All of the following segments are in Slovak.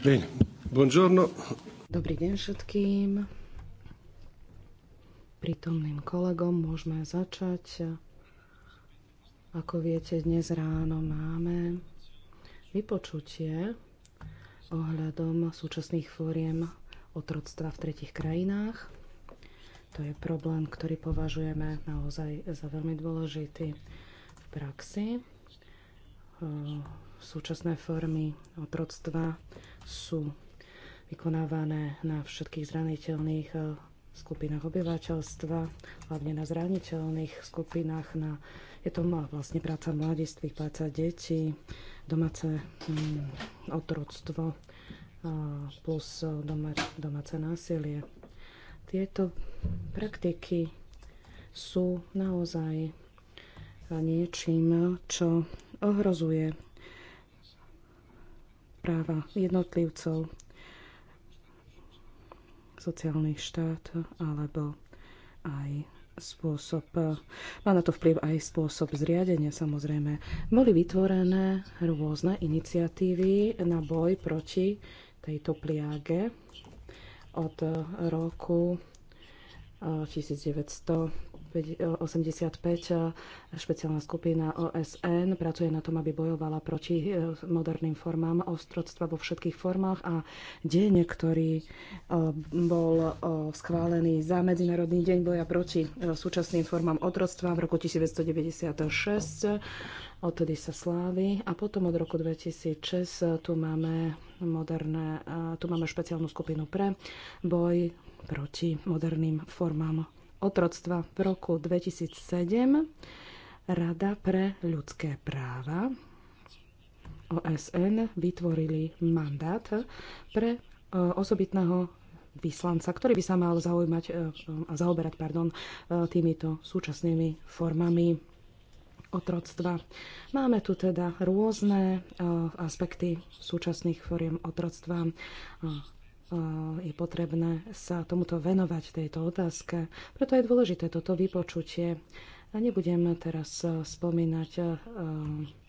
Bene. Buongiorno. Dobrý deň všetkým. Prítomným kolegom môžeme začať. Ako viete, dnes ráno máme vypočutie ohľadom súčasných fóriem otroctva v tretich krajinách. To je problém, ktorý považujeme naozaj za veľmi dôležitý v praxi súčasné formy otroctva sú vykonávané na všetkých zraniteľných eh, skupinách obyvateľstva, hlavne na zraniteľných skupinách. Na, je to vlastne práca mladistvých, práca detí, domáce mm, otroctvo eh, plus doma, domáce násilie. Tieto praktiky sú naozaj eh, niečím, čo ohrozuje práva jednotlivcov, sociálny štát alebo aj spôsob, má na to vplyv aj spôsob zriadenia samozrejme. Boli vytvorené rôzne iniciatívy na boj proti tejto pliage od roku 1900 eh, 85, eh, špeciálna skupina OSN pracuje na tom, aby bojovala proti eh, moderným formám ostroctva vo všetkých formách a deň, ktorý eh, bol schválený za Medzinárodný deň boja proti súčasným formám otroctva v roku 1996, odtedy sa slávi a potom od roku 2006 tu máme, moderné, tu máme špeciálnu skupinu pre boj proti moderným formám otroctva v roku 2007 Rada pre ľudské práva OSN vytvorili mandát pre e, osobitného vyslanca, ktorý by sa mal zaujímať e, zaoberať pardon, e, týmito súčasnými formami otroctva. Máme tu teda rôzne aspekty súčasných foriem otroctva Eh, je potrebné sa tomuto venovať, tejto otázke. Preto je dôležité toto vypočutie. A nebudem teraz eh, spomínať eh,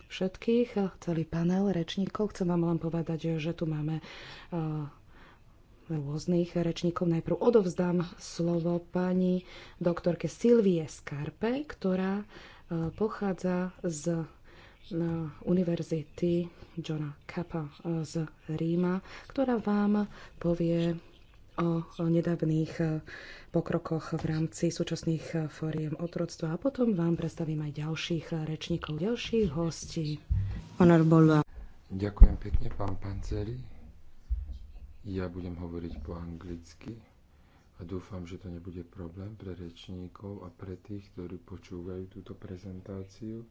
všetkých, celý panel rečníkov. Chcem vám len povedať, že tu máme rôznych rečníkov. Najprv odovzdám slovo pani doktorke Silvie Skarpe, ktorá pochádza z na univerzity Johna Kappa eh, z Ríma, ktorá vám povie o, nedávnych eh, pokrokoch v rámci súčasných eh, fóriem otroctva a potom vám predstavím aj ďalších rečníkov, ďalších hostí. Honorable. Ďakujem pekne, pán Panceri. Ja budem hovoriť po anglicky a dúfam, že to nebude problém pre rečníkov a pre tých, ktorí počúvajú túto prezentáciu.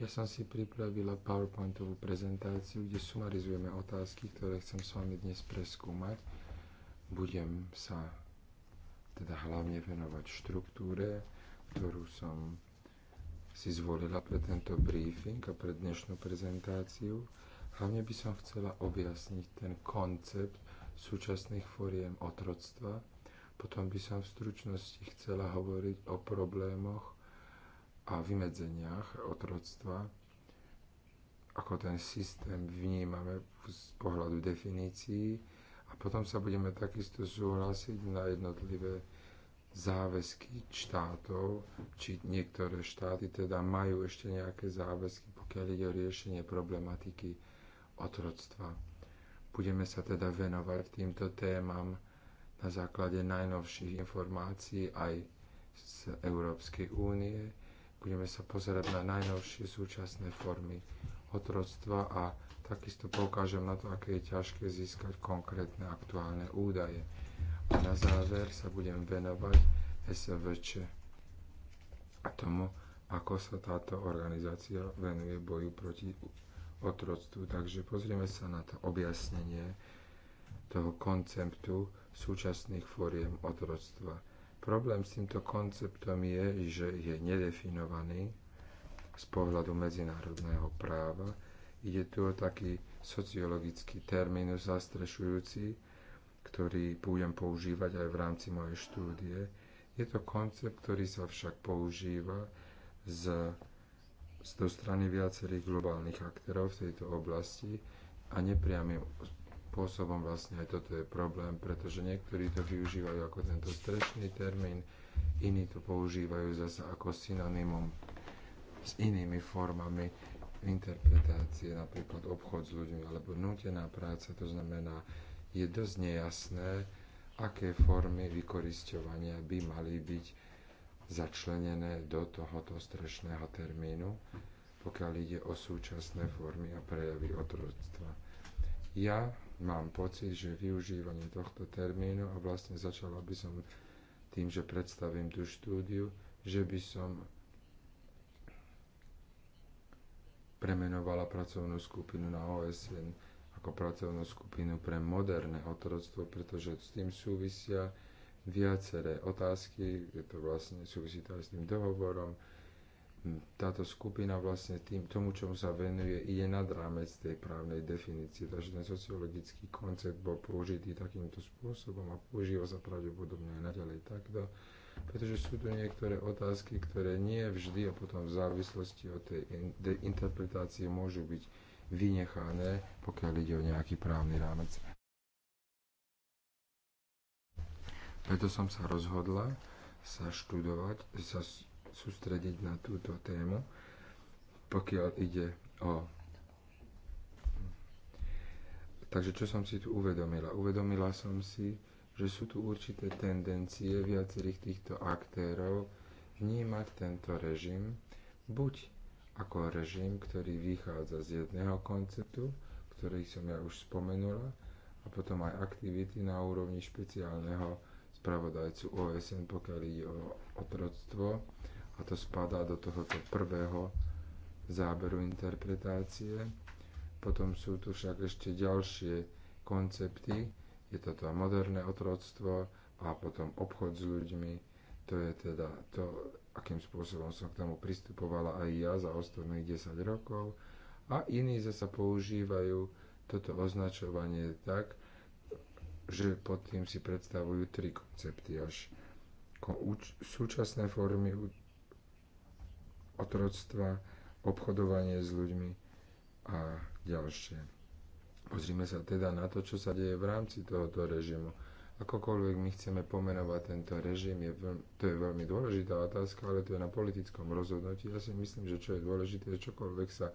Ja som si pripravila PowerPointovú prezentáciu, kde sumarizujeme otázky, ktoré chcem s vami dnes preskúmať. Budem sa teda hlavne venovať štruktúre, ktorú som si zvolila pre tento briefing a pre dnešnú prezentáciu. Hlavne by som chcela objasniť ten koncept súčasných foriem otroctva. Potom by som v stručnosti chcela hovoriť o problémoch, a vymedzeniach otroctva, ako ten systém vnímame z pohľadu definícií a potom sa budeme takisto súhlasiť na jednotlivé záväzky štátov, či niektoré štáty teda majú ešte nejaké záväzky, pokiaľ ide o riešenie problematiky otroctva. Budeme sa teda venovať týmto témam na základe najnovších informácií aj z Európskej únie, budeme sa pozerať na najnovšie súčasné formy otroctva a takisto poukážem na to, aké je ťažké získať konkrétne aktuálne údaje. A na záver sa budem venovať SVČ a tomu, ako sa táto organizácia venuje boju proti otroctvu. Takže pozrieme sa na to objasnenie toho konceptu súčasných fóriem otroctva Problém s týmto konceptom je, že je nedefinovaný z pohľadu medzinárodného práva. Ide tu o taký sociologický termínus zastrešujúci, ktorý budem používať aj v rámci mojej štúdie. Je to koncept, ktorý sa však používa z, z do strany viacerých globálnych aktérov v tejto oblasti a nepriamým spôsobom vlastne aj toto je problém, pretože niektorí to využívajú ako tento strešný termín, iní to používajú zase ako synonymum s inými formami interpretácie, napríklad obchod s ľuďmi alebo nutená práca, to znamená, je dosť nejasné, aké formy vykoristovania by mali byť začlenené do tohoto strešného termínu, pokiaľ ide o súčasné formy a prejavy otroctva. Ja mám pocit, že využívanie tohto termínu a vlastne začala by som tým, že predstavím tú štúdiu, že by som premenovala pracovnú skupinu na OSN ako pracovnú skupinu pre moderné otroctvo, pretože s tým súvisia viaceré otázky, je to vlastne súvisí to aj s tým dohovorom, Hm, táto skupina vlastne tým, tomu, čomu sa venuje, ide nad rámec tej právnej definície. Takže ten sociologický koncept bol použitý takýmto spôsobom a používa sa pravdepodobne aj naďalej takto, pretože sú tu niektoré otázky, ktoré nie vždy a potom v závislosti od tej interpretácie môžu byť vynechané, pokiaľ ide o nejaký právny rámec. Preto som sa rozhodla sa študovať, sa sústrediť na túto tému, pokiaľ ide o... Takže čo som si tu uvedomila? Uvedomila som si, že sú tu určité tendencie viacerých týchto aktérov vnímať tento režim buď ako režim, ktorý vychádza z jedného konceptu, ktorý som ja už spomenula, a potom aj aktivity na úrovni špeciálneho spravodajcu OSN, pokiaľ ide o otroctvo, a to spadá do tohoto prvého záberu interpretácie. Potom sú tu však ešte ďalšie koncepty, je to to teda moderné otroctvo a potom obchod s ľuďmi, to je teda to, akým spôsobom som k tomu pristupovala aj ja za ostatných 10 rokov a iní zase používajú toto označovanie tak, že pod tým si predstavujú tri koncepty až súčasné formy otroctva, obchodovanie s ľuďmi a ďalšie. Pozrime sa teda na to, čo sa deje v rámci tohoto režimu. Akokoľvek my chceme pomenovať tento režim, je to je veľmi dôležitá otázka, ale to je na politickom rozhodnutí. Ja si myslím, že čo je dôležité, čokoľvek sa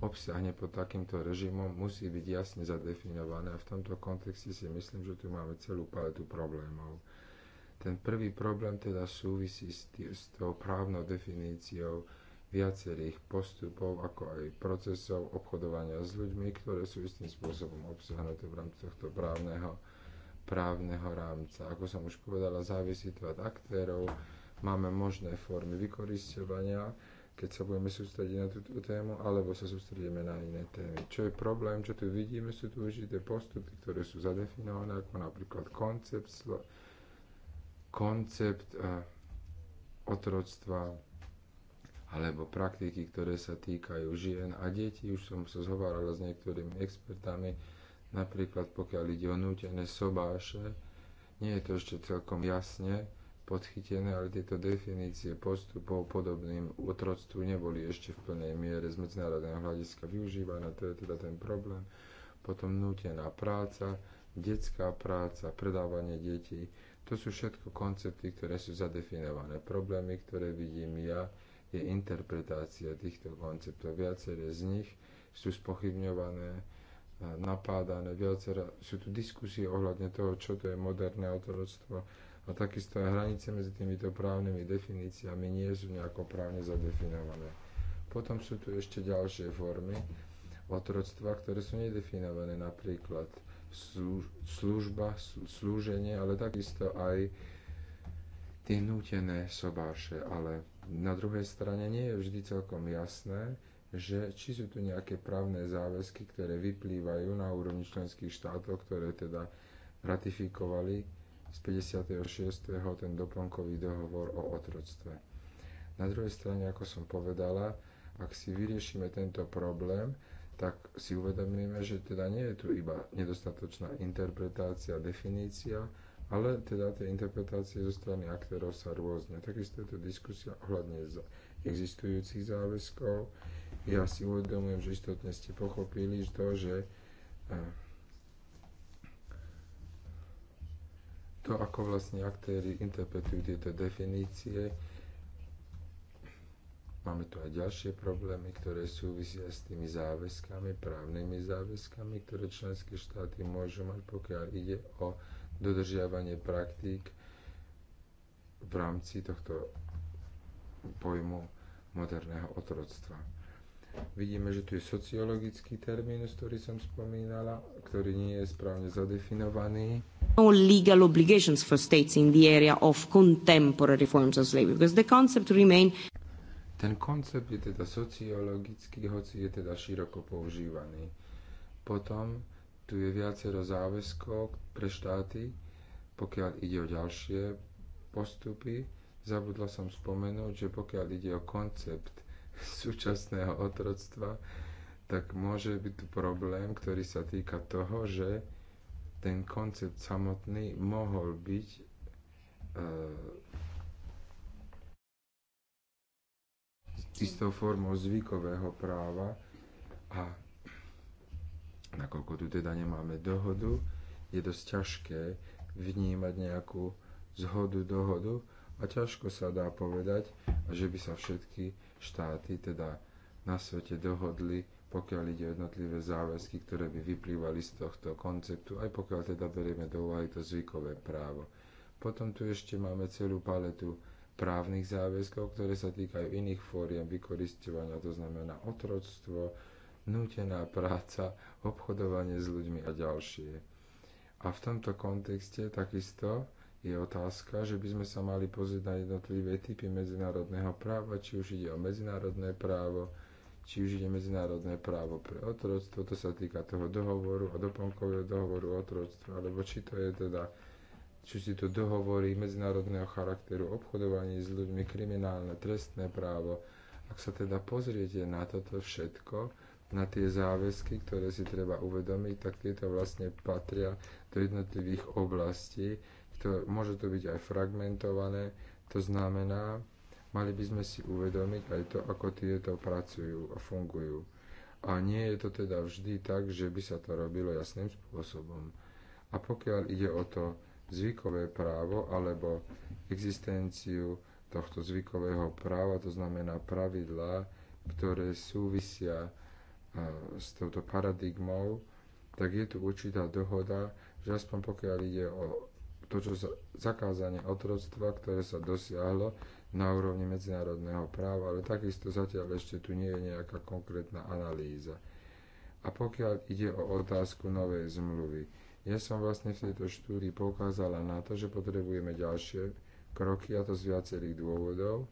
obsiahne pod takýmto režimom, musí byť jasne zadefinované. A v tomto kontexte si myslím, že tu máme celú paletu problémov. Ten prvý problém teda súvisí s, tý, s tou právnou definíciou viacerých postupov, ako aj procesov obchodovania s ľuďmi, ktoré sú istým spôsobom obsahnuté v rámci tohto právneho, právneho rámca. Ako som už povedala, závisí to od aktérov, máme možné formy vykoristovania, keď sa budeme sústrediť na túto tému, alebo sa sústredíme na iné témy. Čo je problém, čo tu vidíme, sú tu určité postupy, ktoré sú zadefinované, ako napríklad koncept, slo- koncept eh, otroctva alebo praktiky, ktoré sa týkajú žien a detí. Už som sa zhovárala s niektorými expertami, napríklad pokiaľ ide o nútené sobáše, nie je to ešte celkom jasne podchytené, ale tieto definície postupov podobným otroctvu neboli ešte v plnej miere z medzinárodného hľadiska využívané, to je teda ten problém. Potom nútená práca, detská práca, predávanie detí, to sú všetko koncepty, ktoré sú zadefinované. Problémy, ktoré vidím ja, je interpretácia týchto konceptov. Viaceré z nich sú spochybňované, e, napádané, viaceré sú tu diskusie ohľadne toho, čo to je moderné autorstvo a takisto aj hranice medzi týmito právnymi definíciami nie sú nejako právne zadefinované. Potom sú tu ešte ďalšie formy otroctva, ktoré sú nedefinované napríklad služba, slúženie, ale takisto aj tie nútené sobáše. Ale na druhej strane nie je vždy celkom jasné, že či sú tu nejaké právne záväzky, ktoré vyplývajú na úrovni členských štátov, ktoré teda ratifikovali z 56. ten doplnkový dohovor o otroctve. Na druhej strane, ako som povedala, ak si vyriešime tento problém, tak si uvedomíme, že teda nie je tu iba nedostatočná interpretácia, definícia, ale teda tie interpretácie zo strany aktérov sa rôzne. Takisto je to diskusia ohľadne existujúcich záväzkov. Ja si uvedomujem, že istotne ste pochopili to, že eh, to, ako vlastne aktéry interpretujú tieto definície, Máme tu aj ďalšie problémy, ktoré súvisia s tými záväzkami, právnymi záväzkami, ktoré členské štáty môžu mať, pokiaľ ide o dodržiavanie praktík v rámci tohto pojmu moderného otroctva. Vidíme, že tu je sociologický termínus, ktorý som spomínala, ktorý nie je správne zadefinovaný. No legal obligations for states in the area of contemporary forms of slavery, because the concept remains ten koncept je teda sociologický, hoci je teda široko používaný. Potom tu je viacero záväzkov pre štáty, pokiaľ ide o ďalšie postupy. Zabudla som spomenúť, že pokiaľ ide o koncept súčasného otroctva, tak môže byť tu problém, ktorý sa týka toho, že ten koncept samotný mohol byť e, istou formou zvykového práva a nakoľko tu teda nemáme dohodu, je dosť ťažké vnímať nejakú zhodu, dohodu a ťažko sa dá povedať, že by sa všetky štáty teda na svete dohodli, pokiaľ ide o jednotlivé záväzky, ktoré by vyplývali z tohto konceptu, aj pokiaľ teda berieme do úvahy to zvykové právo. Potom tu ešte máme celú paletu právnych záväzkov, ktoré sa týkajú iných fóriem vykoristovania, to znamená otroctvo, nútená práca, obchodovanie s ľuďmi a ďalšie. A v tomto kontexte takisto je otázka, že by sme sa mali pozrieť na jednotlivé typy medzinárodného práva, či už ide o medzinárodné právo, či už ide medzinárodné právo pre otroctvo, to sa týka toho dohovoru a doplnkového dohovoru o otroctve, alebo či to je teda či sú to dohovory medzinárodného charakteru, obchodovanie s ľuďmi, kriminálne, trestné právo. Ak sa teda pozriete na toto všetko, na tie záväzky, ktoré si treba uvedomiť, tak tieto vlastne patria do jednotlivých oblastí. Ktoré, môže to byť aj fragmentované, to znamená, mali by sme si uvedomiť aj to, ako tieto pracujú a fungujú. A nie je to teda vždy tak, že by sa to robilo jasným spôsobom. A pokiaľ ide o to, zvykové právo alebo existenciu tohto zvykového práva, to znamená pravidlá, ktoré súvisia e, s touto paradigmou, tak je tu určitá dohoda, že aspoň pokiaľ ide o to, čo sa, zakázanie otroctva, ktoré sa dosiahlo na úrovni medzinárodného práva, ale takisto zatiaľ ešte tu nie je nejaká konkrétna analýza. A pokiaľ ide o otázku novej zmluvy, ja som vlastne v tejto štúdii poukázala na to, že potrebujeme ďalšie kroky, a to z viacerých dôvodov.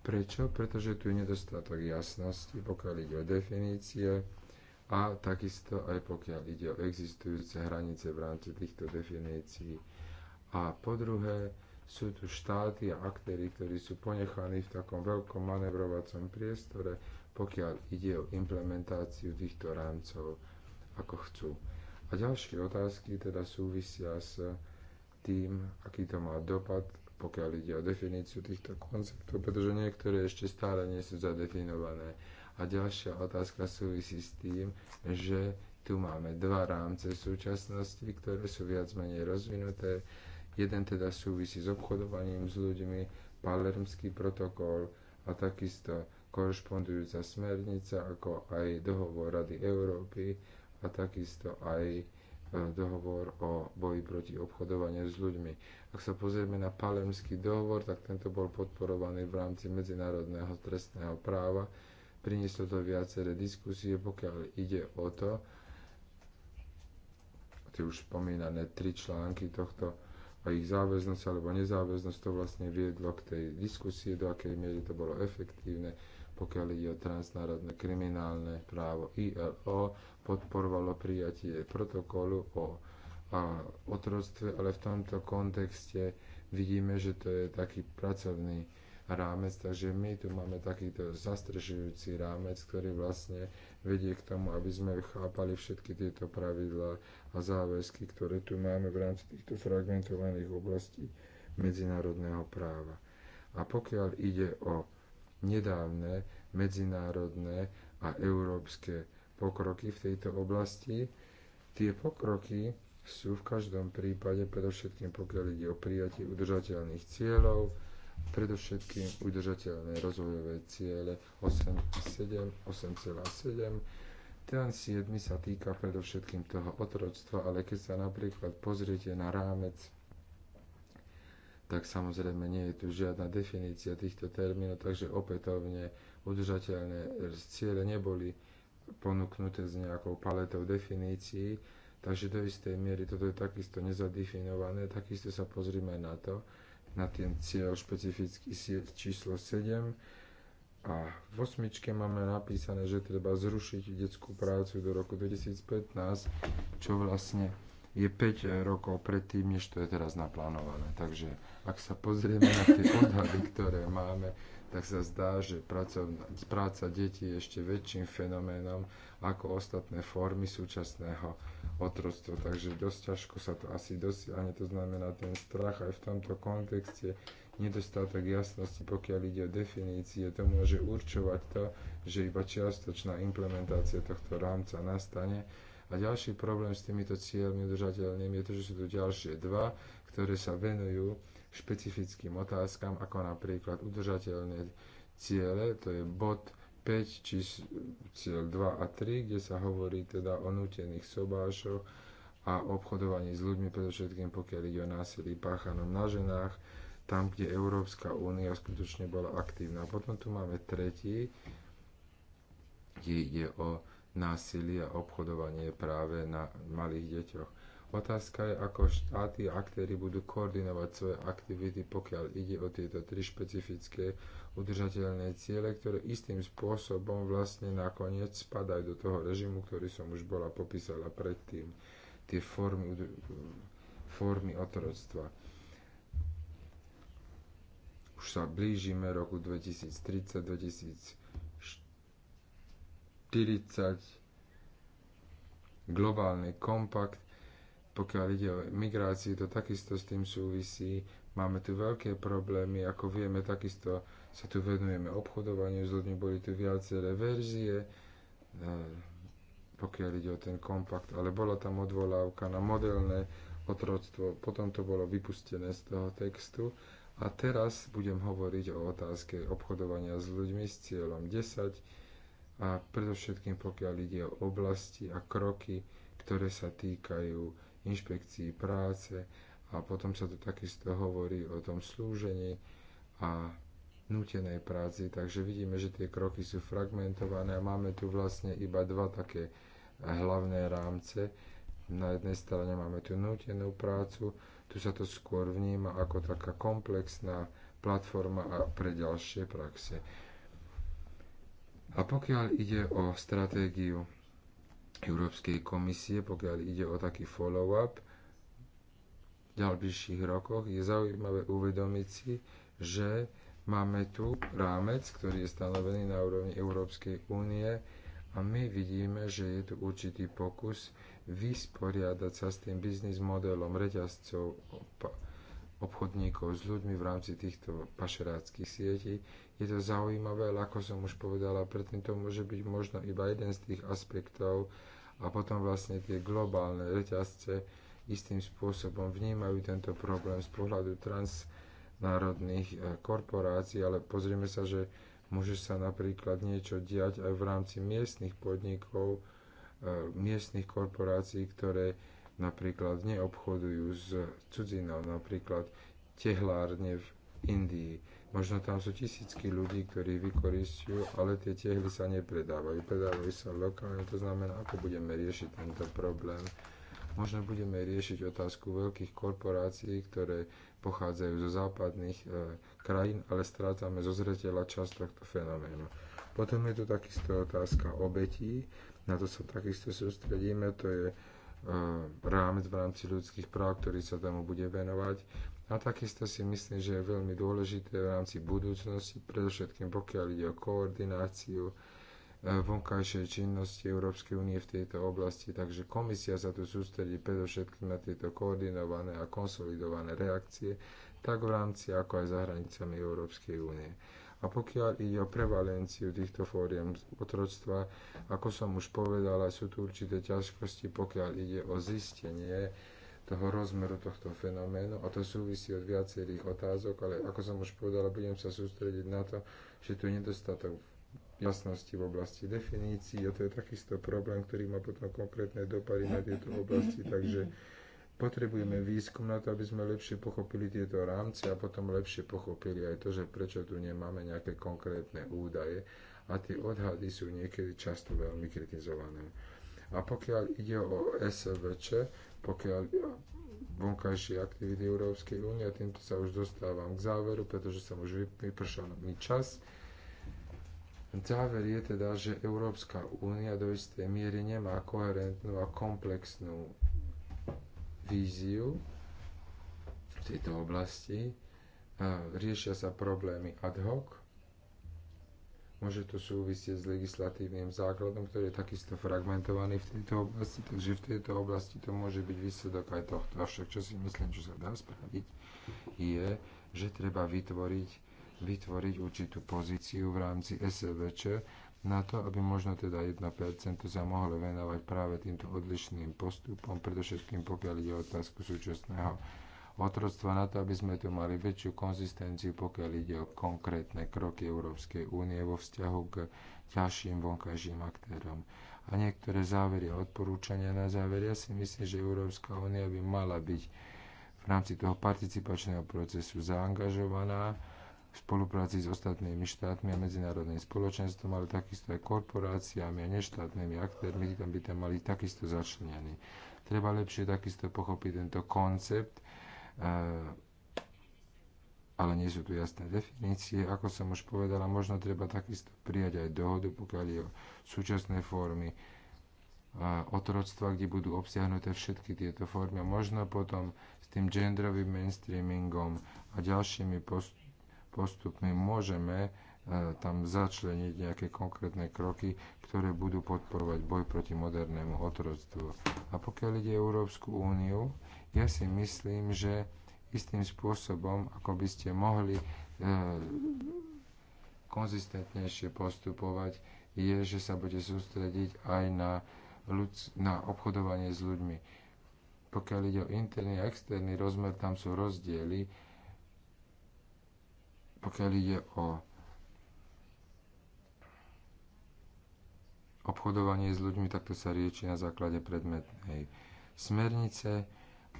Prečo? Pretože tu je nedostatok jasnosti, pokiaľ ide o definície a takisto aj pokiaľ ide o existujúce hranice v rámci týchto definícií. A po druhé, sú tu štáty a aktéry, ktorí sú ponechaní v takom veľkom manevrovacom priestore, pokiaľ ide o implementáciu týchto rámcov, ako chcú. A ďalšie otázky teda súvisia s tým, aký to má dopad, pokiaľ ide o definíciu týchto konceptov, pretože niektoré ešte stále nie sú zadefinované. A ďalšia otázka súvisí s tým, že tu máme dva rámce súčasnosti, ktoré sú viac menej rozvinuté. Jeden teda súvisí s obchodovaním s ľuďmi, palermský protokol a takisto korešpondujúca smernica, ako aj dohovor Rady Európy a takisto aj e, dohovor o boji proti obchodovaniu s ľuďmi. Ak sa pozrieme na palemský dohovor, tak tento bol podporovaný v rámci medzinárodného trestného práva. Prinieslo to viaceré diskusie, pokiaľ ide o to, tie už spomínané tri články tohto a ich záväznosť alebo nezáväznosť to vlastne viedlo k tej diskusie, do akej miery to bolo efektívne, pokiaľ ide o transnárodné kriminálne právo ILO, podporovalo prijatie protokolu o a otroctve, ale v tomto kontexte vidíme, že to je taký pracovný rámec, takže my tu máme takýto zastrešujúci rámec, ktorý vlastne vedie k tomu, aby sme chápali všetky tieto pravidlá a záväzky, ktoré tu máme v rámci týchto fragmentovaných oblastí medzinárodného práva. A pokiaľ ide o nedávne medzinárodné a európske pokroky v tejto oblasti. Tie pokroky sú v každom prípade, predovšetkým pokiaľ ide o prijatie udržateľných cieľov, predovšetkým udržateľné rozvojové ciele 8,7, 8,7. Ten 7 sa týka predovšetkým toho otroctva, ale keď sa napríklad pozriete na rámec tak samozrejme nie je tu žiadna definícia týchto termínov, takže opätovne udržateľné ciele neboli ponúknuté s nejakou paletou definícií, takže do istej miery toto je takisto nezadefinované, takisto sa pozrime na to, na ten cieľ špecifický číslo 7 a v osmičke máme napísané, že treba zrušiť detskú prácu do roku 2015, čo vlastne je 5 rokov predtým, než to je teraz naplánované. Takže ak sa pozrieme na tie odhady, ktoré máme, tak sa zdá, že práca detí je ešte väčším fenoménom ako ostatné formy súčasného otroctva. Takže dosť ťažko sa to asi dosiahne. To znamená, ten strach aj v tomto kontexte nedostatok jasnosti, pokiaľ ide o definície, to môže určovať to, že iba čiastočná implementácia tohto rámca nastane. A ďalší problém s týmito cieľmi udržateľnými je to, že sú tu ďalšie dva, ktoré sa venujú špecifickým otázkam, ako napríklad udržateľné ciele, to je bod 5, či cieľ 2 a 3, kde sa hovorí teda o nutených sobášoch a obchodovaní s ľuďmi, predovšetkým pokiaľ ide o násilí páchanom na ženách, tam, kde Európska únia skutočne bola aktívna. Potom tu máme tretí, kde ide o násilie a obchodovanie práve na malých deťoch. Otázka je, ako štáty a aktéry budú koordinovať svoje aktivity, pokiaľ ide o tieto tri špecifické udržateľné ciele, ktoré istým spôsobom vlastne nakoniec spadajú do toho režimu, ktorý som už bola popísala predtým. Tie formy, formy otroctva. Už sa blížime roku 2030, 2040, globálny kompakt pokiaľ ide o migráciu, to takisto s tým súvisí. Máme tu veľké problémy, ako vieme, takisto sa tu venujeme obchodovaniu s ľuďmi, boli tu viaceré verzie, e, pokiaľ ide o ten kompakt, ale bola tam odvolávka na modelné otroctvo, potom to bolo vypustené z toho textu. A teraz budem hovoriť o otázke obchodovania s ľuďmi s cieľom 10 a predovšetkým pokiaľ ide o oblasti a kroky, ktoré sa týkajú inšpekcii práce a potom sa to takisto hovorí o tom slúžení a nutenej práci, takže vidíme, že tie kroky sú fragmentované a máme tu vlastne iba dva také hlavné rámce. Na jednej strane máme tu nutenú prácu, tu sa to skôr vníma ako taká komplexná platforma a pre ďalšie praxe. A pokiaľ ide o stratégiu Európskej komisie, pokiaľ ide o taký follow-up v ďalších rokoch, je zaujímavé uvedomiť si, že máme tu rámec, ktorý je stanovený na úrovni Európskej únie a my vidíme, že je tu určitý pokus vysporiadať sa s tým biznis modelom reťazcov obchodníkov s ľuďmi v rámci týchto pašeráckých sietí. Je to zaujímavé, ale ako som už povedala, predtým to môže byť možno iba jeden z tých aspektov a potom vlastne tie globálne reťazce istým spôsobom vnímajú tento problém z pohľadu transnárodných e, korporácií, ale pozrieme sa, že môže sa napríklad niečo diať aj v rámci miestnych podnikov, e, miestnych korporácií, ktoré napríklad neobchodujú s cudzinou, napríklad tehlárne v Indii Možno tam sú tisícky ľudí, ktorí vykoristujú, ale tie tehly sa nepredávajú. Predávajú sa lokálne, to znamená, ako budeme riešiť tento problém. Možno budeme riešiť otázku veľkých korporácií, ktoré pochádzajú zo západných e, krajín, ale strácame zo zreteľa časť tohto fenoménu. Potom je tu takisto otázka obetí, na to sa takisto sústredíme, to je e, rámec v rámci ľudských práv, ktorý sa tomu bude venovať. A takisto si myslím, že je veľmi dôležité v rámci budúcnosti, predovšetkým pokiaľ ide o koordináciu e, vonkajšej činnosti Európskej únie v tejto oblasti. Takže komisia sa tu sústredí predovšetkým na tieto koordinované a konsolidované reakcie, tak v rámci ako aj za hranicami Európskej únie. A pokiaľ ide o prevalenciu týchto fóriem otroctva, ako som už povedala, sú tu určité ťažkosti, pokiaľ ide o zistenie toho rozmeru tohto fenoménu a to súvisí od viacerých otázok, ale ako som už povedala, budem sa sústrediť na to, že tu je nedostatok jasnosti v oblasti definícií a to je takisto problém, ktorý má potom konkrétne dopady na tieto oblasti, takže potrebujeme výskum na to, aby sme lepšie pochopili tieto rámce a potom lepšie pochopili aj to, že prečo tu nemáme nejaké konkrétne údaje a tie odhady sú niekedy často veľmi kritizované. A pokiaľ ide o SVČ, pokiaľ vonkajšie aktivity Európskej únie a týmto sa už dostávam k záveru, pretože som už vypršal mi čas. Záver je teda, že Európska únia do istej miery nemá koherentnú a komplexnú víziu v tejto oblasti. Riešia sa problémy ad hoc, Môže to súvisieť s legislatívnym základom, ktorý je takisto fragmentovaný v tejto oblasti, takže v tejto oblasti to môže byť výsledok aj tohto. Avšak čo si myslím, čo sa dá spraviť, je, že treba vytvoriť, vytvoriť určitú pozíciu v rámci SVČ na to, aby možno teda 1% sa mohlo venovať práve týmto odlišným postupom, predovšetkým pokiaľ ide o otázku súčasného otroctva na to, aby sme tu mali väčšiu konzistenciu, pokiaľ ide o konkrétne kroky Európskej únie vo vzťahu k ťažším vonkajším aktérom. A niektoré závery a odporúčania na záver, ja si myslím, že Európska únia by mala byť v rámci toho participačného procesu zaangažovaná v spolupráci s ostatnými štátmi a medzinárodným spoločenstvom, ale takisto aj korporáciami a neštátnymi aktérmi, tam by tam mali takisto začlenení. Treba lepšie takisto pochopiť tento koncept ale nie sú tu jasné definície. Ako som už povedala, možno treba takisto prijať aj dohodu, pokiaľ je o súčasné formy otroctva, kde budú obsiahnuté všetky tieto formy. A možno potom s tým genderovým mainstreamingom a ďalšími postupmi môžeme tam začleniť nejaké konkrétne kroky, ktoré budú podporovať boj proti modernému otroctvu. A pokiaľ ide Európsku úniu, ja si myslím, že istým spôsobom, ako by ste mohli e, konzistentnejšie postupovať, je, že sa bude sústrediť aj na, ľud, na obchodovanie s ľuďmi. Pokiaľ ide o interný a externý rozmer, tam sú rozdiely. Pokiaľ ide o obchodovanie s ľuďmi, tak to sa rieči na základe predmetnej smernice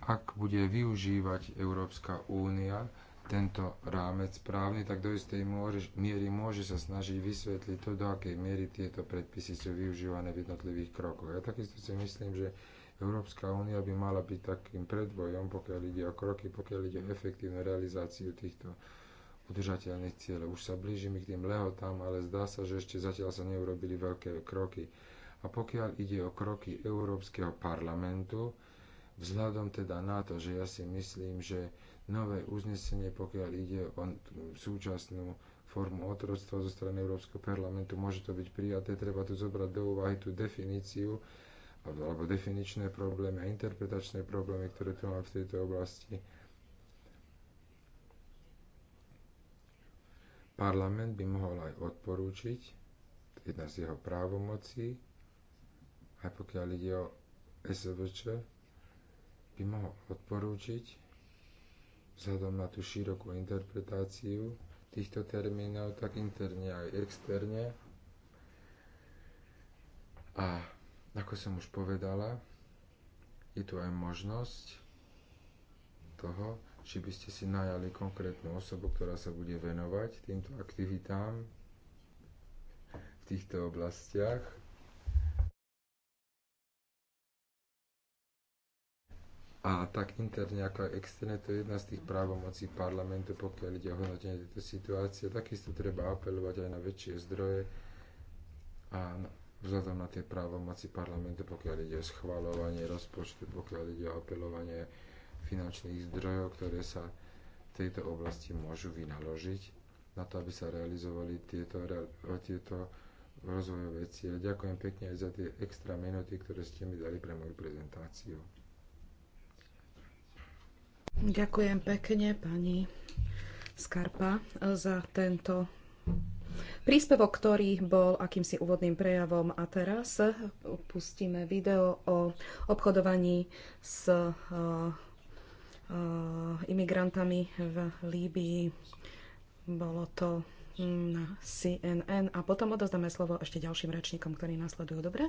ak bude využívať Európska únia tento rámec právny, tak do istej miery môže sa snažiť vysvetliť to, do akej miery tieto predpisy sú využívané v jednotlivých krokoch. Ja takisto si myslím, že Európska únia by mala byť takým predvojom, pokiaľ ide o kroky, pokiaľ ide o efektívnu realizáciu týchto udržateľných cieľov. Už sa blížime k tým lehotám, ale zdá sa, že ešte zatiaľ sa neurobili veľké kroky. A pokiaľ ide o kroky Európskeho parlamentu, Vzhľadom teda na to, že ja si myslím, že nové uznesenie, pokiaľ ide o súčasnú formu otroctva zo strany Európskeho parlamentu, môže to byť prijaté, treba tu zobrať do úvahy tú definíciu alebo definičné problémy a interpretačné problémy, ktoré tu máme v tejto oblasti. Parlament by mohol aj odporúčiť, jedna z jeho právomocí, aj pokiaľ ide o SVČ, by mohol odporúčiť, vzhľadom na tú širokú interpretáciu týchto termínov, tak interne aj externe. A ako som už povedala, je tu aj možnosť toho, či by ste si najali konkrétnu osobu, ktorá sa bude venovať týmto aktivitám v týchto oblastiach a tak interne ako aj externe, to je jedna z tých právomocí parlamentu, pokiaľ ide o hodnotenie tejto situácie. Takisto treba apelovať aj na väčšie zdroje a vzhľadom na tie právomoci parlamentu, pokiaľ ide o schvalovanie rozpočtu, pokiaľ ide o apelovanie finančných zdrojov, ktoré sa v tejto oblasti môžu vynaložiť na to, aby sa realizovali tieto, tieto rozvojové ciele. Ďakujem pekne aj za tie extra minuty, ktoré ste mi dali pre moju prezentáciu. Ďakujem pekne pani Skarpa za tento príspevok, ktorý bol akýmsi úvodným prejavom. A teraz pustíme video o obchodovaní s uh, uh, imigrantami v Líbii. Bolo to hm, na CNN a potom odozdáme slovo ešte ďalším rečníkom, ktorí následujú. Dobre?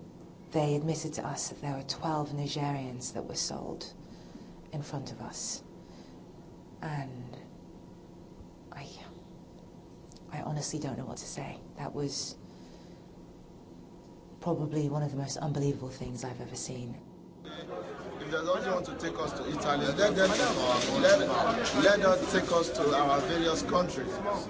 They admitted to us that there were 12 Nigerians that were sold in front of us. And I, I honestly don't know what to say. That was probably one of the most unbelievable things I've ever seen. If they don't want to take us to Italy, let them, let, let them take us to our various countries.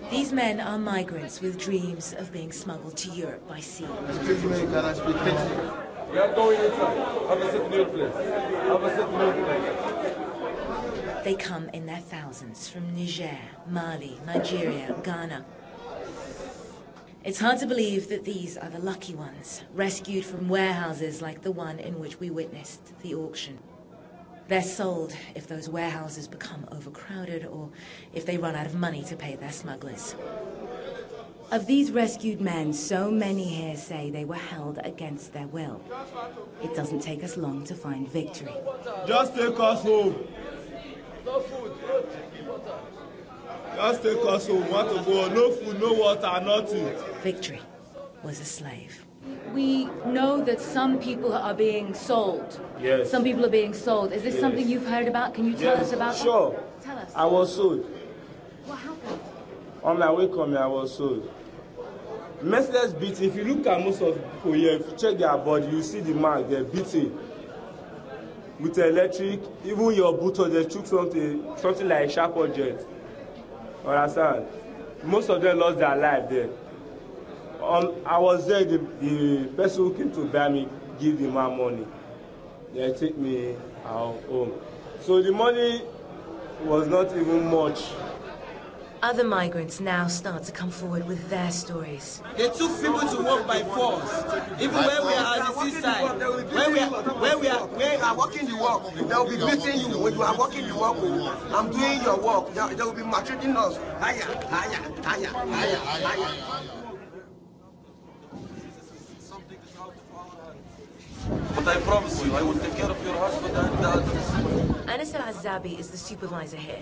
These men are migrants with dreams of being smuggled to Europe by sea. Excuse me, can I speak? We are going inside. Have a sit in your place. Have a sit in your place. They come in their thousands from Niger, Mali, Nigeria, Ghana. It's hard to believe that these are the lucky ones, rescued from warehouses like the one in which we witnessed the auction. They're sold if those warehouses become overcrowded or if they run out of money to pay their smugglers. Of these rescued men, so many here say they were held against their will. It doesn't take us long to find victory. Just take us home. No food. Just take us home. Want to go? No food, no water, nothing. Victory was a slave. We know that some people are being sold. Yes. Some people are being sold. Is this yes. something you've heard about? Can you tell yes. us about sure. Sure. Tell us. I was sold. What happened? On my way coming, I was sold merciless beating if you look at most of people here if you check their body you see the mark they're beating with electric even your boot or they took something something like a sharp object understand most of them lost their life there um i was there the the person who came to buy me give the man money they take me out home so the money was not even much Other migrants now start to come forward with their stories. They took people to work by force. Even when we are at the seaside, when we are, when we are, when are working the work, they will be beating you. When you are working the work, I'm doing your work. They, will be maltreating us. Higher, higher, higher, higher, higher. But I promise you, I will take care of your husband and dad. others. azabi is the supervisor here.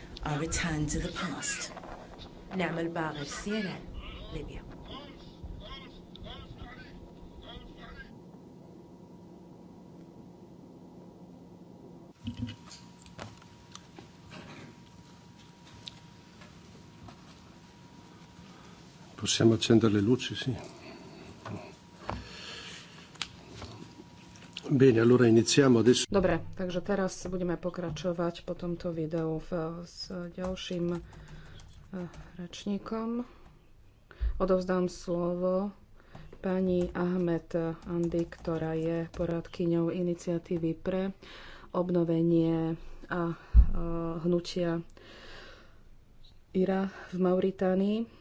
a return to the past. نعمل في CNN ليبيا Possiamo accendere le luci, sì. Bene, allora iniziamo adesso. Dobre, takže teraz budeme pokračovať po tomto videu v, s ďalším eh, rečníkom. Odovzdám slovo pani Ahmed Andy, ktorá je poradkyňou iniciatívy pre obnovenie a, a eh, hnutia Ira v Mauritánii.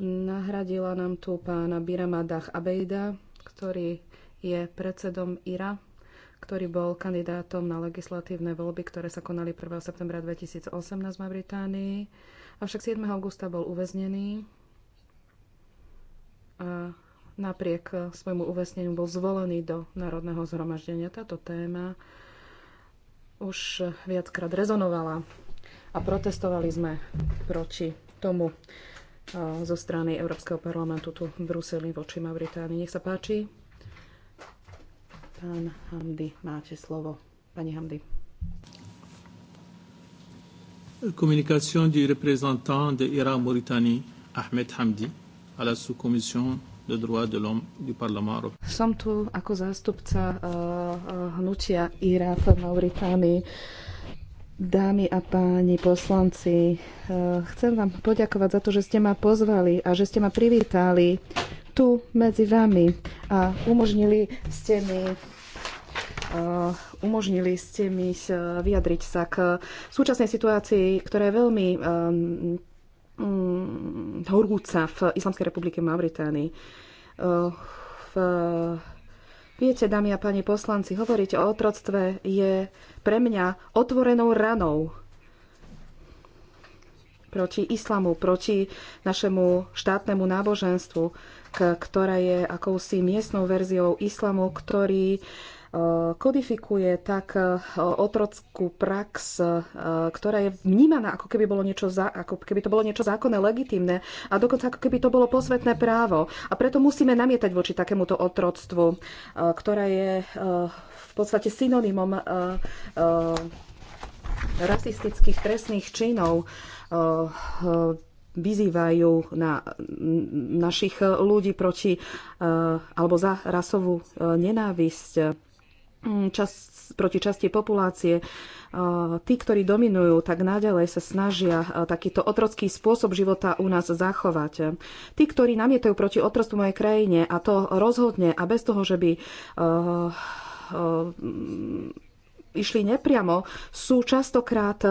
Nahradila nám tu pána Birama Dach Abejda, ktorý je predsedom IRA, ktorý bol kandidátom na legislatívne voľby, ktoré sa konali 1. septembra 2018 v Británii. Avšak 7. augusta bol uväznený a napriek svojmu uväzneniu bol zvolený do Národného zhromaždenia. Táto téma už viackrát rezonovala a protestovali sme proti tomu zo strany Európskeho parlamentu tu v Bruseli voči Mauritánii. Nech sa páči. Pán Hamdy, máte slovo. Pani Hamdy. Communication du représentant de Iran-Mauritanie, Ahmed Hamdi, à la sous-commission de droits de l'homme du Parlement européen. Som tu ako zástupca uh, hnutia Irán v Mauritánii. Dámy a páni poslanci, eh, chcem vám poďakovať za to, že ste ma pozvali a že ste ma privítali tu medzi vami a umožnili ste mi eh, umožnili ste mi vyjadriť sa k súčasnej situácii, ktorá je veľmi eh, mm, horúca v Islamskej republike Mauritánii. V Viete, dámy a páni poslanci, hovoriť o otroctve je pre mňa otvorenou ranou proti islamu, proti našemu štátnemu náboženstvu, ktoré je akousi miestnou verziou islamu, ktorý uh, kodifikuje tak e, otrockú prax, e, ktorá je vnímaná ako keby, bolo niečo za, ako keby to bolo niečo zákonné, legitimné a dokonca ako keby to bolo posvetné právo. A preto musíme namietať voči takémuto otroctvu, e, ktoré je v podstate synonymom rasistických trestných činov vyzývajú na našich ľudí proti alebo za rasovú nenávisť. Mm, čas, proti časti populácie, tí, ktorí dominujú, tak naďalej sa snažia takýto otrocký spôsob života u nás zachovať. Tí, ktorí namietajú proti otrostu mojej krajine a to rozhodne a bez toho, že by mm, išli nepriamo, sú častokrát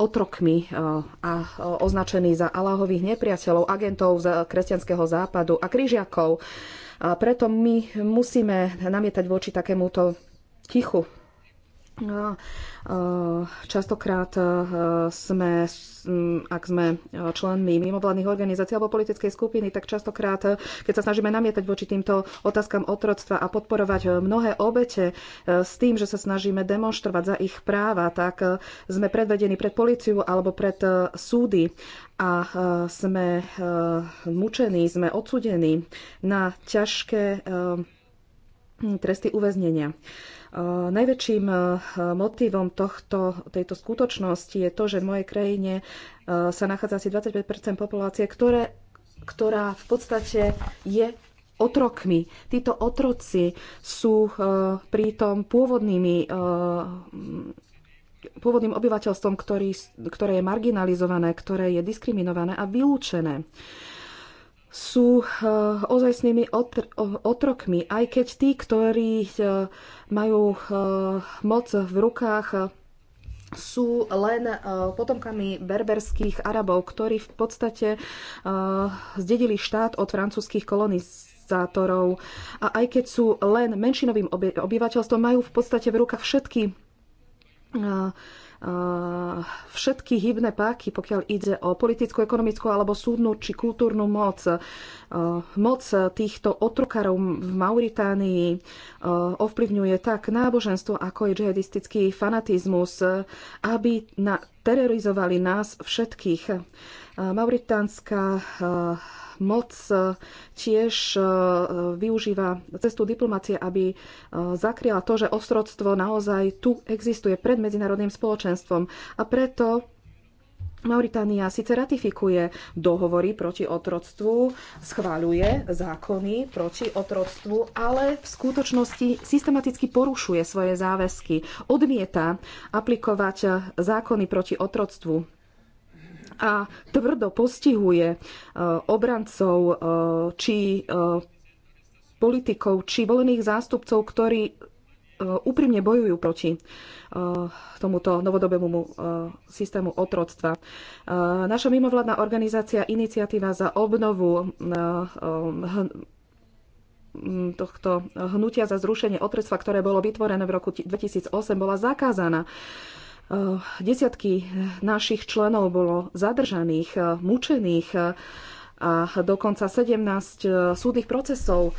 otrokmi a označení za Allahových nepriateľov, agentov z e, kresťanského západu a kryžiakov. A preto my musíme namietať voči takémuto tichu Eh, častokrát eh, sme, mm, ak sme eh, členmi mimovládnych organizácií alebo politickej skupiny, tak častokrát, keď sa snažíme namietať voči týmto otázkam otroctva a podporovať mnohé obete s tým, že sa snažíme demonstrovať za ich práva, tak sme predvedení pred policiu alebo pred súdy a sme mučení, sme odsudení na ťažké tresty uväznenia. E, najväčším e, motivom tohto, tejto skutočnosti je to, že v mojej krajine e, sa nachádza asi 25 populácie, ktoré, ktorá v podstate je otrokmi. Títo otroci sú pritom pôvodnými pôvodným obyvateľstvom, ktorý, ktoré je marginalizované, ktoré je diskriminované a vylúčené sú eh, ozajstnými otrokmi, aj keď tí, ktorí eh, majú eh, moc v rukách, sú len potomkami berberských Arabov, ktorí v podstate zdedili štát od francúzských kolonizátorov. A aj keď sú len menšinovým obyvateľstvom, majú v podstate v rukách všetky Eh, všetky hybné páky, pokiaľ ide o politickú, ekonomickú alebo súdnu či kultúrnu moc. Eh, moc eh, týchto otrokárov v Mauritánii eh, ovplyvňuje tak náboženstvo, ako aj džihadistický fanatizmus, aby na, terorizovali nás všetkých. Mauritánska moc tiež využíva cestu diplomácie, aby zakryla to, že ostroctvo naozaj tu existuje pred medzinárodným spoločenstvom. A preto Mauritánia síce ratifikuje dohovory proti otroctvu, schváľuje zákony proti otroctvu, ale v skutočnosti systematicky porušuje svoje záväzky, odmieta aplikovať zákony proti otroctvu a tvrdo postihuje e, obrancov e, či e, politikov či volených zástupcov, ktorí úprimne bojujú proti Eh, tomuto novodobému eh, systému otroctva. Eh, naša mimovládna organizácia Iniciatíva za obnovu hm, hm, tohto hnutia za zrušenie otroctva, ktoré bolo vytvorené v roku 2008, bola zakázaná. Desiatky našich členov bolo zadržaných, mučených, a dokonca 17 e, súdnych procesov e,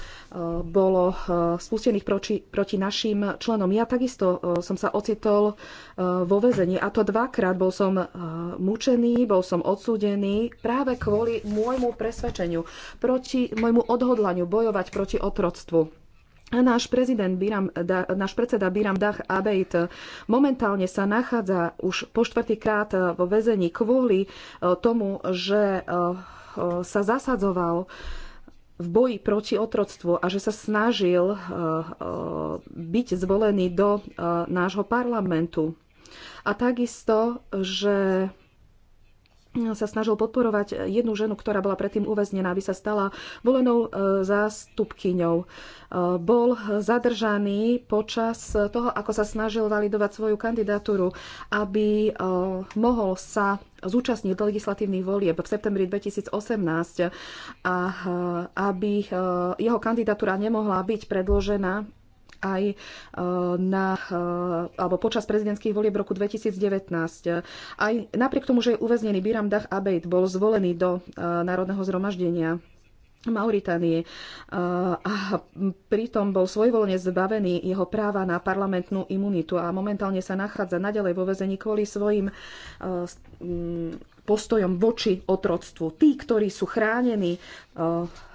bolo e, spustených proti, proti našim členom. Ja takisto som sa ocitol vo väzení a to dvakrát bol som mučený, bol som odsúdený práve kvôli môjmu presvedčeniu, proti môjmu odhodlaniu bojovať proti otroctvu. Náš, prezident Biram, da, náš predseda Biram Dach Abeit momentálne sa nachádza už po štvrtýkrát vo väzení kvôli tomu, že sa zasadzoval v boji proti otroctvu a že sa snažil byť zvolený do nášho parlamentu. A takisto, že sa snažil podporovať jednu ženu, ktorá bola predtým uväznená, aby sa stala volenou e, zástupkyňou. E, bol zadržaný počas toho, ako sa snažil validovať svoju kandidatúru, aby e, mohol sa zúčastniť legislatívnych volieb v septembri 2018 a aby jeho kandidatúra nemohla byť predložená aj e, na, e, alebo počas prezidentských volieb roku 2019. Aj napriek tomu, že je uväznený Biram Dach Abeid, bol zvolený do e, Národného zhromaždenia Mauritánie a pritom bol svojvoľne zbavený jeho práva na parlamentnú imunitu a momentálne sa nachádza naďalej vo väzení kvôli svojim postojom voči otroctvu. Tí, ktorí sú chránení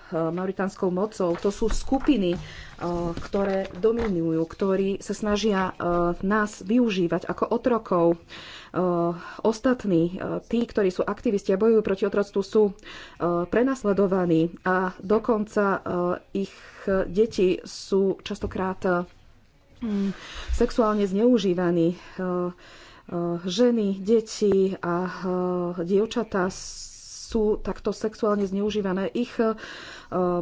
Eh, mauritánskou mocou. To sú skupiny, eh, ktoré dominujú, ktorí sa snažia eh, nás využívať ako otrokov. Ostatní, tí, ktorí sú aktivisti a bojujú proti otroctvu, sú prenasledovaní a dokonca ich deti sú častokrát hm, sexuálne zneužívaní ženy, deti a dievčatá sú takto sexuálne zneužívané ich e,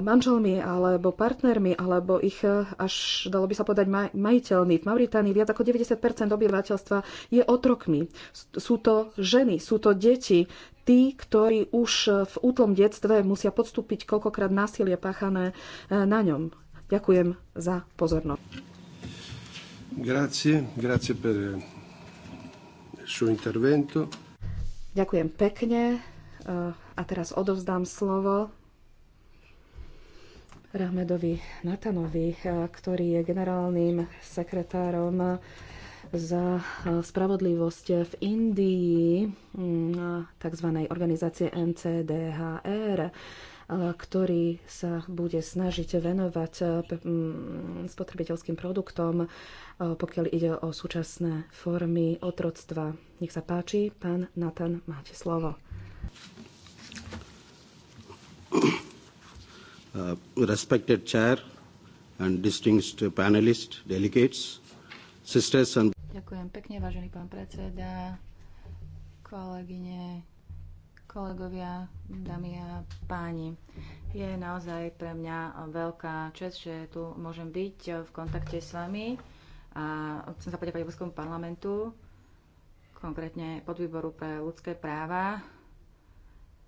manželmi alebo partnermi alebo ich e, až, dalo by sa povedať, majiteľmi. V Mauritánii viac ako 90 obyvateľstva je otrokmi. Sú to ženy, sú to deti, tí, ktorí už e, v útlom detstve musia podstúpiť koľkokrát násilie páchané na ňom. Ďakujem za pozornosť. Grazie, grazie per suo intervento. Ďakujem pekne a teraz odovzdám slovo Rahmedovi Natanovi, eh, ktorý je generálnym sekretárom za eh, spravodlivosť v Indii, mm, tzv. organizácie NCDHR, eh, ktorý sa bude snažiť venovať mm, spotrebiteľským produktom, pokiaľ ide o súčasné formy otroctva. Nech sa páči, pán Natan, máte slovo. Uh, respected chair and distinguished panelists, delegates, sisters and... Ďakujem pekne, vážený pán predseda, kolegyne, kolegovia, dámy a páni. Je naozaj pre mňa veľká čest, že tu môžem byť v kontakte s vami a chcem sa poďakovať Európskom parlamentu, konkrétne podvýboru pre ľudské práva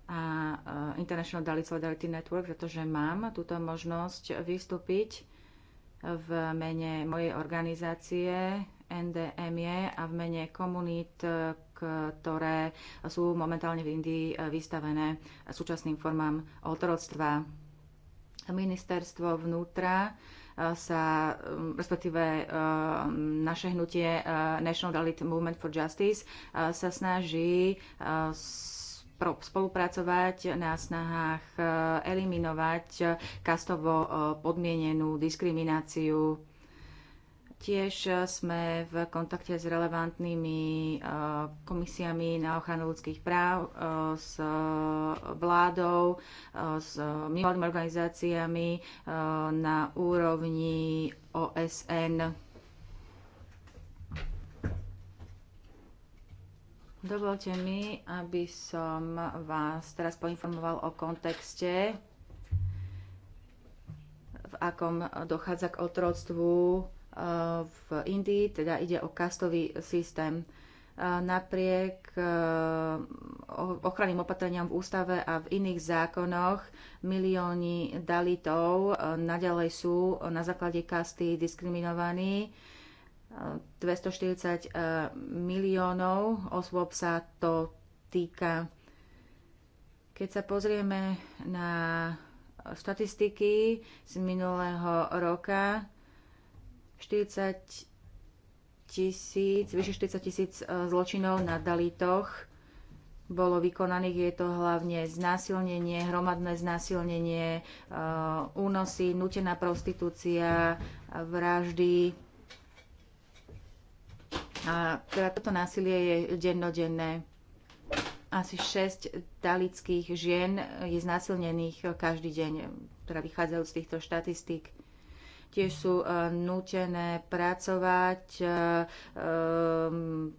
a e, International Dalit Solidarity Network, pretože mám túto možnosť vystúpiť v mene mojej organizácie NDME a v mene komunít, e, ktoré sú momentálne v Indii e, vystavené súčasným formám otroctva. Ministerstvo vnútra sa, respektíve naše hnutie National Dalit Movement for Justice sa snaží spolupracovať na snahách e, eliminovať e, kastovo e, podmienenú diskrimináciu. Tiež sme v kontakte s relevantnými komisiami na ochranu ľudských práv, s vládou, s mimovládnymi organizáciami na úrovni OSN Dovolte mi, aby som vás teraz poinformoval o kontexte, v akom dochádza k otroctvu eh, v Indii, teda ide o kastový systém. Eh, napriek eh, ochranným opatreniam v ústave a v iných zákonoch milióni dalitov naďalej sú na základe kasty diskriminovaní 240 eh, miliónov osôb sa to týka. Keď sa pozrieme na štatistiky z minulého roka, 40 tisíc, vyše 40 tisíc eh, zločinov na Dalitoch bolo vykonaných. Je to hlavne znásilnenie, hromadné znásilnenie, eh, únosy, nutená prostitúcia, vraždy, a teda toto násilie je dennodenné. Asi 6 dalických žien je znásilnených každý deň, teda vychádzajú z týchto štatistík tiež sú uh, nútené pracovať uh, um,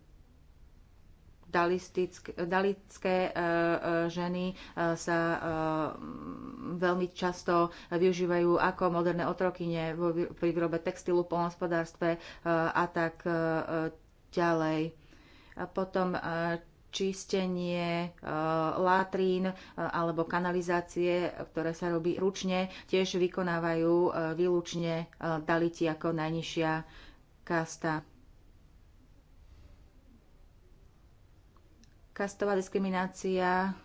dalické uh, ženy sa veľmi často využívajú ako moderné otrokyne pri výrobe textilu, polnospodárstve a tak ďalej. A potom e, čistenie e, látrín e, alebo kanalizácie, ktoré sa robí ručne, tiež vykonávajú výlučne daliti ako najnižšia kasta. Kastová diskriminácia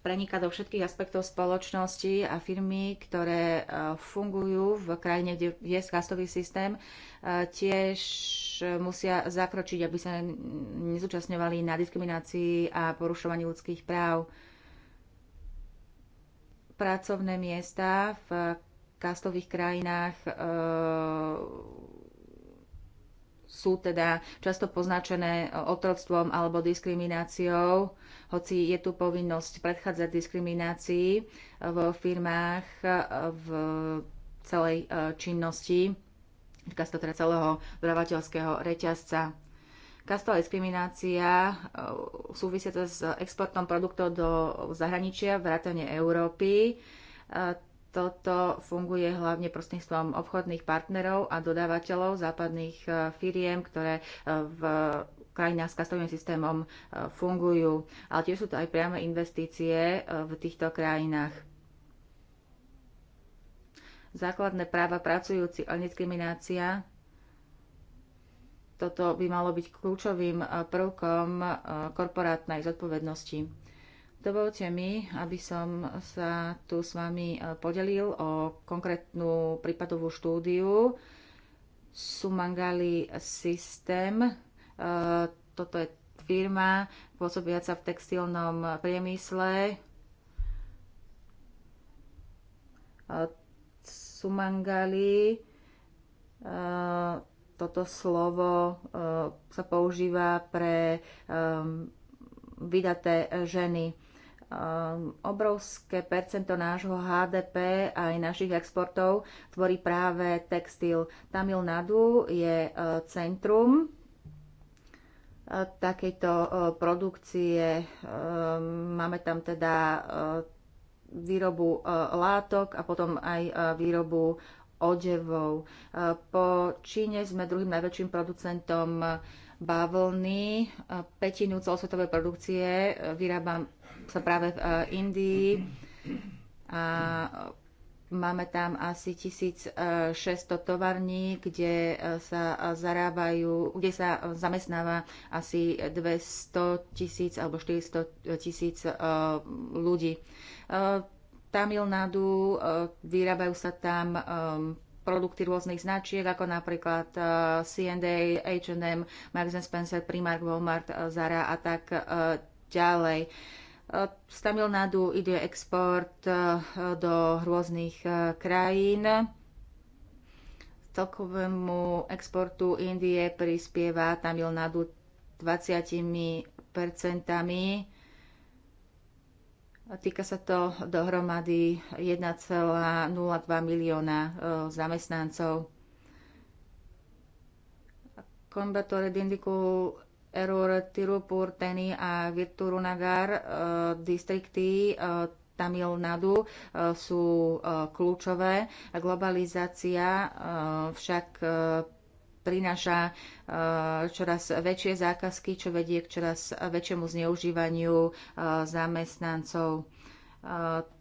preniká do všetkých aspektov spoločnosti a firmy, ktoré e, fungujú v krajine, kde je kastový systém, e, tiež musia zakročiť, aby sa nezúčastňovali na diskriminácii a porušovaní ľudských práv. Pracovné miesta v kastových e, krajinách sú teda často poznačené otroctvom alebo diskrimináciou, hoci je tu povinnosť predchádzať diskriminácii v firmách, v celej e, činnosti, týka sa to teda celého dodávateľského reťazca. Kastová diskriminácia e, súvisia s exportom produktov do zahraničia, vrátane Európy e, toto funguje hlavne prostredníctvom obchodných partnerov a dodávateľov západných e, firiem, ktoré e, v krajinách s kastovým systémom e, fungujú, ale tiež sú to aj priame investície v týchto krajinách. Základné práva pracujúci a nediskriminácia. Toto by malo byť kľúčovým prvkom korporátnej zodpovednosti. Dovolte mi, aby som sa tu s vami e, podelil o konkrétnu prípadovú štúdiu Sumangali System. E, toto je firma pôsobiaca v textilnom priemysle. E, Sumangali, toto slovo sa používa pre vydaté ženy Ehm, obrovské percento nášho HDP aj našich exportov tvorí práve textil. Tamil Nadu je e, centrum e, takejto e, produkcie. Ehm, máme tam teda výrobu látok a potom aj výrobu odevov. Po Číne sme druhým najväčším producentom bavlny. Petinu celosvetovej produkcie vyrábam sa práve v eh, Indii. A eh, máme tam asi 1600 eh, tovarní, kde sa zarábajú, kde sa zamestnáva asi 200 tisíc alebo 400 tisíc ľudí. Tamil Nadu, vyrábajú sa tam produkty rôznych značiek, ako napríklad C&A, H&M, Marks Spencer, Primark, Walmart, Zara a tak ďalej. Z Tamil Nadu ide export e, do rôznych e, krajín. Celkovému exportu Indie prispieva Tamil Nadu 20 percentami. Týka sa to dohromady 1,02 milióna e, zamestnancov. Kombatore Dindiku Erur, Tirupur, a Virturunagar, eh, distrikty eh, Tamil Nadu eh, sú kľúčové. Globalizácia však prináša čoraz väčšie zákazky, čo vedie k čoraz väčšiemu zneužívaniu zamestnancov.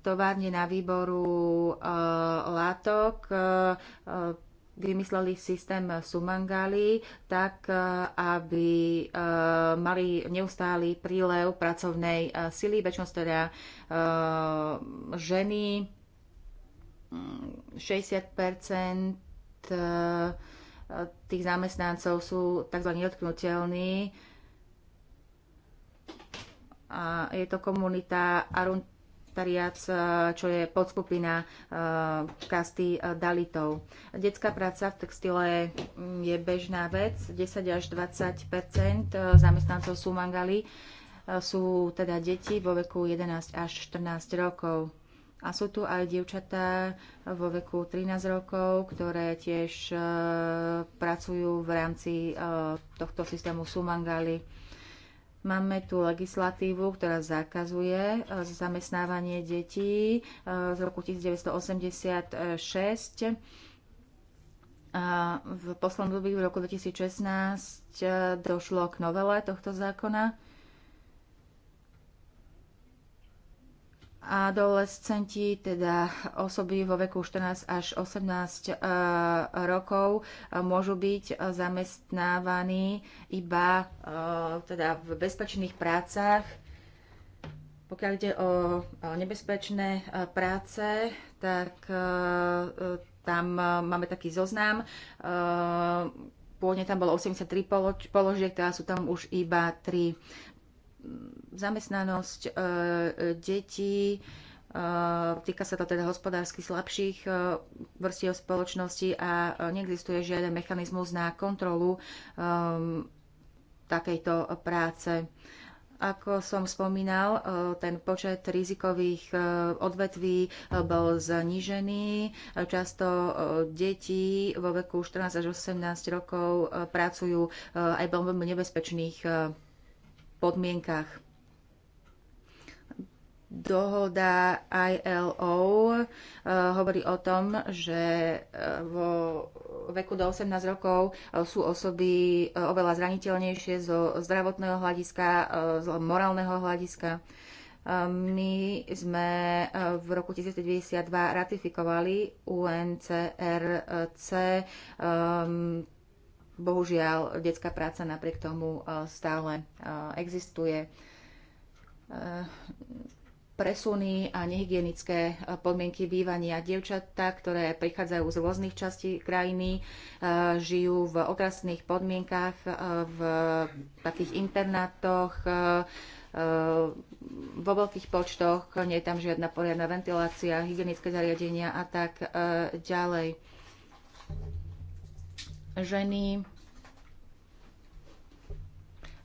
Továrne na výboru látok vymysleli systém Sumangali tak, e, aby e, mali neustály prílev pracovnej e, sily, väčšinou teda ženy, 60 mm, tých zamestnancov sú tzv. nedotknutelní. A je to komunita Arun Tariac, eh, čo je podskupina eh, kasty eh, Dalitov. Detská práca v textile mm, je bežná vec. 10 až 20 zamestnancov sú mangali, sú teda deti vo veku 11 až 14 rokov. A sú tu aj dievčatá vo veku 13 rokov, ktoré tiež pracujú v rámci tohto systému Sumangali. Máme tu legislatívu, ktorá zakazuje e, zamestnávanie detí e, z roku 1986. A e, v poslednom období v roku 2016 došlo k novele tohto zákona adolescenti, teda osoby vo veku 14 až 18 e, rokov, e, môžu byť zamestnávaní iba e, teda v bezpečných prácach. Pokiaľ ide o nebezpečné práce, tak tam máme taký zoznam. Pôvodne tam bolo 83 položiek, teraz sú tam už iba 3 zamestnanosť e, detí, e, týka sa to teda hospodársky slabších e, vrstiev spoločnosti a neexistuje žiaden mechanizmus na kontrolu takejto práce. Ako som spomínal, ten počet rizikových odvetví bol znížený. Často deti vo veku 14 až 18 rokov pracujú aj veľmi nebezpečných podmienkach. Dohoda ILO eh, hovorí o tom, že eh, vo veku do 18 rokov eh, sú osoby oveľa zraniteľnejšie zo zdravotného hľadiska, z morálneho hľadiska. Ehm, my sme v roku 1992 ratifikovali UNCRC Bohužiaľ, detská práca napriek tomu e, stále e, existuje. E, presuny a nehygienické podmienky bývania dievčatá, ktoré prichádzajú z rôznych častí krajiny, žijú v otrasných podmienkach, v takých internátoch, vo veľkých počtoch, nie je tam žiadna poriadna ventilácia, hygienické zariadenia a tak ďalej ženy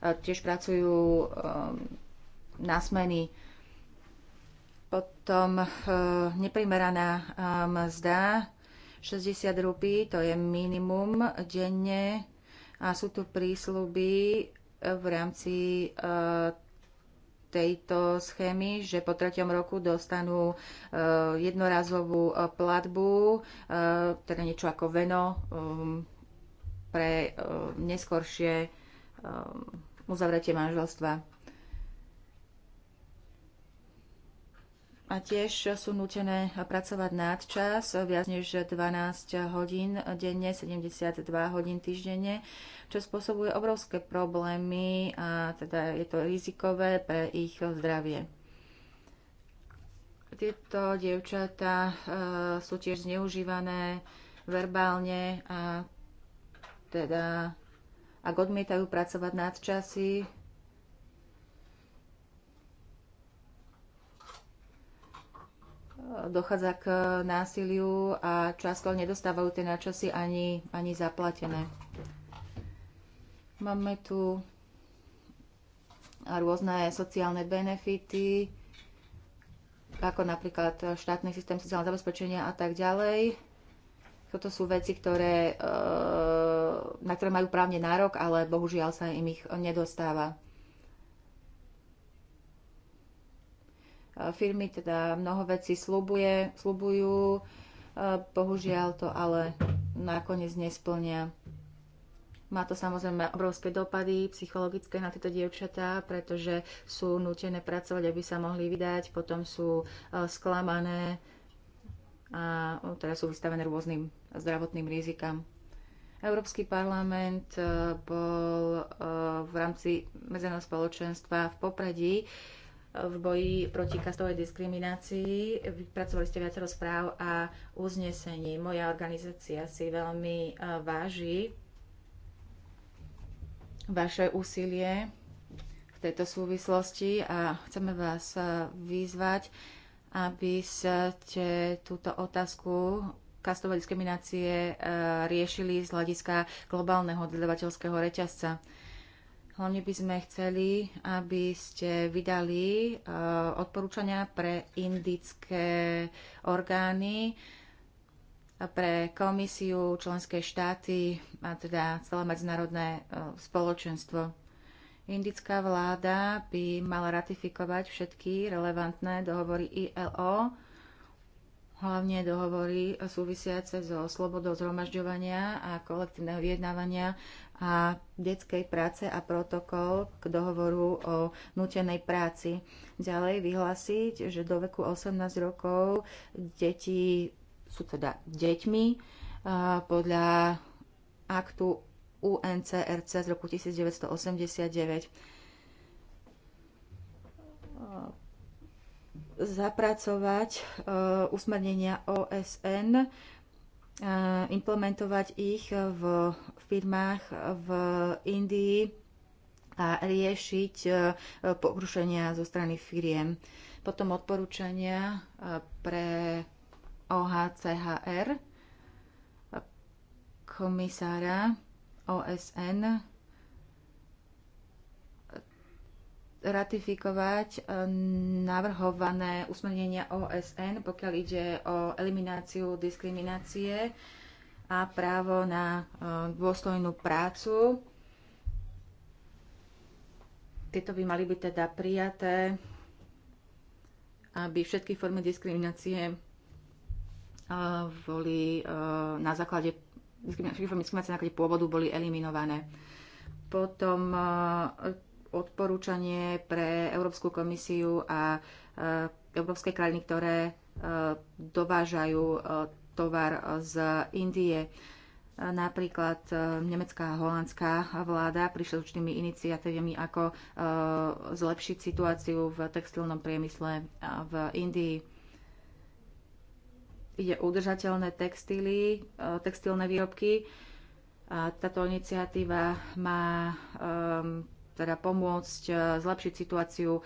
tiež pracujú um, na smeny. Potom uh, neprimeraná uh, mzda 60 rupí, to je minimum denne a sú tu prísľuby v rámci uh, tejto schémy, že po treťom roku dostanú jednorazovú platbu, teda niečo ako veno, um, pre e, neskoršie e, uzavretie manželstva. A tiež sú nutené pracovať nadčas, e, viac než 12 hodín denne, 72 hodín týždenne, čo spôsobuje obrovské problémy a teda je to rizikové pre ich zdravie. Tieto dievčatá sú tiež zneužívané verbálne a teda, ak odmietajú pracovať časy, dochádza k násiliu a často nedostávajú tie načasy ani, ani zaplatené. Máme tu rôzne sociálne benefity, ako napríklad štátny systém sociálneho zabezpečenia a tak ďalej. Toto sú veci, ktoré, eh, na ktoré majú právne nárok, ale bohužiaľ sa im ich nedostáva. Eh, firmy teda mnoho vecí slubuje, slubujú, eh, bohužiaľ to ale nakoniec nesplnia. Má to samozrejme obrovské dopady psychologické na tieto dievčatá, pretože sú nutené pracovať, aby sa mohli vydať, potom sú sklamané a no, teda sú vystavené rôznym zdravotným rizikám. Európsky parlament e, bol e, v rámci medzeného spoločenstva v popredí e, v boji proti kastovej diskriminácii. Vypracovali ste viacero správ a uznesení. Moja organizácia si veľmi váži vaše úsilie v tejto súvislosti a chceme vás vyzvať, aby ste túto otázku kastovej diskriminácie e, riešili z hľadiska globálneho dodavateľského reťazca. Hlavne by sme chceli, aby ste vydali e, odporúčania pre indické orgány, pre komisiu, členské štáty a teda celé medzinárodné e, spoločenstvo. Indická vláda by mala ratifikovať všetky relevantné dohovory ILO, hlavne dohovory súvisiace so slobodou zhromažďovania a kolektívneho vyjednávania a detskej práce a protokol k dohovoru o nutenej práci. Ďalej vyhlásiť, že do veku 18 rokov deti sú teda deťmi podľa aktu UNCRC z roku 1989. E, zapracovať e, usmernenia OSN, e, implementovať ich v firmách v Indii a riešiť porušenia zo strany firiem. Potom odporúčania pre OHCHR komisára OSN ratifikovať e, navrhované usmernenia OSN, pokiaľ ide o elimináciu diskriminácie a právo na e, dôstojnú prácu. Tieto by mali byť teda prijaté, aby všetky formy diskriminácie e, boli na základe diskriminácie na pôvodu boli eliminované. Potom e, odporúčanie pre Európsku komisiu a e, európske krajiny, ktoré e, dovážajú tovar z Indie. Napríklad nemecká a holandská vláda prišla s určitými iniciatívami, ako zlepšiť situáciu v textilnom priemysle v Indii ide udržateľné textíly, e, textilné výrobky. táto iniciatíva má teda pomôcť e, zlepšiť situáciu e,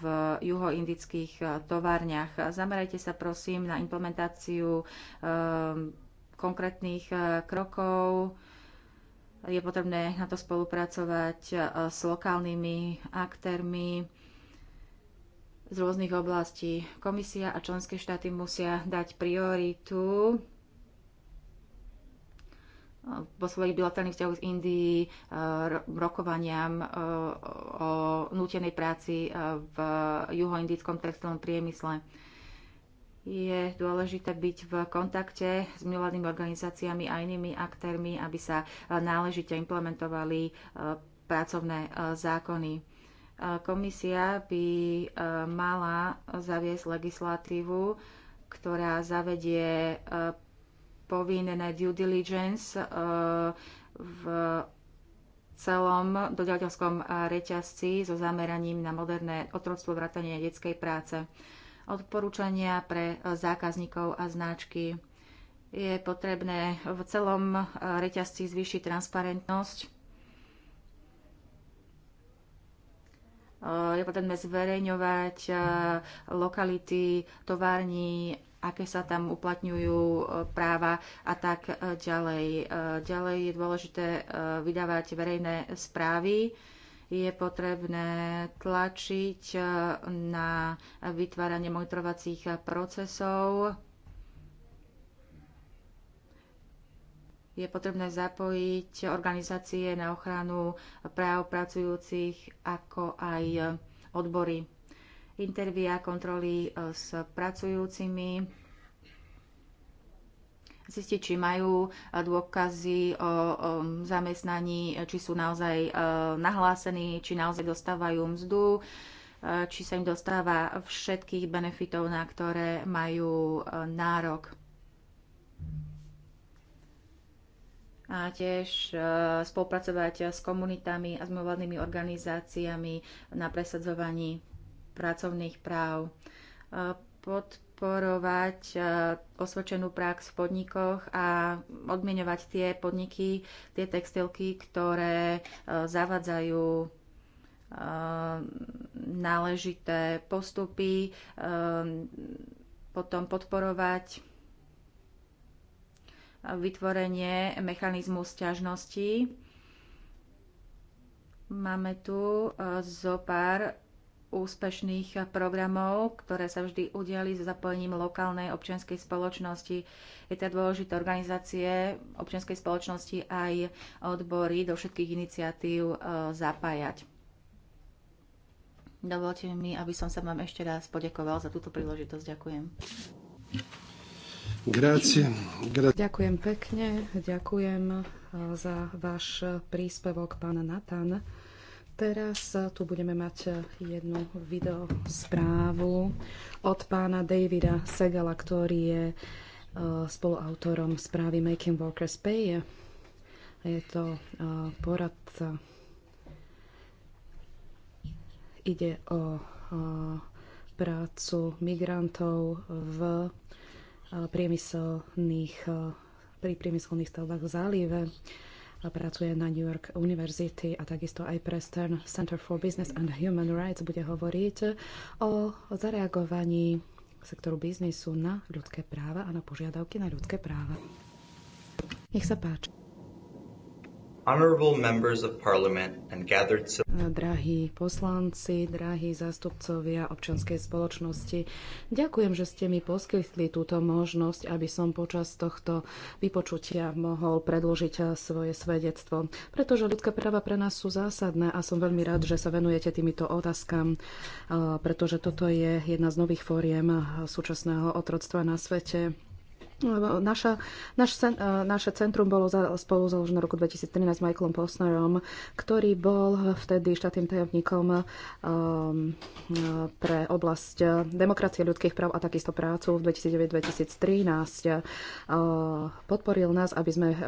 v juhoindických továrniach. Zamerajte sa prosím na implementáciu konkrétnych krokov. Je potrebné na to spolupracovať s lokálnymi aktérmi z rôznych oblastí. Komisia a členské štáty musia dať prioritu vo svojich bilaterálnych vzťahoch s Indií, e, rokovaniam e, o nútenej práci e, v juhoindickom textilnom priemysle. Je dôležité byť v kontakte s mimovládnymi organizáciami a inými aktérmi, aby sa náležite implementovali pracovné zákony. Komisia by e, mala zaviesť legislatívu, ktorá zavedie e, povinné due diligence e, v celom dodateľskom reťazci so zameraním na moderné otroctvo vrátania detskej práce. Odporúčania pre zákazníkov a značky. Je potrebné v celom reťazci zvýšiť transparentnosť Eh, je potrebné zverejňovať eh, lokality, továrni, aké sa tam uplatňujú eh, práva a tak ďalej. Ďalej je dôležité vydávať verejné správy. Je potrebné tlačiť na vytváranie monitorovacích procesov je potrebné zapojiť organizácie na ochranu práv pracujúcich, ako aj odbory. Intervia, kontroly eh, s pracujúcimi, zistiť, či majú eh, dôkazy o, o zamestnaní, eh, či sú naozaj nahlásení, či naozaj dostávajú mzdu, či sa im dostáva všetkých benefitov, na ktoré majú nárok. a tiež e, spolupracovať s komunitami a s mimovládnymi organizáciami na presadzovaní pracovných práv. E, podporovať e, osvočenú prax v podnikoch a odmienovať tie podniky, tie textilky, ktoré zavadzajú náležité postupy, potom podporovať vytvorenie mechanizmu sťažnosti. Máme tu e, zo pár úspešných programov, ktoré sa vždy udiali s zapojením lokálnej občianskej spoločnosti. Je to dôležité organizácie občianskej spoločnosti aj odbory do všetkých iniciatív e, zapájať. Dovolte mi, aby som sa vám ešte raz poďakoval za túto príležitosť. Ďakujem. Grazie. Gra- ďakujem pekne, ďakujem eh, za váš príspevok, pán Natan. Teraz eh, tu budeme mať eh, jednu video správu od pána Davida Segala, ktorý je spoluautorom správy Making Workers Pay. Je to poradca. Ide o prácu migrantov v Eh, priemyselných, eh, pri priemyselných stavbách v zálive. Pracuje na New York University a takisto aj pre Stern Center for Business and Human Rights bude hovoriť o zareagovaní sektoru biznisu na ľudské práva a na požiadavky na ľudské práva. Nech sa páči. Eh, drahí poslanci, drahí zástupcovia občianskej spoločnosti, ďakujem, že ste mi poskytli túto možnosť, aby som počas tohto vypočutia mohol predložiť eh, svoje svedectvo. Pretože ľudské práva pre nás sú zásadné a som veľmi rád, že sa venujete týmito otázkam, eh, pretože toto je jedna z nových fóriem súčasného otroctva na svete. Naša, naš, eh, naše centrum bolo za, spolu založené v roku 2013 s Michaelom Posnerom, ktorý bol vtedy štátnym tajomníkom um, pre oblasť demokracie ľudských práv a takisto prácu v 2009-2013. Uh, podporil nás, aby sme uh,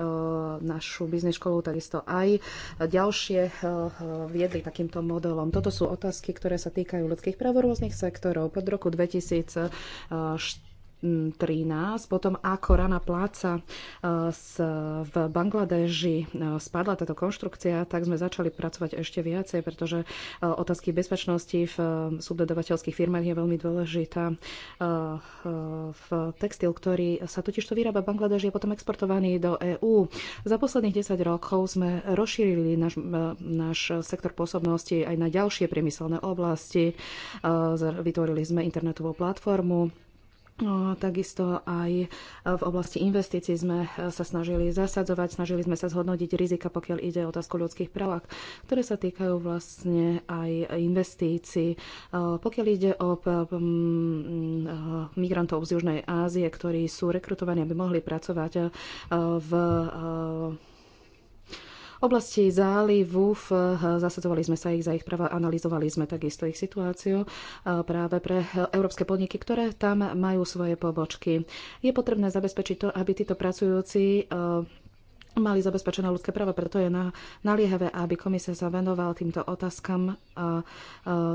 našu biznis školu takisto aj ďalšie uh, viedli takýmto modelom. Toto sú otázky, ktoré sa týkajú ľudských práv rôznych sektorov. Pod roku 2004 2013, potom ako rana pláca e, v Bangladeži e, spadla táto konštrukcia, tak sme začali pracovať ešte viacej, pretože e, otázky bezpečnosti v subdodavateľských firmách je veľmi dôležitá. V textil, ktorý sa totiž to vyrába v Bangladeži, je potom exportovaný do EÚ. Za posledných 10 rokov sme rozšírili náš, náš sektor pôsobnosti aj na ďalšie priemyselné oblasti. Vytvorili sme internetovú platformu No takisto aj v oblasti investícií sme eh, sa snažili zasadzovať, snažili sme sa zhodnotiť rizika, pokiaľ ide o otázku ľudských práv, ktoré sa týkajú vlastne aj investícií. Eh, pokiaľ ide o eh, mm, migrantov z Južnej Ázie, ktorí sú rekrutovaní, aby mohli pracovať v oblasti zálivu. Eh, zasadovali sme sa ich za ich práva, analyzovali sme takisto ich situáciu eh, práve pre eh, európske podniky, ktoré tam majú svoje pobočky. Je potrebné zabezpečiť to, aby títo pracujúci mali zabezpečené ľudské práva, preto je na, naliehavé, aby komisia sa venoval týmto otázkam a, a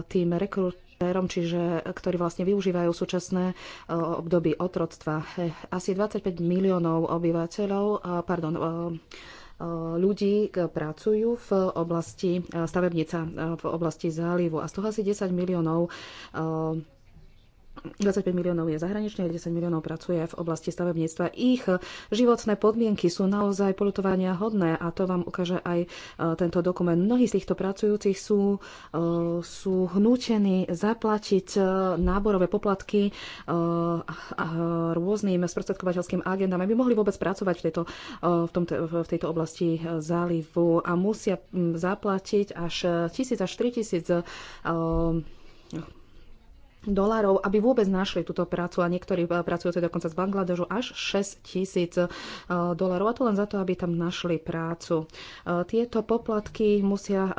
tým rekrutérom, čiže ktorí vlastne využívajú súčasné obdoby otroctva. Asi 25 miliónov obyvateľov, pardon, a, ľudí pracujú v oblasti e, stavebnica, e, v oblasti zálivu. A z toho asi 10 miliónov e, 25 miliónov je zahraničných, 10 miliónov pracuje v oblasti stavebníctva. Ich životné podmienky sú naozaj polutovania hodné a to vám ukáže aj e, tento dokument. Mnohí z týchto pracujúcich sú, e, sú hnútení zaplatiť e, náborové poplatky rôznym sprostredkovateľským agendám, aby mohli vôbec pracovať v tejto, v tomto, v tejto oblasti zálivu a musia zaplatiť až 1000 až 3000 dolárov, aby vôbec našli túto prácu a niektorí e, pracujúci dokonca z Bangladežu až 6 tisíc e, dolárov a to len za to, aby tam našli prácu. E, tieto poplatky musia,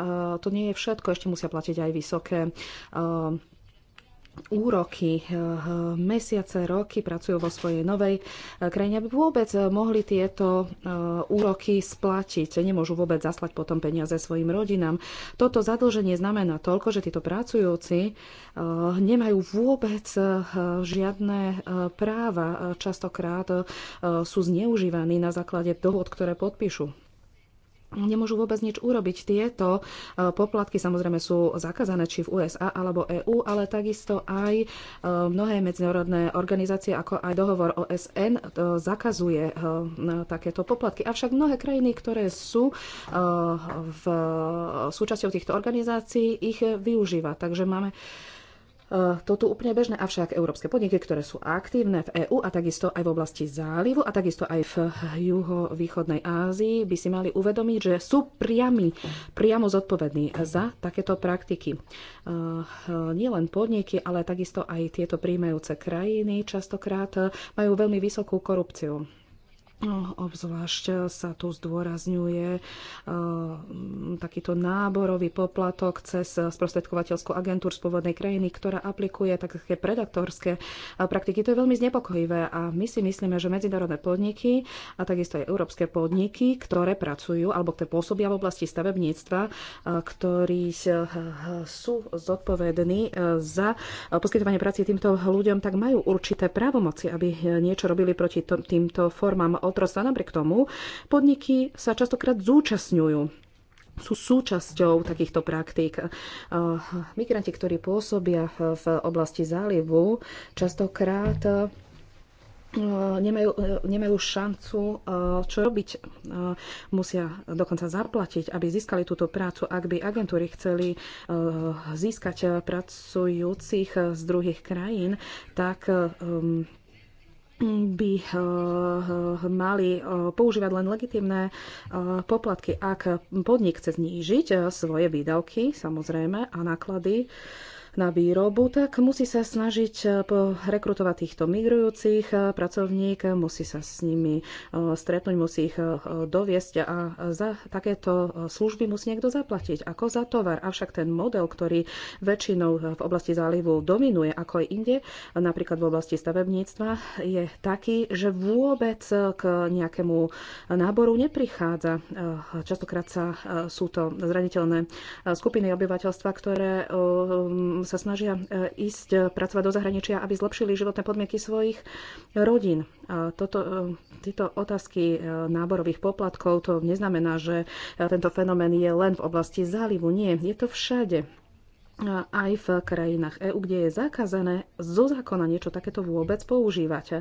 to nie je všetko, ešte musia platiť aj vysoké úroky. Eh, eh, mesiace, roky pracujú vo svojej novej eh, krajine, aby vôbec mohli tieto úroky splatiť. Nemôžu vôbec zaslať potom peniaze svojim rodinám. Toto zadlženie znamená toľko, že títo pracujúci nemajú vôbec žiadne práva. Častokrát sú zneužívaní na základe dohod, ktoré podpíšu nemôžu vôbec nič urobiť. Tieto e, poplatky samozrejme sú zakázané či v USA alebo EÚ, ale takisto aj e, mnohé medzinárodné organizácie, ako aj dohovor OSN, e, zakazuje takéto poplatky. Avšak mnohé krajiny, ktoré sú v súčasťou týchto organizácií, ich využíva. Takže máme Eh, tu úplne bežné. Avšak európske podniky, ktoré sú aktívne v EÚ a takisto aj v oblasti zálivu a takisto aj v juhovýchodnej Ázii, by si mali uvedomiť, že sú priami, priamo zodpovední za takéto praktiky. Eh, nielen podniky, ale takisto aj tieto príjmajúce krajiny častokrát eh, majú veľmi vysokú korupciu No, obzvlášť sa tu zdôrazňuje e, takýto náborový poplatok cez sprostredkovateľskú agentúru z pôvodnej krajiny, ktorá aplikuje také predatorské e, praktiky. To je veľmi znepokojivé a my si myslíme, že medzinárodné podniky a takisto aj európske podniky, ktoré pracujú alebo ktoré pôsobia v oblasti stavebníctva, e, ktorí sú zodpovední za poskytovanie práci týmto ľuďom, tak majú určité právomoci, aby niečo robili proti týmto formám otroctva. Napriek tomu podniky sa častokrát zúčastňujú sú súčasťou takýchto praktík. Eh, migranti, ktorí pôsobia v oblasti zálivu, častokrát eh, nemajú, eh, nemajú šancu čo robiť. Musia dokonca zaplatiť, aby získali túto prácu. Ak by agentúry chceli získať pracujúcich z druhých krajín, tak by eh, eh, mali eh, používať len legitimné poplatky, ak podnik chce znížiť svoje výdavky, samozrejme, a náklady na výrobu, tak musí sa snažiť eh, rekrutovať týchto migrujúcich eh, pracovník, musí sa s nimi eh, stretnúť, musí ich doviesť a za takéto služby musí niekto zaplatiť ako za tovar. Avšak ten model, ktorý väčšinou v oblasti zálivu dominuje, ako aj inde, napríklad v oblasti stavebníctva, je taký, že vôbec k nejakému náboru neprichádza. Častokrát sa sú to zraniteľné skupiny obyvateľstva, ktoré sa snažia e, ísť e, pracovať do zahraničia, aby zlepšili životné podmienky svojich rodín. Toto, e, tieto otázky náborových poplatkov to neznamená, že tento fenomén je len v oblasti zálivu. Nie, je to všade aj v krajinách EÚ, kde je zakázané zo zákona niečo takéto vôbec používať. E,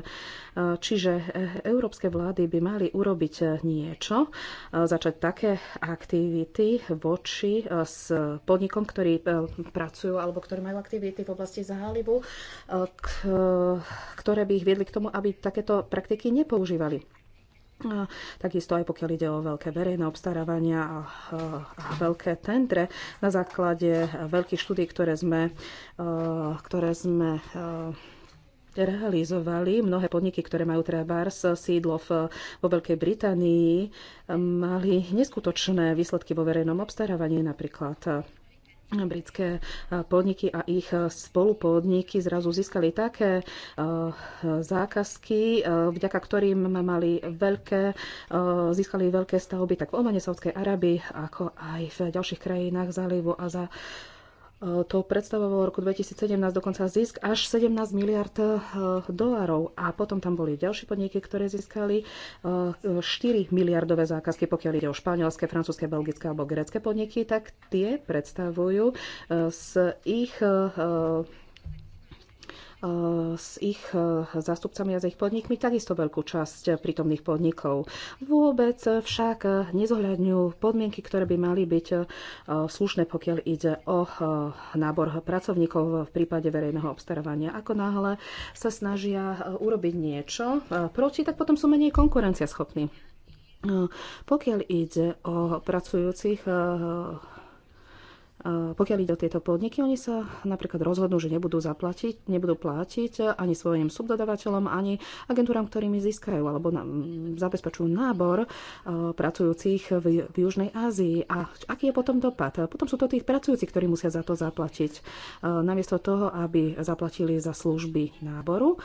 čiže e, európske vlády by mali urobiť e, niečo, začať také aktivity voči s podnikom, ktorí pracujú alebo ktorí majú aktivity v oblasti zahálivu, ktoré by ich viedli k tomu, aby takéto praktiky nepoužívali. Takisto aj pokiaľ ide o veľké verejné obstarávania a, a veľké tendre na základe veľkých štúdí, ktoré sme, ktoré sme realizovali. Mnohé podniky, ktoré majú trebárs sídlo v, vo Veľkej Británii, mali neskutočné výsledky vo verejnom obstarávaní, napríklad britské eh, podniky a ich eh, spolupodniky zrazu získali také eh, zákazky, vďaka ktorým mali veľké, získali veľké stavby tak v Omane, Saudskej Arabii, ako aj v ďalších krajinách zálivu a za Eh, to predstavovalo v roku 2017 dokonca zisk až 17 miliard eh, dolárov. A potom tam boli ďalšie podniky, ktoré získali 4 eh, miliardové zákazky, pokiaľ ide o španielské, francúzske, belgické alebo grecké podniky, tak tie predstavujú z ich s ich e, zástupcami a s ich podnikmi takisto veľkú časť prítomných podnikov. Vôbec však nezohľadňujú podmienky, ktoré by mali byť e, slušné, pokiaľ ide o e, nábor pracovníkov v prípade verejného obstarávania. Ako náhle sa snažia urobiť niečo proti, tak potom sú menej schopní. Pokiaľ ide o pracujúcich pokiaľ ide o tieto podniky, oni sa napríklad rozhodnú, že nebudú zaplatiť, nebudú platiť ani svojim subdodávateľom, ani agentúram, ktorými získajú alebo zabezpečujú nábor pracujúcich v, v Južnej Ázii. A aký je potom dopad? Potom sú to tých pracujúci, ktorí musia za to zaplatiť. namiesto toho, aby zaplatili za služby náboru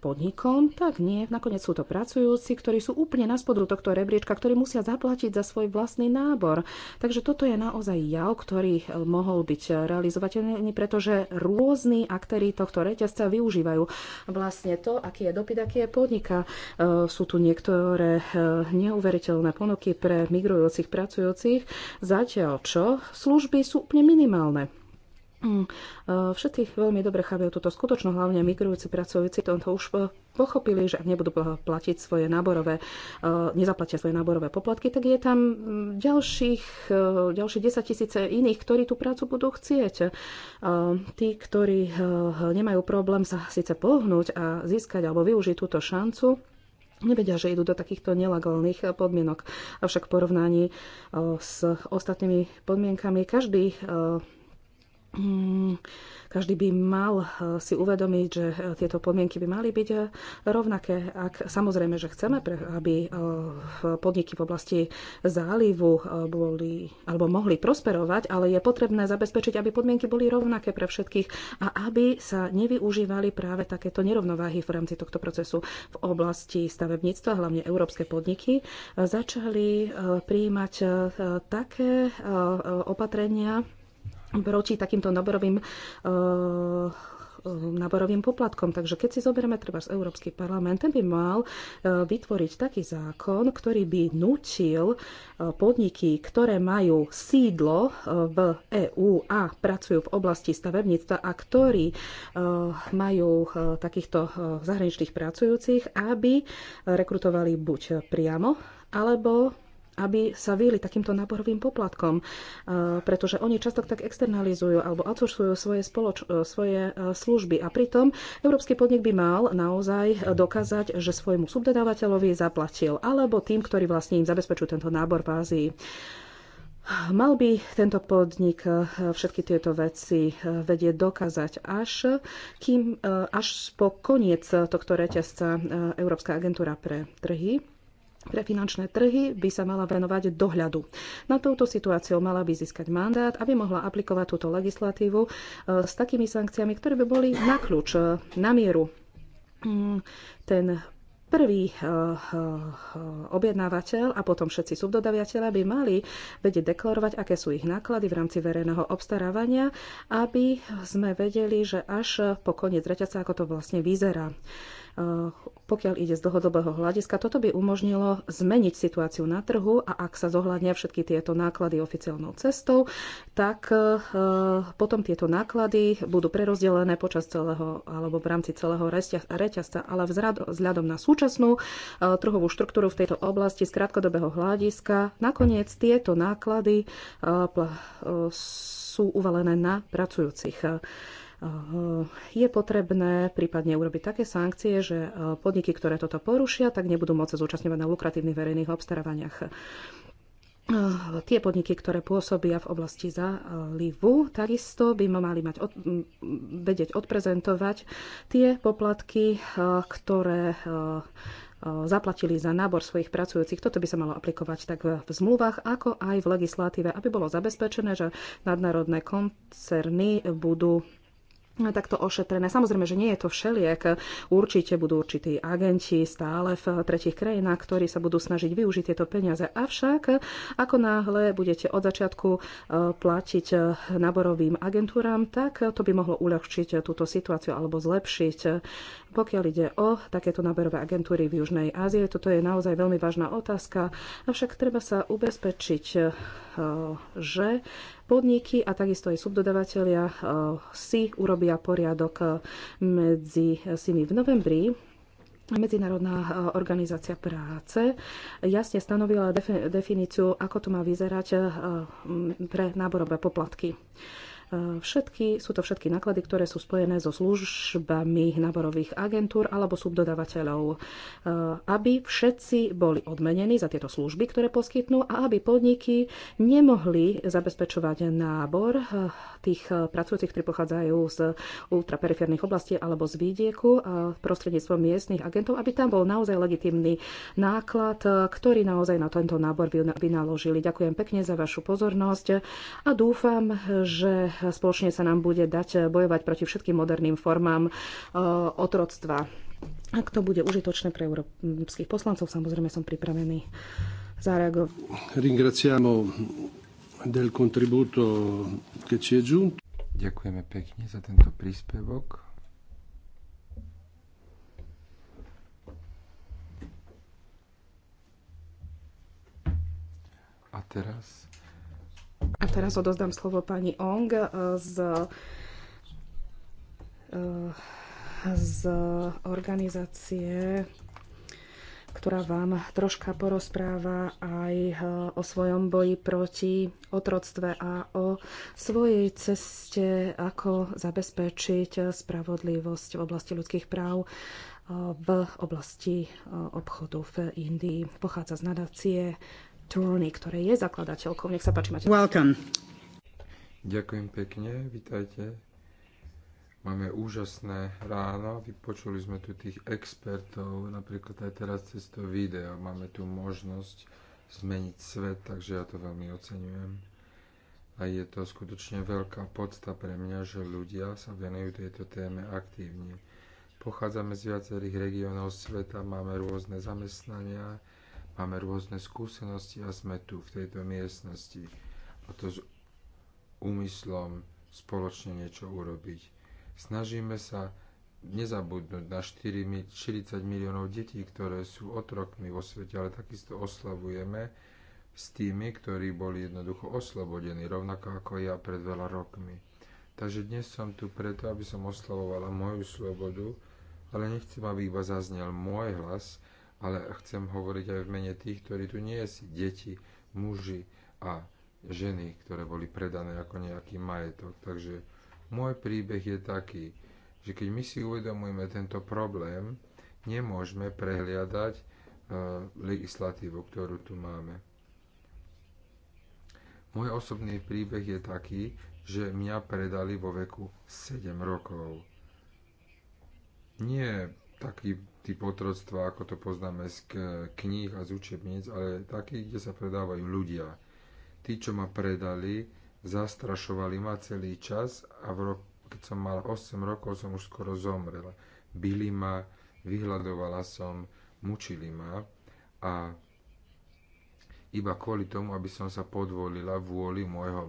podnikom, tak nie. Nakoniec sú to pracujúci, ktorí sú úplne na spodu tohto rebríčka, ktorí musia zaplatiť za svoj vlastný nábor. Takže toto je naozaj jav, ktorý mohol byť realizovateľný, pretože rôzni aktéry tohto reťazca využívajú vlastne to, aký je dopyt, aký je podnika. E, sú tu niektoré e, neuveriteľné ponuky pre migrujúcich pracujúcich, zatiaľ čo služby sú úplne minimálne. Mm. E, Všetci veľmi dobre chápajú túto skutočnosť, hlavne migrujúci pracujúci to už e, pochopili, že ak nebudú platiť svoje náborové, e, nezaplatia svoje náborové poplatky, tak je tam mm, ďalších, ďalšie 10 tisíce iných, ktorí tú prácu budú chcieť. Tí, ktorí nemajú problém sa síce pohnúť a získať alebo využiť túto šancu, nevedia, že idú do takýchto nelegálnych podmienok. Avšak v porovnaní s ostatnými podmienkami každý Mm, každý by mal eh, si uvedomiť, že eh, tieto podmienky by mali byť eh, rovnaké. Ak samozrejme, že chceme, aby podniky v oblasti zálivu boli alebo mohli prosperovať, ale je potrebné zabezpečiť, aby podmienky boli rovnaké pre všetkých a aby sa nevyužívali práve takéto nerovnováhy v rámci tohto procesu v oblasti stavebníctva, hlavne európske podniky, začali príjmať také opatrenia, proti takýmto náborovým e, e, naborovým poplatkom. Takže keď si zoberieme treba z Európsky parlament, ten by mal e, vytvoriť taký zákon, ktorý by nutil podniky, ktoré majú sídlo v EÚ a pracujú v oblasti stavebníctva a ktorí majú takýchto zahraničných pracujúcich, aby rekrutovali buď priamo alebo aby sa vyli takýmto náborovým poplatkom, e, pretože oni často tak externalizujú alebo outsourcujú svoje, spoloč- e, svoje e, služby. A pritom európsky podnik by mal naozaj dokázať, že svojmu subdodávateľovi zaplatil alebo tým, ktorí vlastne im zabezpečujú tento nábor v Ázii. Mal by tento podnik všetky tieto veci vedieť dokázať až, kým, až po koniec tohto reťazca Európska agentúra pre trhy pre finančné trhy by sa mala venovať dohľadu. Na touto situáciou mala by získať mandát, aby mohla aplikovať túto legislatívu e, s takými sankciami, ktoré by boli na kľúč, e, na mieru. Mm, ten prvý e, objednávateľ a potom všetci subdodaviateľe by mali vedieť deklarovať, aké sú ich náklady v rámci verejného obstarávania, aby sme vedeli, že až po koniec reťaca, ako to vlastne vyzerá. Eh, pokiaľ ide z dlhodobého hľadiska, toto by umožnilo zmeniť situáciu na trhu a ak sa zohľadnia všetky tieto náklady oficiálnou cestou, tak eh, potom tieto náklady budú prerozdelené počas celého alebo v rámci celého reťazca, ale vzhľadom na súčasnú eh, trhovú štruktúru v tejto oblasti z krátkodobého hľadiska, nakoniec tieto náklady sú uvalené na pracujúcich. Eh, je potrebné prípadne urobiť také sankcie, že eh, podniky, ktoré toto porušia, tak nebudú môcť zúčastňovať na lukratívnych verejných obstarávaniach eh, tie podniky, ktoré pôsobia v oblasti zálivu, takisto by mali mať od, mm, vedieť odprezentovať tie poplatky, ktoré zaplatili za nábor svojich pracujúcich. Toto by sa malo aplikovať tak v zmluvách, ako aj v legislatíve, aby bolo zabezpečené, že nadnárodné koncerny budú takto ošetrené. Samozrejme, že nie je to všeliek. Určite budú určití agenti stále v tretich krajinách, ktorí sa budú snažiť využiť tieto peniaze. Avšak, ako náhle budete od začiatku eh, platiť eh, naborovým agentúram, tak to by mohlo uľahčiť eh, túto situáciu alebo zlepšiť pokiaľ ide o takéto náberové agentúry v Južnej Ázie, toto je naozaj veľmi vážna otázka, avšak treba sa ubezpečiť, eh, že podniky a takisto aj subdodavatelia eh, si urobia poriadok eh, medzi simi v novembri Medzinárodná organizácia práce jasne stanovila definíciu, ako to má vyzerať pre náborové poplatky. E, všetky, sú to všetky náklady, ktoré sú spojené so službami náborových agentúr alebo subdodávateľov, e, aby všetci boli odmenení za tieto služby, ktoré poskytnú a aby podniky nemohli zabezpečovať nábor e, tých pracujúcich, ktorí pochádzajú z ultraperiférnych oblastí alebo z vidieku prostredníctvom miestnych agentov, aby tam bol naozaj legitimný náklad, ktorý naozaj na tento nábor vynaložili. Ďakujem pekne za vašu pozornosť a dúfam, že spoločne sa nám bude dať eh, bojovať proti všetkým moderným formám eh, otroctva. Ak to bude užitočné pre európskych poslancov, samozrejme som pripravený zareagovať. del contributo che ci è giunto. Ďakujeme pekne za tento príspevok. A teraz a teraz odozdám slovo pani Ong eh, z, eh, z organizácie, ktorá vám troška porozpráva aj eh, o svojom boji proti otroctve a o svojej ceste, ako zabezpečiť spravodlivosť v oblasti ľudských práv v oblasti obchodu v Indii. Pochádza z nadácie Trony, ktoré je zakladateľkou. Nech sa páči, máte. Welcome. Ďakujem pekne, vítajte. Máme úžasné ráno, vypočuli sme tu tých expertov, napríklad aj teraz cez to video máme tu možnosť zmeniť svet, takže ja to veľmi oceňujem. A je to skutočne veľká podsta pre mňa, že ľudia sa venujú tejto téme aktívne. Pochádzame z viacerých regiónov sveta, máme rôzne zamestnania, Máme rôzne skúsenosti a sme tu v tejto miestnosti a to s úmyslom spoločne niečo urobiť. Snažíme sa nezabudnúť na 4, 40 miliónov detí, ktoré sú otrokmi vo svete, ale takisto oslavujeme s tými, ktorí boli jednoducho oslobodení, rovnako ako ja pred veľa rokmi. Takže dnes som tu preto, aby som oslavovala moju slobodu, ale nechcem, aby iba zaznel môj hlas, ale chcem hovoriť aj v mene tých, ktorí tu nie sú, deti, muži a ženy, ktoré boli predané ako nejaký majetok. Takže môj príbeh je taký, že keď my si uvedomujeme tento problém, nemôžeme prehliadať e, legislatívu, ktorú tu máme. Môj osobný príbeh je taký, že mňa predali vo veku 7 rokov. Nie taký typ otroctva, ako to poznáme z kníh a z učebníc, ale taký, kde sa predávajú ľudia. Tí, čo ma predali, zastrašovali ma celý čas a v roku, keď som mala 8 rokov, som už skoro zomrela. Bili ma, vyhľadovala som, mučili ma a iba kvôli tomu, aby som sa podvolila vôli môjho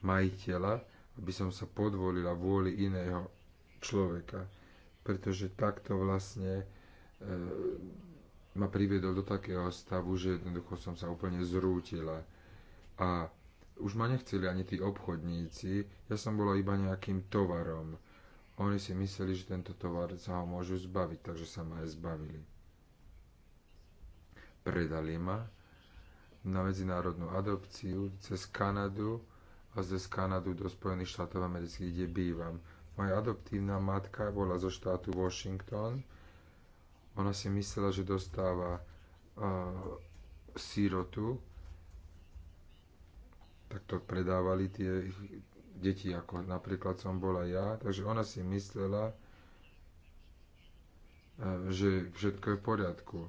majiteľa, aby som sa podvolila vôli iného človeka pretože takto vlastne e, ma priviedol do takého stavu, že jednoducho som sa úplne zrútila. A už ma nechceli ani tí obchodníci, ja som bola iba nejakým tovarom. Oni si mysleli, že tento tovar sa ho môžu zbaviť, takže sa ma aj zbavili. Predali ma na medzinárodnú adopciu cez Kanadu a cez Kanadu do Spojených štátov amerických, kde bývam. Moja adoptívna matka bola zo štátu Washington. Ona si myslela, že dostáva uh, sírotu. Tak to predávali tie deti, ako napríklad som bola ja. Takže ona si myslela, eh, že všetko je v poriadku.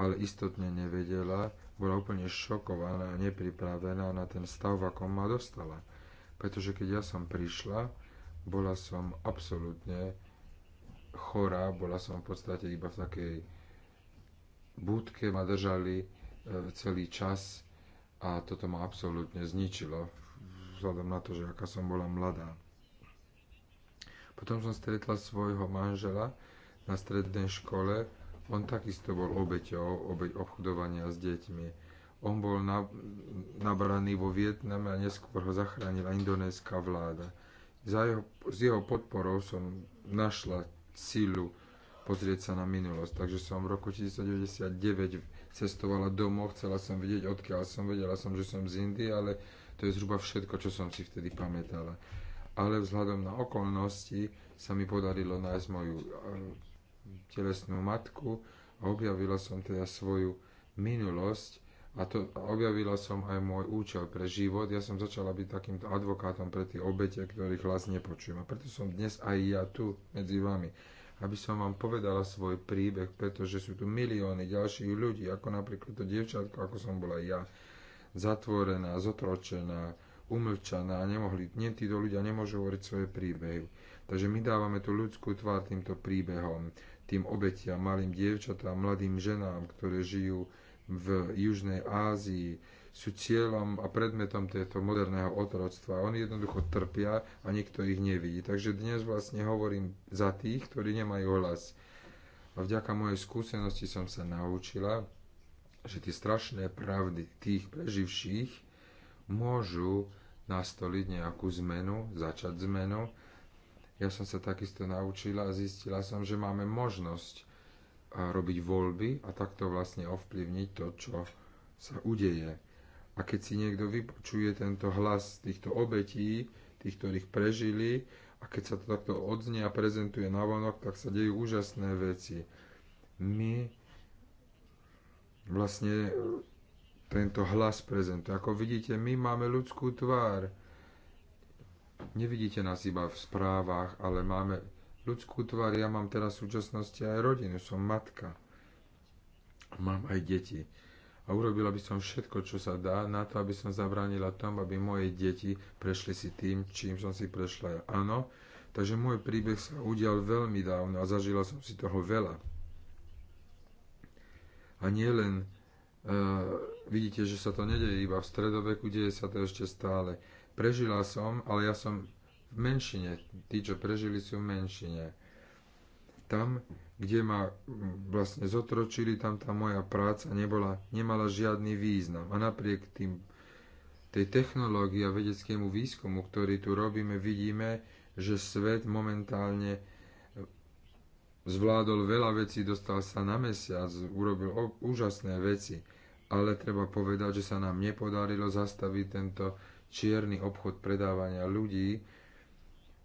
Ale istotne nevedela, bola úplne šokovaná a nepripravená na ten stav, ako ma dostala. Pretože keď ja som prišla, bola som absolútne chorá, bola som v podstate iba v takej búdke, ma držali e, celý čas a toto ma absolútne zničilo, vzhľadom na to, že aká som bola mladá. Potom som stretla svojho manžela na strednej škole, on takisto bol obeťou, obeť obchodovania s deťmi. On bol nabraný vo Vietname a neskôr ho zachránila indonéska vláda. Za jeho, s jeho podporou som našla sílu pozrieť sa na minulosť. Takže som v roku 1999 cestovala domov, chcela som vidieť, odkiaľ som, vedela som, že som z Indie, ale to je zhruba všetko, čo som si vtedy pamätala. Ale vzhľadom na okolnosti sa mi podarilo nájsť moju eh, telesnú matku a objavila som teda svoju minulosť a to objavila som aj môj účel pre život. Ja som začala byť takýmto advokátom pre tie obete, ktorých hlas nepočujem. A preto som dnes aj ja tu medzi vami, aby som vám povedala svoj príbeh, pretože sú tu milióny ďalších ľudí, ako napríklad to dievčatko, ako som bola ja, zatvorená, zotročená, umlčaná a nemohli, nie títo ľudia nemôžu hovoriť svoje príbehy. Takže my dávame tú ľudskú tvár týmto príbehom, tým obetiam, malým dievčatám, mladým ženám, ktoré žijú v Južnej Ázii sú cieľom a predmetom tohto moderného otroctva. Oni jednoducho trpia a nikto ich nevidí. Takže dnes vlastne hovorím za tých, ktorí nemajú hlas. A vďaka mojej skúsenosti som sa naučila, že tie strašné pravdy tých preživších môžu nastoliť nejakú zmenu, začať zmenu. Ja som sa takisto naučila a zistila som, že máme možnosť a robiť voľby a takto vlastne ovplyvniť to, čo sa udeje. A keď si niekto vypočuje tento hlas týchto obetí, tých, ktorých prežili, a keď sa to takto odznie a prezentuje na vonok, tak sa dejú úžasné veci. My vlastne tento hlas prezentuje. Ako vidíte, my máme ľudskú tvár. Nevidíte nás iba v správach, ale máme ľudskú tvár. Ja mám teraz v súčasnosti aj rodinu, som matka. Mám aj deti. A urobila by som všetko, čo sa dá, na to, aby som zabránila tomu, aby moje deti prešli si tým, čím som si prešla ja. Áno, takže môj príbeh sa udial veľmi dávno a zažila som si toho veľa. A nie len Uh, vidíte, že sa to nedeje iba v stredoveku, deje sa to ešte stále. Prežila som, ale ja som v menšine. Tí, čo prežili, sú v menšine. Tam, kde ma vlastne zotročili, tam tá moja práca nebola, nemala žiadny význam. A napriek tým, tej technológii a vedeckému výskumu, ktorý tu robíme, vidíme, že svet momentálne e, zvládol veľa vecí, dostal sa na mesiac, urobil úžasné veci, ale treba povedať, že sa nám nepodarilo zastaviť tento čierny obchod predávania ľudí,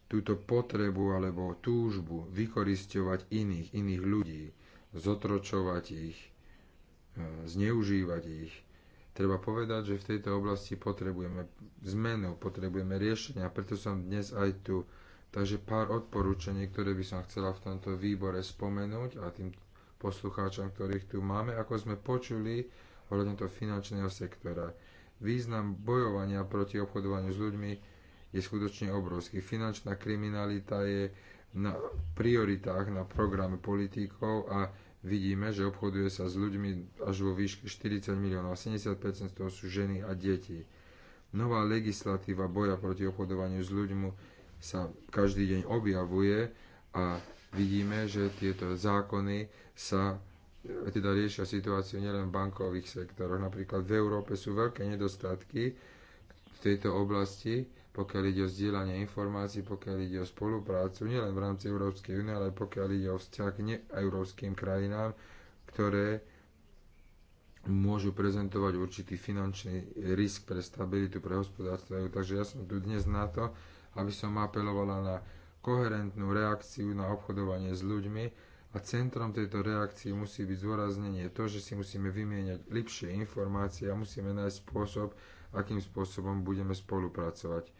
túto potrebu alebo túžbu vykoristovať iných, iných ľudí, zotročovať ich, e, zneužívať ich. Treba povedať, že v tejto oblasti potrebujeme zmenu, potrebujeme riešenia, preto som dnes aj tu. Takže pár odporúčaní, ktoré by som chcela v tomto výbore spomenúť a tým poslucháčom, ktorých tu máme, ako sme počuli ohľadne toho finančného sektora. Význam bojovania proti obchodovaniu s ľuďmi je skutočne obrovský. Finančná kriminalita je na prioritách na programe politikov a vidíme, že obchoduje sa s ľuďmi až vo výške 40 miliónov. 70% z toho sú ženy a deti. Nová legislatíva boja proti obchodovaniu s ľuďmi sa každý deň objavuje a vidíme, že tieto zákony sa teda riešia situáciu nielen v bankových sektoroch. Napríklad v Európe sú veľké nedostatky v tejto oblasti pokiaľ ide o zdieľanie informácií, pokiaľ ide o spoluprácu, nielen v rámci Európskej únie, ale pokiaľ ide o vzťah k neeurópskym krajinám, ktoré môžu prezentovať určitý finančný risk pre stabilitu, pre hospodárstvo. Takže ja som tu dnes na to, aby som apelovala na koherentnú reakciu na obchodovanie s ľuďmi a centrom tejto reakcie musí byť zdôraznenie to, že si musíme vymieňať lepšie informácie a musíme nájsť spôsob, akým spôsobom budeme spolupracovať.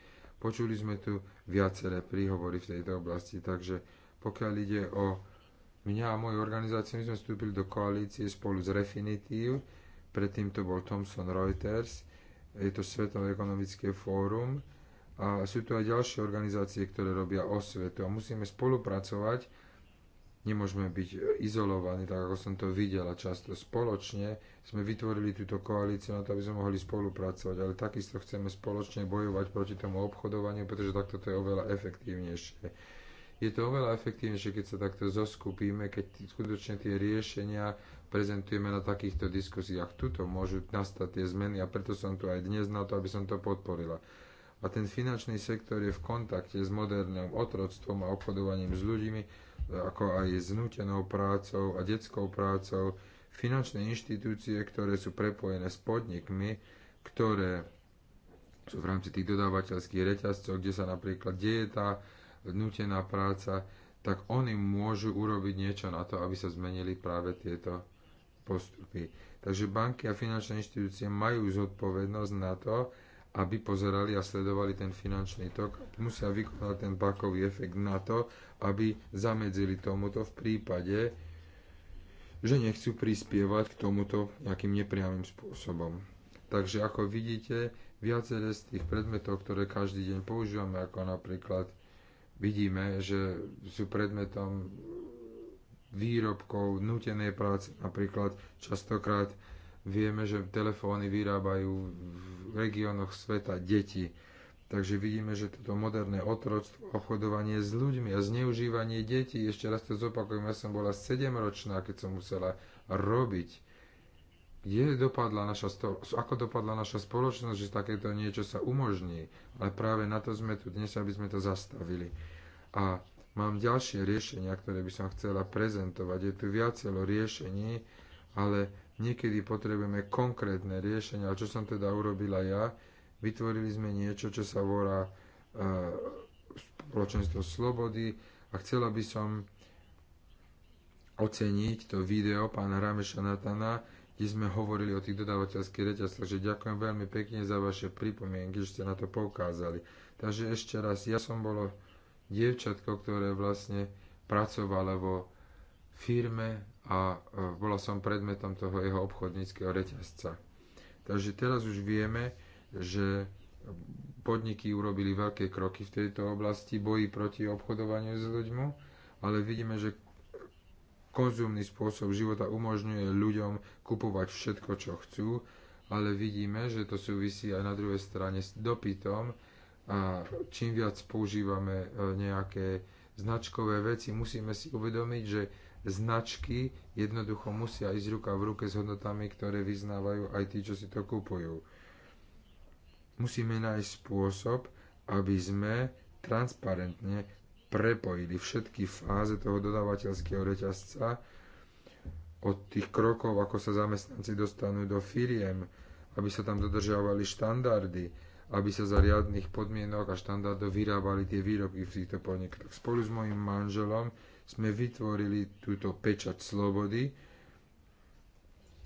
Počuli sme tu viaceré príhovory v tejto oblasti, takže pokiaľ ide o mňa a moju organizáciu, my sme vstúpili do koalície spolu s Refinitiv, predtým to bol Thomson Reuters, je to Svetové ekonomické fórum a sú tu aj ďalšie organizácie, ktoré robia osvetu a musíme spolupracovať Nemôžeme byť izolovaní, tak ako som to videla často. Spoločne sme vytvorili túto koalíciu na to, aby sme mohli spolupracovať, ale takisto chceme spoločne bojovať proti tomu obchodovaniu, pretože takto to je oveľa efektívnejšie. Je to oveľa efektívnejšie, keď sa takto zoskupíme, keď skutočne tie riešenia prezentujeme na takýchto diskusiách. Tuto môžu nastať tie zmeny a preto som tu aj dnes na to, aby som to podporila. A ten finančný sektor je v kontakte s moderným otroctvom a obchodovaním s ľuďmi, ako aj s nútenou prácou a detskou prácou, finančné inštitúcie, ktoré sú prepojené s podnikmi, ktoré sú v rámci tých dodávateľských reťazcov, kde sa napríklad deje tá nutená práca, tak oni môžu urobiť niečo na to, aby sa zmenili práve tieto postupy. Takže banky a finančné inštitúcie majú zodpovednosť na to, aby pozerali a sledovali ten finančný tok. Musia vykonať ten bakový efekt na to, aby zamedzili tomuto v prípade, že nechcú prispievať k tomuto nejakým nepriamým spôsobom. Takže ako vidíte, viaceré z tých predmetov, ktoré každý deň používame, ako napríklad vidíme, že sú predmetom výrobkov, nutenej práce, napríklad častokrát vieme, že telefóny vyrábajú v regiónoch sveta deti Takže vidíme, že toto moderné otroctvo, obchodovanie s ľuďmi a zneužívanie detí, ešte raz to zopakujem, ja som bola 7-ročná, keď som musela robiť. Kde dopadla naša, ako dopadla naša spoločnosť, že takéto niečo sa umožní? Ale práve na to sme tu dnes, aby sme to zastavili. A mám ďalšie riešenia, ktoré by som chcela prezentovať. Je tu viacelo riešení, ale niekedy potrebujeme konkrétne riešenia. A čo som teda urobila ja? Vytvorili sme niečo, čo sa volá e, spoločenstvo slobody a chcela by som oceniť to video pána Rameša Natana, kde sme hovorili o tých dodávateľských reťazcoch, že ďakujem veľmi pekne za vaše pripomienky, že ste na to poukázali. Takže ešte raz, ja som bolo dievčatko, ktoré vlastne pracovala vo firme a e, bola som predmetom toho jeho obchodníckého reťazca. Takže teraz už vieme, že podniky urobili veľké kroky v tejto oblasti boji proti obchodovaniu s ľuďmi, ale vidíme, že konzumný spôsob života umožňuje ľuďom kupovať všetko, čo chcú, ale vidíme, že to súvisí aj na druhej strane s dopytom a čím viac používame e, nejaké značkové veci, musíme si uvedomiť, že značky jednoducho musia ísť ruka v ruke s hodnotami, ktoré vyznávajú aj tí, čo si to kupujú musíme nájsť spôsob, aby sme transparentne prepojili všetky fáze toho dodávateľského reťazca od tých krokov, ako sa zamestnanci dostanú do firiem, aby sa tam dodržiavali štandardy, aby sa za riadných podmienok a štandardov vyrábali tie výrobky v týchto podnikoch. Spolu s mojim manželom sme vytvorili túto pečať slobody.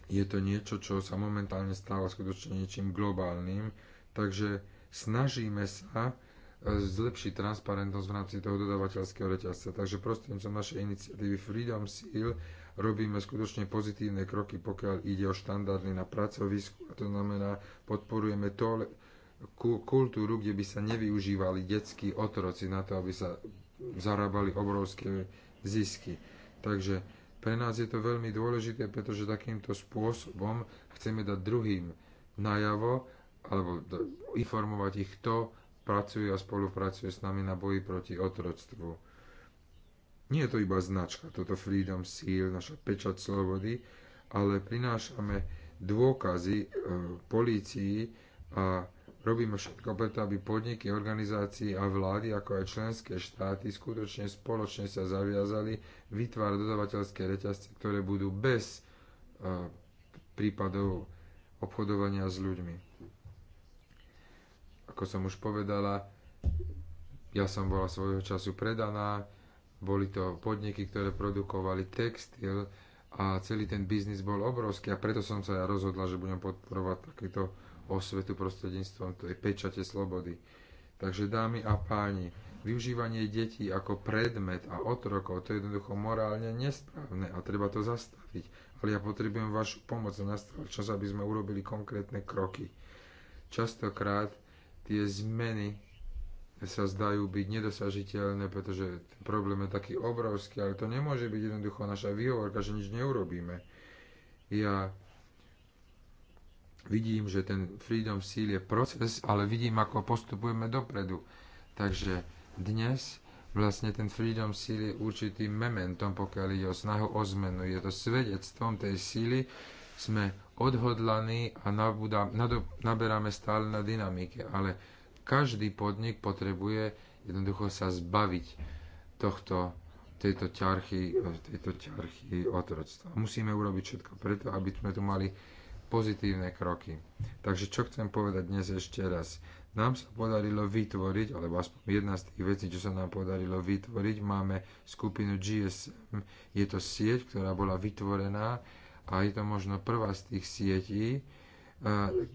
Je to niečo, čo sa momentálne stáva skutočne niečím globálnym Takže snažíme sa e, zlepšiť transparentnosť v rámci toho dodavateľského reťazca. Takže prostredníctvom našej iniciatívy Freedom Seal robíme skutočne pozitívne kroky, pokiaľ ide o štandardy na pracovisku. A to znamená, podporujeme to, kultúru, kde by sa nevyužívali detskí otroci na to, aby sa zarábali obrovské zisky. Takže pre nás je to veľmi dôležité, pretože takýmto spôsobom chceme dať druhým najavo, alebo informovať ich, kto pracuje a spolupracuje s nami na boji proti otroctvu. Nie je to iba značka, toto Freedom Seal, naša pečať slobody, ale prinášame dôkazy e, polícii a robíme všetko preto, aby podniky, organizácie a vlády, ako aj členské štáty, skutočne spoločne sa zaviazali vytvárať dodavateľské reťazce, ktoré budú bez e, prípadov obchodovania s ľuďmi. Ako som už povedala, ja som bola svojho času predaná, boli to podniky, ktoré produkovali textil a celý ten biznis bol obrovský a preto som sa ja rozhodla, že budem podporovať takéto osvetu prostredníctvom tej pečate slobody. Takže dámy a páni, využívanie detí ako predmet a otrokov, to je jednoducho morálne nesprávne a treba to zastaviť. Ale ja potrebujem vašu pomoc a nastal čas, aby sme urobili konkrétne kroky. Častokrát tie zmeny sa zdajú byť nedosažiteľné, pretože ten problém je taký obrovský, ale to nemôže byť jednoducho naša výhovorka, že nič neurobíme. Ja vidím, že ten Freedom Seal je proces, ale vidím, ako postupujeme dopredu. Takže dnes vlastne ten Freedom Seal je určitým mementom, pokiaľ ide o snahu o zmenu. Je to svedectvom tej síly, sme odhodlaní a nabudá, naberáme stále na dynamike, ale každý podnik potrebuje jednoducho sa zbaviť tohto, tejto ťarchy, tejto ťarchy otroctva. Musíme urobiť všetko preto, aby sme tu mali pozitívne kroky. Takže čo chcem povedať dnes ešte raz. Nám sa podarilo vytvoriť, alebo aspoň jedna z tých vecí, čo sa nám podarilo vytvoriť, máme skupinu GSM. Je to sieť, ktorá bola vytvorená a je to možno prvá z tých sietí, e,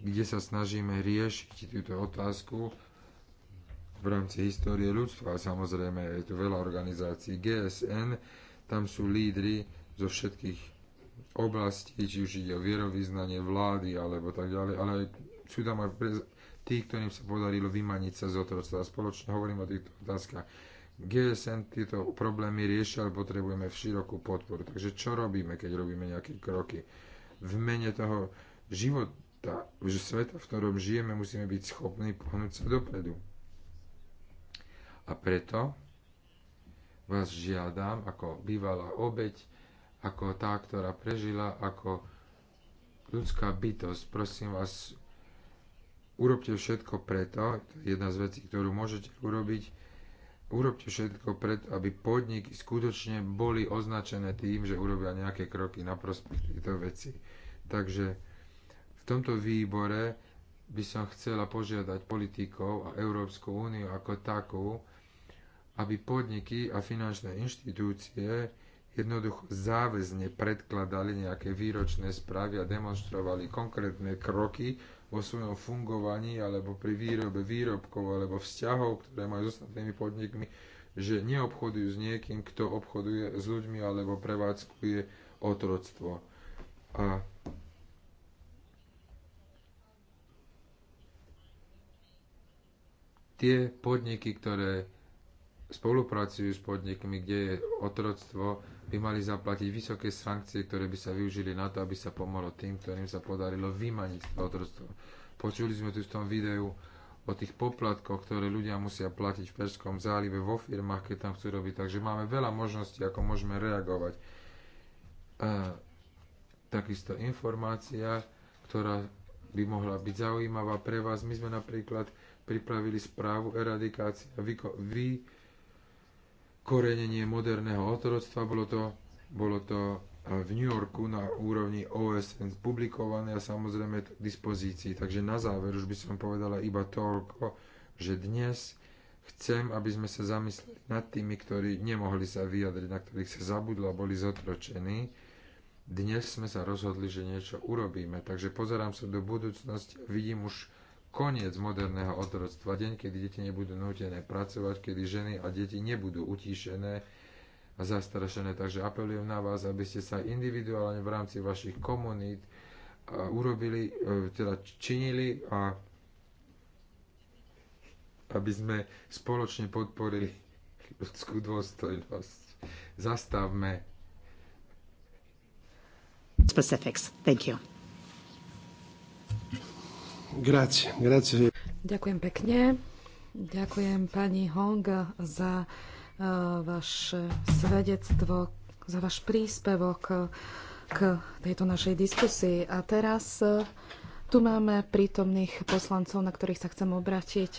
kde sa snažíme riešiť túto otázku v rámci histórie ľudstva. Samozrejme, je tu veľa organizácií GSN, tam sú lídry zo všetkých oblastí, či už ide o vierovýznanie vlády alebo tak ďalej, ale sú tam aj tí, ktorým sa podarilo vymaniť sa z otroctva. Spoločne hovorím o týchto otázkach GSM tieto problémy riešia, ale potrebujeme širokú podporu. Takže čo robíme, keď robíme nejaké kroky? V mene toho života, že sveta, v ktorom žijeme, musíme byť schopní pohnúť sa dopredu. A preto vás žiadam, ako bývalá obeď, ako tá, ktorá prežila, ako ľudská bytosť. Prosím vás, urobte všetko preto, to je jedna z vecí, ktorú môžete urobiť, urobte všetko pred, aby podniky skutočne boli označené tým, že urobia nejaké kroky na prospech tejto veci. Takže v tomto výbore by som chcela požiadať politikov a Európsku úniu ako takú, aby podniky a finančné inštitúcie jednoducho záväzne predkladali nejaké výročné správy a demonstrovali konkrétne kroky vo svojom fungovaní alebo pri výrobe výrobkov alebo vzťahov, ktoré majú s ostatnými podnikmi, že neobchodujú s niekým, kto obchoduje s ľuďmi alebo prevádzkuje otroctvo. A tie podniky, ktoré spolupracujú s podnikmi, kde je otroctvo, by mali zaplatiť vysoké sankcie, ktoré by sa využili na to, aby sa pomohlo tým, ktorým sa podarilo vymaniť z toho Počuli sme tu v tom videu o tých poplatkoch, ktoré ľudia musia platiť v Perskom zálive vo firmách, keď tam chcú robiť. Takže máme veľa možností, ako môžeme reagovať. A, takisto informácia, ktorá by mohla byť zaujímavá pre vás. My sme napríklad pripravili správu eradikácia, vyko, vy, korenenie moderného otroctva. Bolo to, bolo to e, v New Yorku na úrovni OSN publikované a samozrejme k dispozícii. Takže na záver už by som povedala iba toľko, že dnes chcem, aby sme sa zamysleli nad tými, ktorí nemohli sa vyjadriť, na ktorých sa zabudlo a boli zotročení. Dnes sme sa rozhodli, že niečo urobíme. Takže pozerám sa do budúcnosti, vidím už koniec moderného otroctva, deň, kedy deti nebudú nútené pracovať, kedy ženy a deti nebudú utíšené a zastrašené. Takže apelujem na vás, aby ste sa individuálne v rámci vašich komunít e, urobili, e, teda činili a aby sme spoločne podporili ľudskú dôstojnosť. Zastavme. Specifics. Thank you. Grazie, grazie. Ďakujem pekne. Ďakujem pani Hong za eh, vaše svedectvo, za váš príspevok eh, k tejto našej diskusii. A teraz eh, tu máme prítomných poslancov, na ktorých sa chcem obrátiť,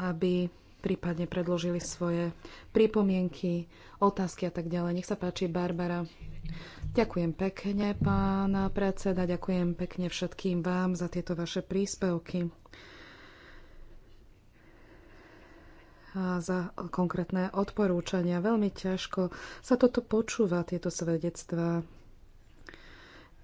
aby prípadne predložili svoje pripomienky, otázky a tak ďalej. Nech sa páči, Barbara. Ďakujem pekne, pán predseda, ďakujem pekne všetkým vám za tieto vaše príspevky. A za konkrétne odporúčania. Veľmi ťažko sa toto počúva, tieto svedectvá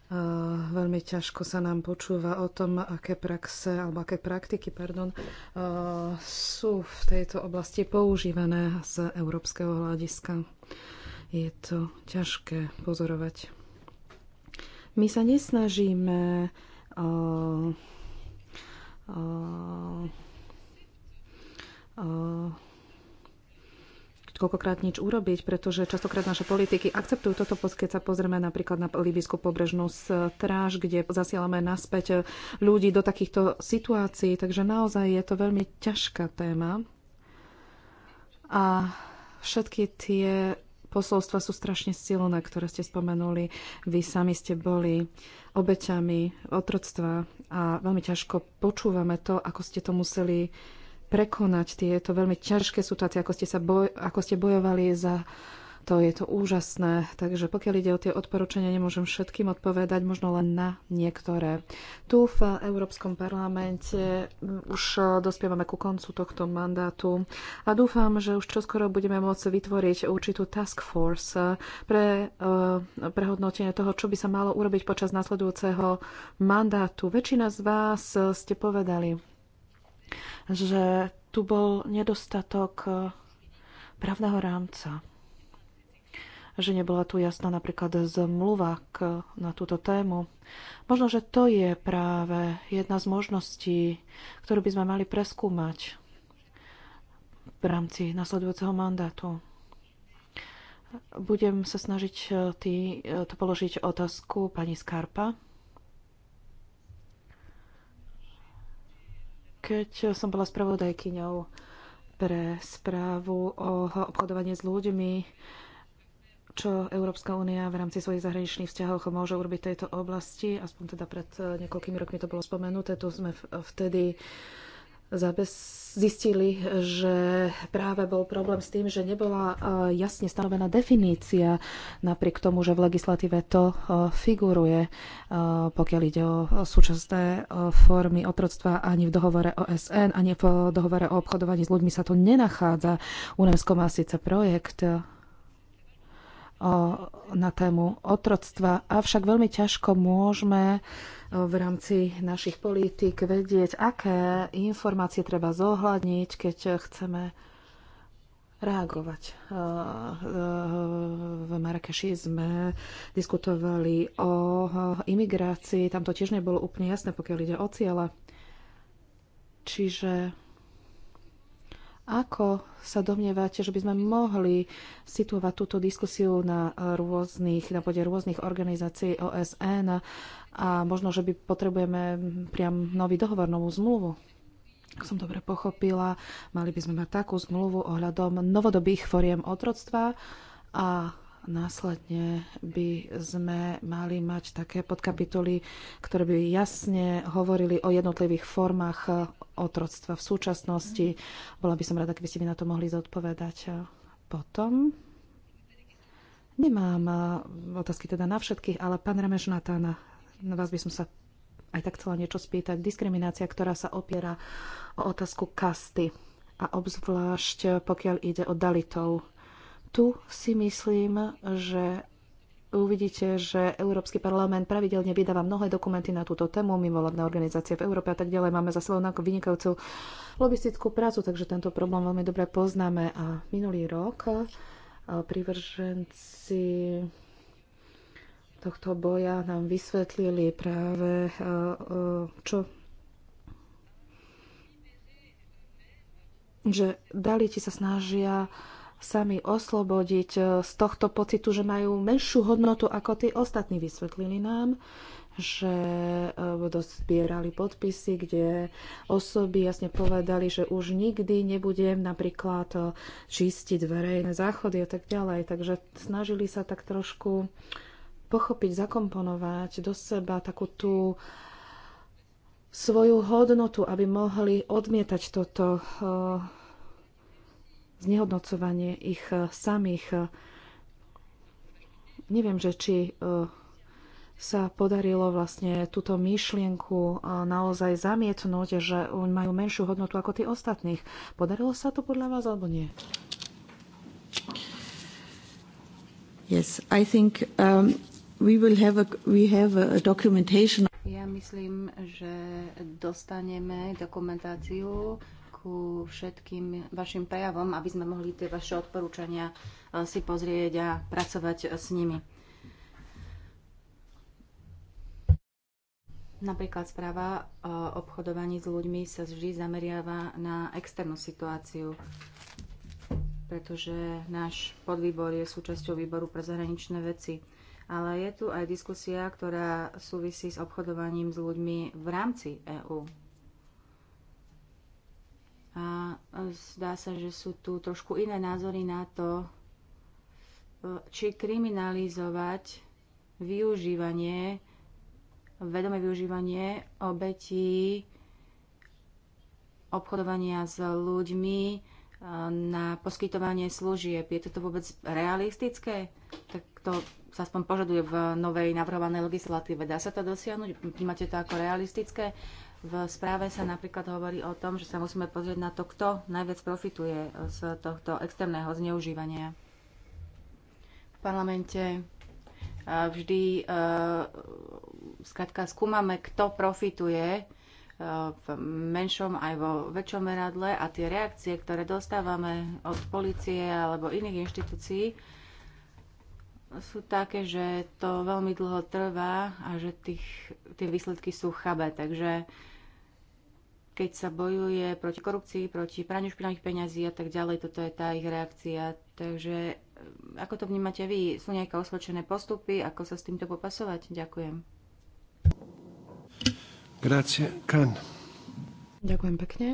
Eh, veľmi ťažko sa nám počúva o tom, aké praxe alebo aké praktiky pardon, eh, sú v tejto oblasti používané z európskeho hľadiska. Je to ťažké pozorovať. My sa nesnažíme uh, uh, uh, koľkokrát nič urobiť, pretože častokrát naše politiky akceptujú toto, keď sa pozrieme napríklad na Libysku pobrežnú stráž, e, kde zasielame naspäť e, ľudí do takýchto situácií. Takže naozaj je to veľmi ťažká téma. A všetky tie posolstva sú strašne silné, ktoré ste spomenuli. Vy sami ste boli obeťami otroctva a veľmi ťažko počúvame to, ako ste to museli prekonať tieto veľmi ťažké situácie, ako ste, sa boj, ako ste bojovali za to. Je to úžasné. Takže pokiaľ ide o tie odporúčania, nemôžem všetkým odpovedať, možno len na niektoré. Tu v Európskom parlamente mm, už eh, dospievame ku koncu tohto mandátu a dúfam, že už čoskoro budeme môcť vytvoriť určitú task force eh, pre eh, prehodnotenie toho, čo by sa malo urobiť počas nasledujúceho mandátu. Väčšina z vás ste povedali, že tu bol nedostatok e, právneho rámca že nebola tu jasná napríklad zmluva k, na túto tému. Možno, že to je práve jedna z možností, ktorú by sme mali preskúmať v rámci nasledujúceho mandátu. Budem sa snažiť e, tý, e, to položiť otázku pani Skarpa. Keď som bola spravodajkyňou pre správu o obchodovaní s ľuďmi, čo Európska únia v rámci svojich zahraničných vzťahov môže urobiť v tejto oblasti, aspoň teda pred eh, niekoľkými rokmi to bolo spomenuté, tu sme vtedy uh, zistili, že práve bol problém s tým, že nebola e, jasne stanovená definícia, napriek tomu, že v legislatíve to e, figuruje, e, pokiaľ ide o súčasné formy otroctva, ani v dohovore OSN, ani v dohovore o obchodovaní s ľuďmi sa to nenachádza. UNESCO má síce projekt na tému otroctva, avšak veľmi ťažko môžeme v rámci našich politík vedieť, aké informácie treba zohľadniť, keď chceme reagovať. V Marrakeši sme diskutovali o imigrácii, tam to tiež nebolo úplne jasné, pokiaľ ide o ciele. Čiže ako sa domnievate, že by sme mohli situovať túto diskusiu na, rôznych, na pôde rôznych organizácií OSN a možno, že by potrebujeme priam nový dohovor, novú zmluvu? Ak som dobre pochopila, mali by sme mať takú zmluvu ohľadom novodobých foriem otroctva a následne by sme mali mať také podkapitoly, ktoré by jasne hovorili o jednotlivých formách e, otroctva v súčasnosti. Bola by som rada, keby ste mi na to mohli zodpovedať e, potom. Nemám e, otázky teda na všetkých, ale pán Remeš na vás by som sa aj tak chcela niečo spýtať. Diskriminácia, ktorá sa opiera o otázku kasty a obzvlášť pokiaľ ide o dalitov tu si myslím, že uvidíte, že Európsky parlament pravidelne vydáva mnohé dokumenty na túto tému, mimovládne organizácie v Európe a tak ďalej. Máme za sebou vynikajúcu lobistickú prácu, takže tento problém veľmi dobre poznáme. A minulý rok privrženci tohto boja nám vysvetlili práve, čo že dalíti sa snažia sami oslobodiť e, z tohto pocitu, že majú menšiu hodnotu ako tí ostatní. Vysvetlili nám, že e, zbierali podpisy, kde osoby jasne povedali, že už nikdy nebudem napríklad e, čistiť verejné záchody a tak ďalej. Takže snažili sa tak trošku pochopiť, zakomponovať do seba takú tú svoju hodnotu, aby mohli odmietať toto znehodnocovanie ich eh, samých. Neviem, že či eh, sa podarilo vlastne túto myšlienku eh, naozaj zamietnúť, že oni majú menšiu hodnotu ako tí ostatných. Podarilo sa to podľa vás alebo nie? Yes, I think um, we will have a, we have a documentation. Ja myslím, že dostaneme dokumentáciu ku všetkým vašim prejavom, aby sme mohli tie vaše odporúčania e, si pozrieť a pracovať e, s nimi. Napríklad správa o e, obchodovaní s ľuďmi sa vždy zameriava na externú situáciu, pretože náš podvýbor je súčasťou výboru pre zahraničné veci. Ale je tu aj diskusia, ktorá súvisí s obchodovaním s ľuďmi v rámci EÚ, a zdá sa, že sú tu trošku iné názory na to, e, či kriminalizovať využívanie, vedomé využívanie obetí obchodovania s ľuďmi e, na poskytovanie služieb. Je toto vôbec realistické? Tak to sa aspoň požaduje v novej navrhovanej legislatíve. Dá sa to dosiahnuť? Vnímate to ako realistické? V správe sa napríklad hovorí o tom, že sa musíme pozrieť na to, kto najviac profituje z tohto externého zneužívania. V parlamente eh, vždy eh, skratka skúmame, kto profituje eh, v menšom aj vo väčšom meradle a tie reakcie, ktoré dostávame od policie alebo iných inštitúcií, sú také, že to veľmi dlho trvá a že tých, tie výsledky sú chabé. Takže keď sa bojuje proti korupcii, proti praniu špinavých peňazí a tak ďalej. Toto je tá ich reakcia. Takže eh, ako to vnímate vy? Sú nejaké osvedčené postupy? Ako sa s týmto popasovať? Ďakujem. Grazie, Kan. Ďakujem pekne.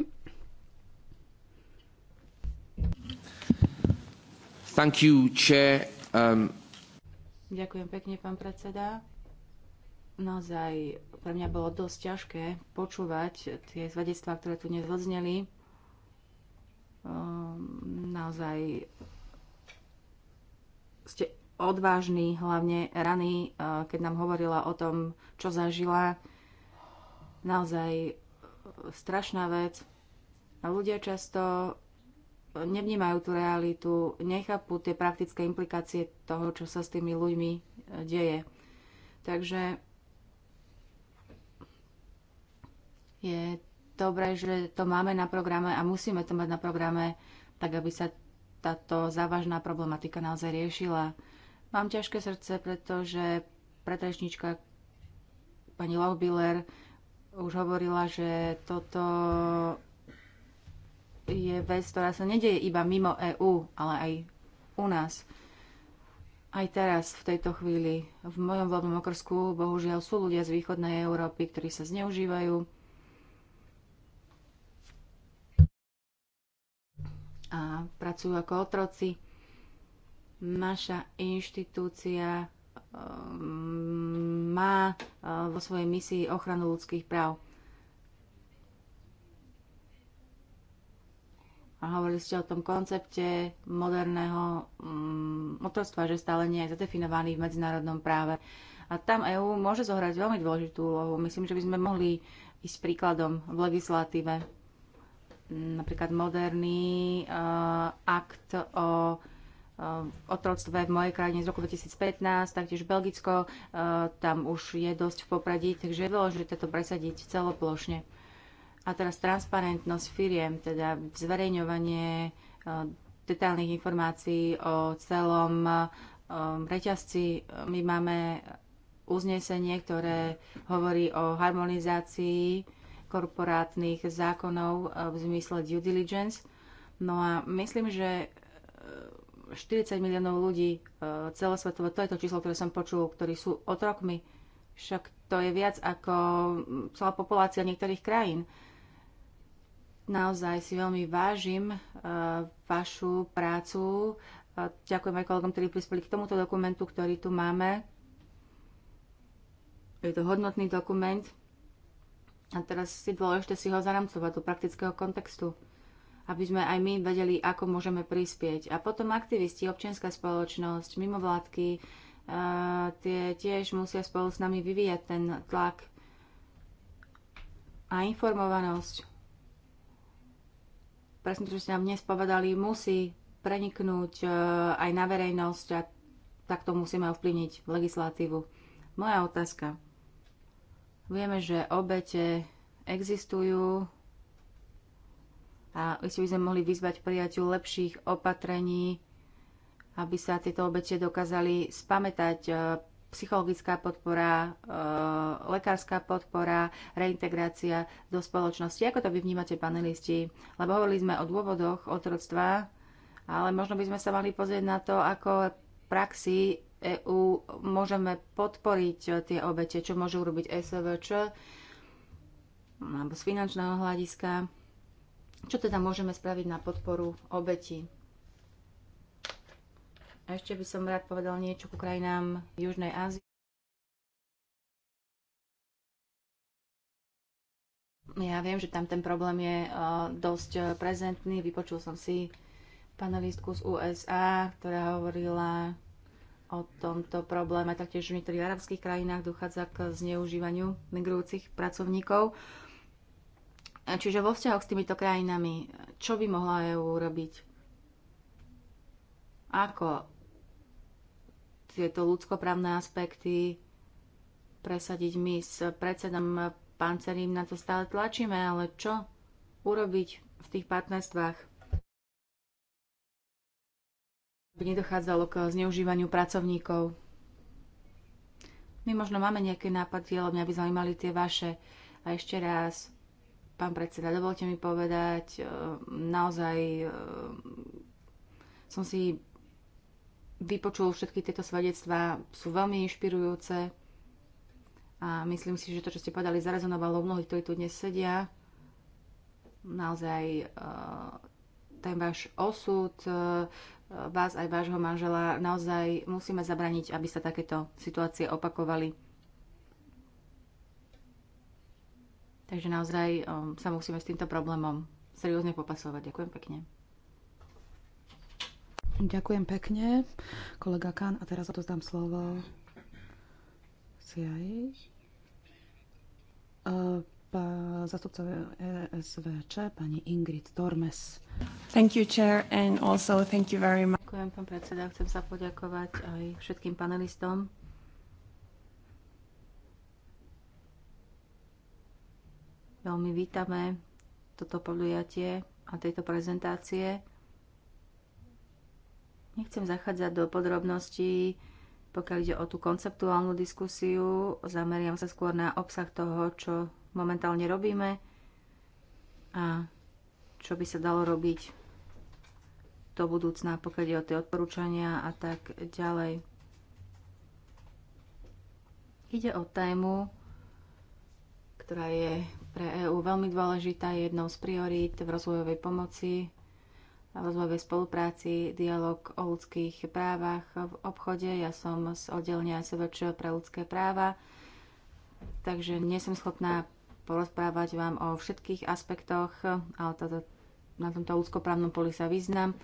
Thank you, chair. Um... Ďakujem pekne, pán predseda naozaj pre mňa bolo dosť ťažké počúvať tie svedectvá, ktoré tu dnes odzneli. Ehm, naozaj ste odvážni, hlavne Rany, eh, keď nám hovorila o tom, čo zažila. Naozaj eh, strašná vec. A ľudia často nevnímajú tú realitu, nechápu tie praktické implikácie toho, čo sa s tými ľuďmi eh, deje. Takže Je dobré, že to máme na programe a musíme to mať na programe, tak aby sa táto závažná problematika naozaj riešila. Mám ťažké srdce, pretože pretrečnička pani Lochbiller už hovorila, že toto je vec, ktorá sa nedieje iba mimo EÚ, ale aj u nás. Aj teraz, v tejto chvíli, v mojom voľbnom okrsku, bohužiaľ sú ľudia z východnej Európy, ktorí sa zneužívajú, a pracujú ako otroci. Naša inštitúcia um, má uh, vo svojej misii ochranu ľudských práv. A hovorili ste o tom koncepte moderného um, otroctva, že stále nie je zadefinovaný v medzinárodnom práve. A tam EÚ môže zohrať veľmi dôležitú úlohu. Myslím, že by sme mohli ísť príkladom v legislatíve napríklad moderný eh, akt o uh, otroctve v mojej krajine z roku 2015, taktiež Belgicko, eh, tam už je dosť v popradí, takže je dôležité to presadiť celoplošne. A teraz transparentnosť firiem, teda zverejňovanie detailných informácií o celom reťazci. My máme uznesenie, ktoré hovorí o harmonizácii korporátnych zákonov eh, v zmysle due diligence. No a myslím, že 40 eh, miliónov ľudí eh, celosvetovo, to je to číslo, ktoré som počul, ktorí sú otrokmi. Však to je viac ako hm, celá populácia niektorých krajín. Naozaj si veľmi vážim vašu prácu. Ďakujem aj kolegom, ktorí prispeli k tomuto dokumentu, ktorý tu máme. Je to hodnotný dokument. A teraz si dôležité si ho zaramcovať do praktického kontextu, aby sme aj my vedeli, ako môžeme prispieť. A potom aktivisti, občianská spoločnosť, mimovládky, tie tiež musia spolu s nami vyvíjať ten tlak a informovanosť. Presne to, čo ste nám dnes povedali, musí preniknúť e, aj na verejnosť a takto musíme ovplyvniť legislatívu. Moja otázka. Vieme, že obete existujú a ešte by sme mohli vyzvať prijatiu lepších opatrení, aby sa tieto obete dokázali spamätať e, psychologická podpora, e, lekárska podpora, reintegrácia do spoločnosti. Ako to vy vnímate, panelisti? Lebo hovorili sme o dôvodoch otroctva, ale možno by sme sa mali pozrieť na to, ako praxi EÚ môžeme podporiť e, tie obete, čo môžu urobiť SVČ alebo z finančného hľadiska. Čo teda môžeme spraviť na podporu obeti? A ešte by som rád povedal niečo k krajinám Južnej Ázie. Ja viem, že tam ten problém je e, dosť e, prezentný. Vypočul som si panelistku z USA, ktorá hovorila o tomto probléme. Taktiež v niektorých arabských krajinách dochádza k zneužívaniu migrujúcich pracovníkov. Čiže vo vzťahoch s týmito krajinami, čo by mohla EU urobiť, Ako tieto ľudskoprávne aspekty presadiť my s predsedom Pancerím na to stále tlačíme, ale čo urobiť v tých partnerstvách? aby nedochádzalo k zneužívaniu pracovníkov. My možno máme nejaké nápady, ale mňa by zaujímali tie vaše. A ešte raz, pán predseda, dovolte mi povedať, e, naozaj e, som si vypočul všetky tieto svedectvá, sú veľmi inšpirujúce a myslím si, že to, čo ste povedali, zarezonovalo mnohých, ktorí tu dnes sedia. Naozaj e, ten váš osud, vás aj vášho manžela. Naozaj musíme zabraniť, aby sa takéto situácie opakovali. Takže naozaj um, sa musíme s týmto problémom seriózne popasovať. Ďakujem pekne. Ďakujem pekne, kolega Kán. A teraz odozdám slovo CIA. Uh, zastupcovia ESVČ, pani Ingrid Tormes. Thank you, Chair, and also thank you very much. Ďakujem, pán predseda. Chcem sa poďakovať aj všetkým panelistom. Veľmi vítame toto podujatie a tejto prezentácie. Nechcem zachádzať do podrobností, pokiaľ ide o tú konceptuálnu diskusiu, zameriam sa skôr na obsah toho, čo momentálne robíme a čo by sa dalo robiť do budúcna, pokiaľ je o tie odporúčania a tak ďalej. Ide o tému, ktorá je pre EÚ veľmi dôležitá, je jednou z priorít v rozvojovej pomoci, v rozvojovej spolupráci, dialog o ľudských právach v obchode. Ja som z oddelenia SVČ pre ľudské práva, takže nie som schopná porozprávať vám o všetkých aspektoch, ale toto, na tomto ľudskoprávnom poli sa význam.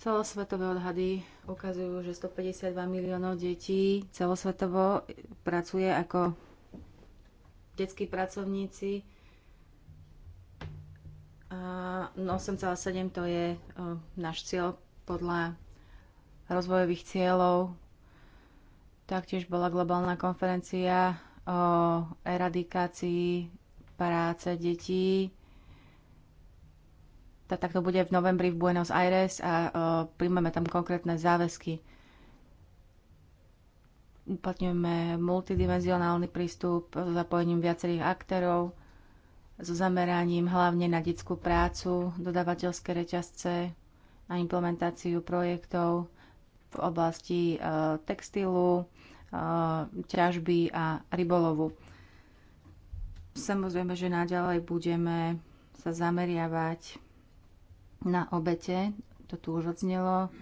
Celosvetové odhady ukazujú, že 152 miliónov detí celosvetovo pracuje ako detskí pracovníci. A 8,7 no, to je náš cieľ podľa rozvojových cieľov. Taktiež bola globálna konferencia o eradikácii práce detí. Tak to bude v novembri v Buenos Aires a príjmeme tam konkrétne záväzky. Uplatňujeme multidimenzionálny prístup s zapojením viacerých aktérov, so zameraním hlavne na detskú prácu, dodávateľské reťazce a implementáciu projektov v oblasti textilu, Eh, ťažby a rybolovu. Samozrejme, že naďalej budeme sa zameriavať na obete, to tu už odznelo.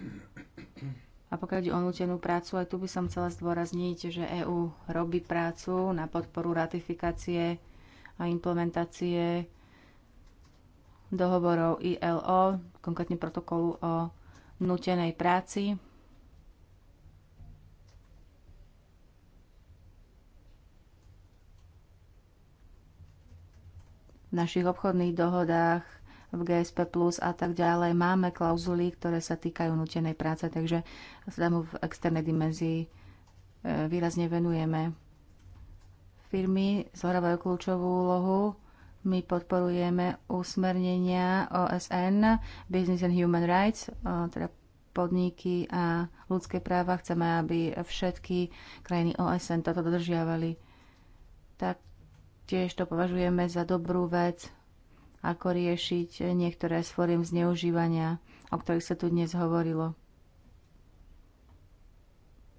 A pokiaľ ide o nutenú prácu, aj tu by som chcela zdôrazniť, že EÚ robí prácu na podporu ratifikácie a implementácie dohovorov ILO, konkrétne protokolu o nutenej práci. našich obchodných dohodách v GSP plus a tak ďalej máme klauzuly, ktoré sa týkajú nutenej práce, takže sa mu v externej dimenzii e, výrazne venujeme. Firmy zohrávajú kľúčovú úlohu. My podporujeme usmernenia OSN, Business and Human Rights, e, teda podniky a ľudské práva. Chceme, aby všetky krajiny OSN toto dodržiavali. Tak Tiež to považujeme za dobrú vec, ako riešiť niektoré z foriem zneužívania, o ktorých sa tu dnes hovorilo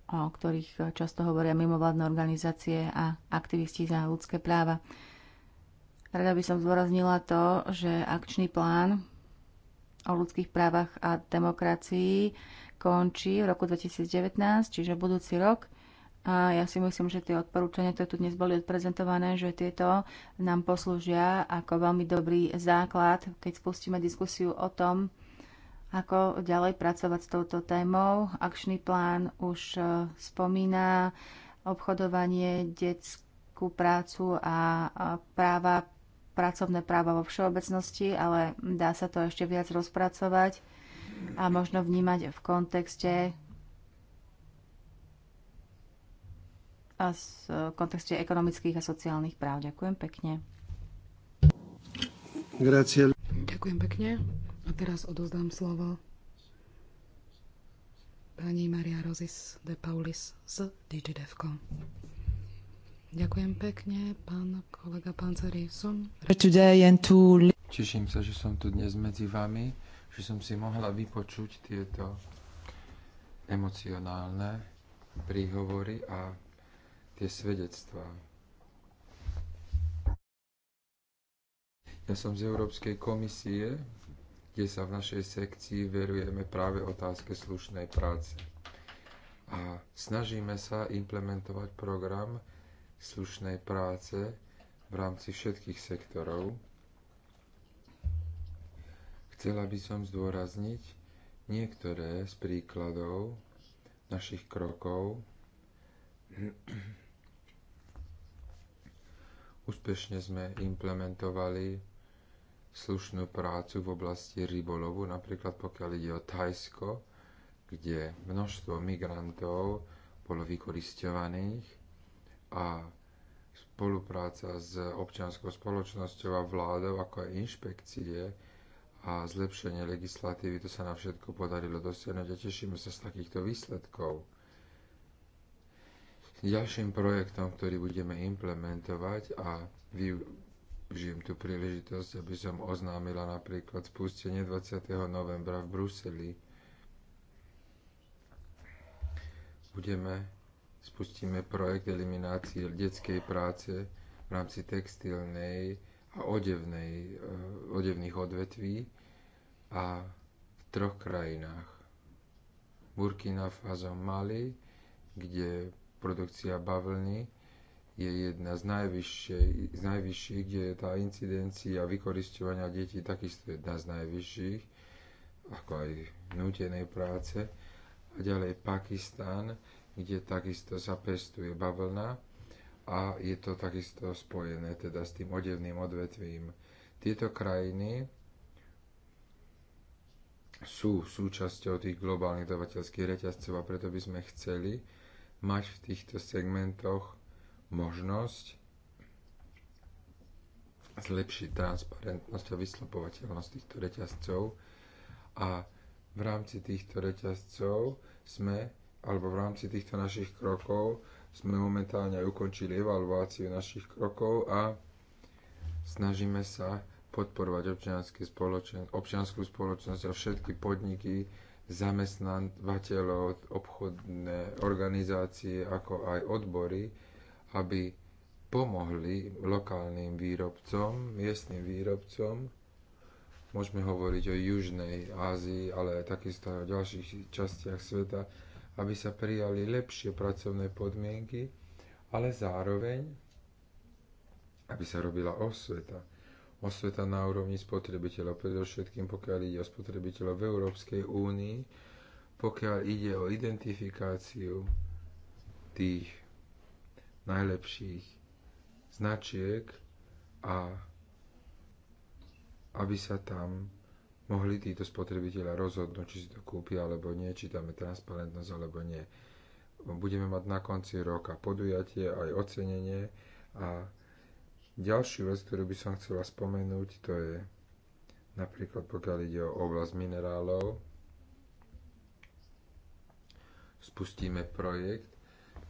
o ktorých často hovoria mimovládne organizácie a aktivisti za ľudské práva. Rada by som zdôraznila to, že akčný plán o ľudských právach a demokracii končí v roku 2019, čiže budúci rok. A ja si myslím, že tie odporúčania, ktoré tu dnes boli odprezentované, že tieto nám poslúžia ako veľmi dobrý základ, keď spustíme diskusiu o tom, ako ďalej pracovať s touto témou. Akčný plán už e, spomína obchodovanie, detskú prácu a práva, pracovné práva vo všeobecnosti, ale dá sa to ešte viac rozpracovať a možno vnímať v kontexte a v kontexte ekonomických a sociálnych práv. Ďakujem pekne. Grazie. Ďakujem pekne. A teraz odozdám slovo pani Maria Rosis de Paulis z DigiDevco. Ďakujem pekne, pán kolega Panceri. Som... Teším sa, že som tu dnes medzi vami, že som si mohla vypočuť tieto emocionálne príhovory a tie svedectvá. Ja som z Európskej komisie, kde sa v našej sekcii verujeme práve otázke slušnej práce. A snažíme sa implementovať program slušnej práce v rámci všetkých sektorov. Chcela by som zdôrazniť niektoré z príkladov našich krokov Úspešne sme implementovali slušnú prácu v oblasti rybolovu, napríklad pokiaľ ide o Thajsko, kde množstvo migrantov bolo vykoristovaných a spolupráca s občianskou spoločnosťou a vládou, ako aj inšpekcie a zlepšenie legislatívy, to sa nám všetko podarilo dosiahnuť a tešíme sa z takýchto výsledkov. Ďalším projektom, ktorý budeme implementovať a využijem tú príležitosť, aby som oznámila napríklad spustenie 20. novembra v Bruseli. Budeme, spustíme projekt eliminácie detskej práce v rámci textilnej a odevnej, eh, odevných odvetví a v troch krajinách. Burkina Faso Mali, kde produkcia bavlny je jedna z, najvyšších, z najvyšších, kde je tá incidencia vykoristovania detí takisto jedna z najvyšších, ako aj nútenej práce. A ďalej Pakistan, kde takisto sa pestuje bavlna a je to takisto spojené teda s tým odevným odvetvím. Tieto krajiny sú súčasťou tých globálnych dodavateľských reťazcov a preto by sme chceli, mať v týchto segmentoch možnosť zlepšiť transparentnosť a vyslopovateľnosť týchto reťazcov a v rámci týchto reťazcov sme, alebo v rámci týchto našich krokov sme momentálne ukončili evaluáciu našich krokov a snažíme sa podporovať občianskú spoločnosť a všetky podniky zamestnávateľov, obchodné organizácie, ako aj odbory, aby pomohli lokálnym výrobcom, miestnym výrobcom. Môžeme hovoriť o Južnej Ázii, ale aj takisto aj o ďalších častiach sveta, aby sa prijali lepšie pracovné podmienky, ale zároveň, aby sa robila osveta osveta na úrovni spotrebiteľa, predovšetkým pokiaľ ide o spotrebiteľa v Európskej únii, pokiaľ ide o identifikáciu tých najlepších značiek a aby sa tam mohli títo spotrebiteľa rozhodnúť, či si to kúpia alebo nie, či tam je transparentnosť alebo nie. Budeme mať na konci roka podujatie aj ocenenie a Ďalšiu vec, ktorú by som chcela spomenúť, to je napríklad pokiaľ ide o oblasť minerálov, spustíme projekt,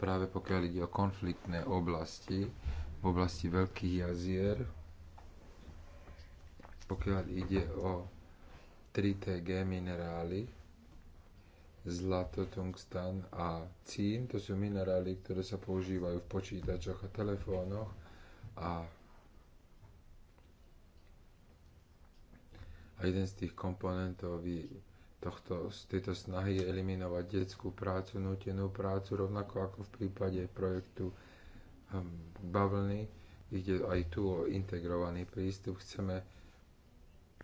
práve pokiaľ ide o konfliktné oblasti, v oblasti veľkých jazier, pokiaľ ide o 3TG minerály, zlato, tungstan a cín, to sú minerály, ktoré sa používajú v počítačoch a telefónoch, a, a jeden z tých komponentov tohto, z tejto snahy je eliminovať detskú prácu, nutenú prácu, rovnako ako v prípade projektu hm, bavlny. Ide aj tu o integrovaný prístup. Chceme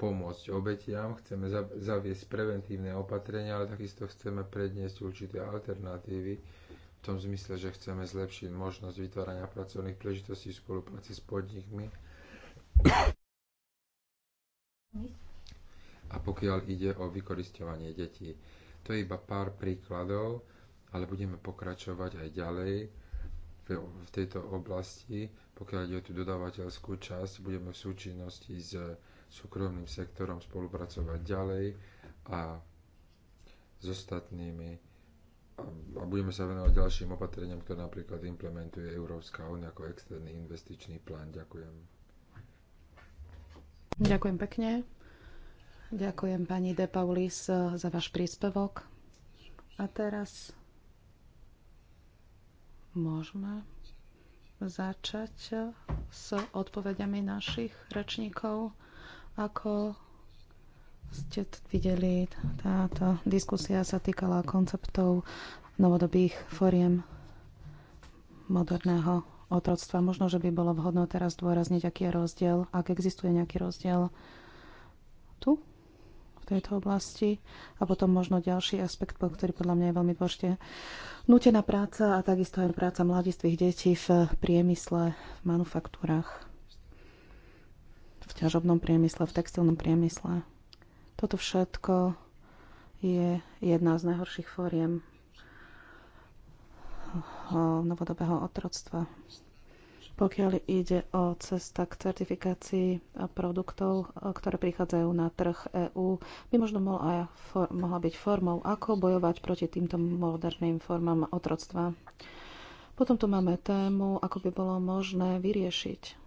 pomôcť obetiam, chceme zaviesť preventívne opatrenia, ale takisto chceme predniesť určité alternatívy, v tom zmysle, že chceme zlepšiť možnosť vytvárania pracovných príležitostí v spolupráci s podnikmi. A pokiaľ ide o vykoristovanie detí, to je iba pár príkladov, ale budeme pokračovať aj ďalej v tejto oblasti. Pokiaľ ide o tú dodávateľskú časť, budeme v súčinnosti s súkromným sektorom spolupracovať ďalej a s ostatnými a budeme sa venovať ďalším opatreniam, ktoré napríklad implementuje Európska únia ako externý investičný plán. Ďakujem. Ďakujem pekne. Ďakujem pani De Paulis za váš príspevok. A teraz môžeme začať s odpovediami našich rečníkov. Ako ste videli, táto diskusia sa týkala konceptov novodobých foriem moderného otroctva. Možno, že by bolo vhodno teraz dôrazniť, aký je rozdiel, ak existuje nejaký rozdiel tu, v tejto oblasti. A potom možno ďalší aspekt, ktorý podľa mňa je veľmi dôležitý. Nutená práca a takisto aj práca mladistvých detí v priemysle, v manufaktúrach, v ťažobnom priemysle, v textilnom priemysle. Toto všetko je jedna z najhorších fóriem eh, novodobého otroctva. Pokiaľ ide o cesta k certifikácii produktov, eh, ktoré prichádzajú na trh EÚ, by možno mohla, for, mohla byť formou, ako bojovať proti týmto moderným formám otroctva. Potom tu máme tému, ako by bolo možné vyriešiť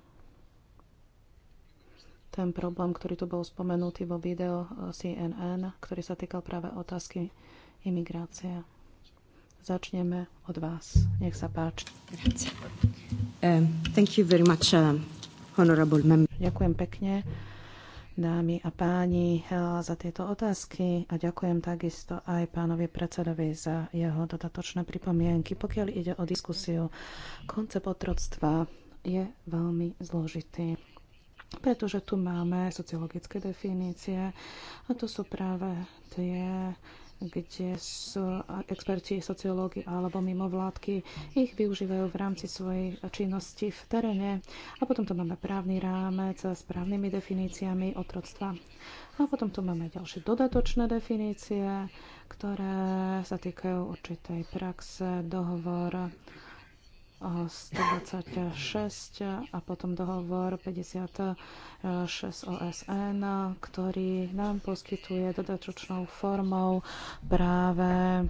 ten problém, ktorý tu bol spomenutý vo videu eh, CNN, ktorý sa týkal práve otázky imigrácie. Začneme od vás. Nech sa páči. Ehm, thank you very much, uh, honorable member. Ďakujem pekne dámy a páni eh, za tieto otázky a ďakujem takisto aj pánovi predsedovi za jeho dodatočné pripomienky. Pokiaľ ide o diskusiu, koncept otroctva je veľmi zložitý pretože tu máme sociologické definície a to sú práve tie kde sú experti, sociológi alebo mimovládky, ich využívajú v rámci svojej činnosti v teréne. A potom tu máme právny rámec s právnymi definíciami otroctva. A potom tu máme ďalšie dodatočné definície, ktoré sa týkajú určitej praxe, dohovor, 126 a potom dohovor 56 OSN, ktorý nám poskytuje dodatočnou formou práve eh,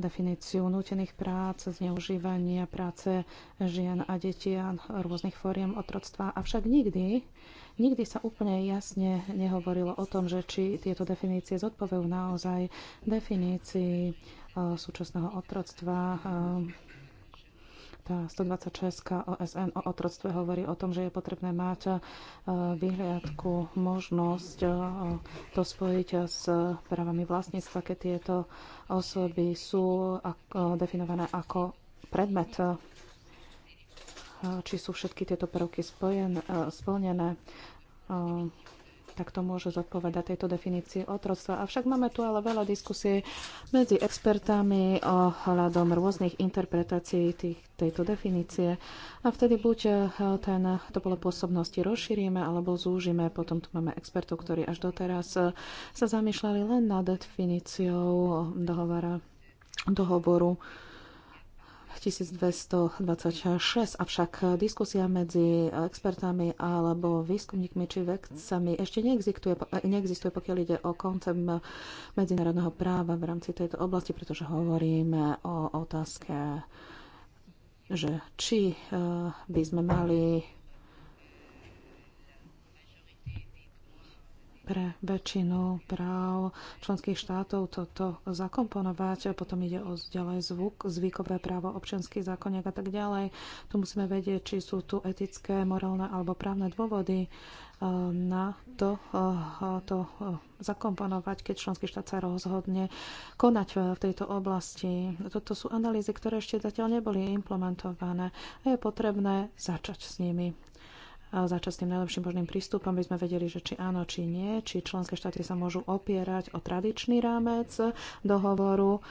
definíciu nutených prác, zneužívania práce žien a detí a rôznych fóriem otroctva. Avšak nikdy, nikdy sa úplne jasne nehovorilo o tom, že či tieto definície zodpovedajú naozaj definícii eh, súčasného otroctva eh, tá 126 OSN o otroctve hovorí o tom, že je potrebné mať e, vyhliadku, možnosť e, to spojiť s právami vlastníctva, keď tieto osoby sú e, definované ako predmet či sú všetky tieto prvky spojen, splnené tak to môže zodpovedať tejto definícii otroctva. Avšak máme tu ale veľa diskusí medzi expertami o hľadom rôznych interpretácií tých, tejto definície. A vtedy buď eh, ten, to bolo pôsobnosti rozšírime alebo zúžime. Potom tu máme expertov, ktorí až doteraz eh, sa zamýšľali len nad definíciou dohovora, dohovoru 1226, avšak diskusia medzi expertami alebo výskumníkmi či vedcami ešte neexistuje, eh, neexistuje, pokiaľ ide o koncept medzinárodného práva v rámci tejto oblasti, pretože hovoríme o otázke, že či eh, by sme mali pre väčšinu práv členských štátov toto zakomponovať. A potom ide o ďalej zvuk, zvykové právo, občianský zákonník a tak ďalej. Tu musíme vedieť, či sú tu etické, morálne alebo právne dôvody eh, na to, eh, to eh, zakomponovať, keď členský štát sa rozhodne konať v tejto oblasti. Toto sú analýzy, ktoré ešte zatiaľ neboli implementované a je potrebné začať s nimi začať s tým najlepším možným prístupom, aby sme vedeli, že či áno, či nie, či členské štáty sa môžu opierať o tradičný rámec dohovoru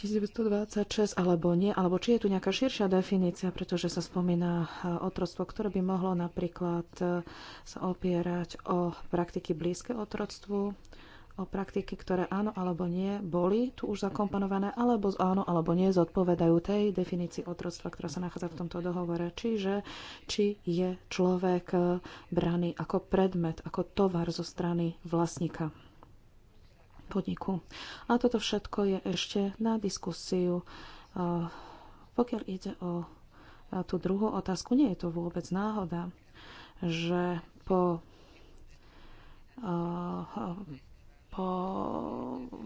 1926 alebo nie, alebo či je tu nejaká širšia definícia, pretože sa spomína e, otroctvo, ktoré by mohlo napríklad e, sa opierať o praktiky blízke otroctvu, o praktiky, ktoré áno alebo nie boli tu už zakomponované, alebo áno alebo nie zodpovedajú tej definícii otroctva, ktorá sa nachádza v tomto dohovore. Čiže či je človek eh, braný ako predmet, ako tovar zo strany vlastníka podniku. A toto všetko je ešte na diskusiu. Eh, pokiaľ ide o eh, tú druhú otázku, nie je to vôbec náhoda, že po po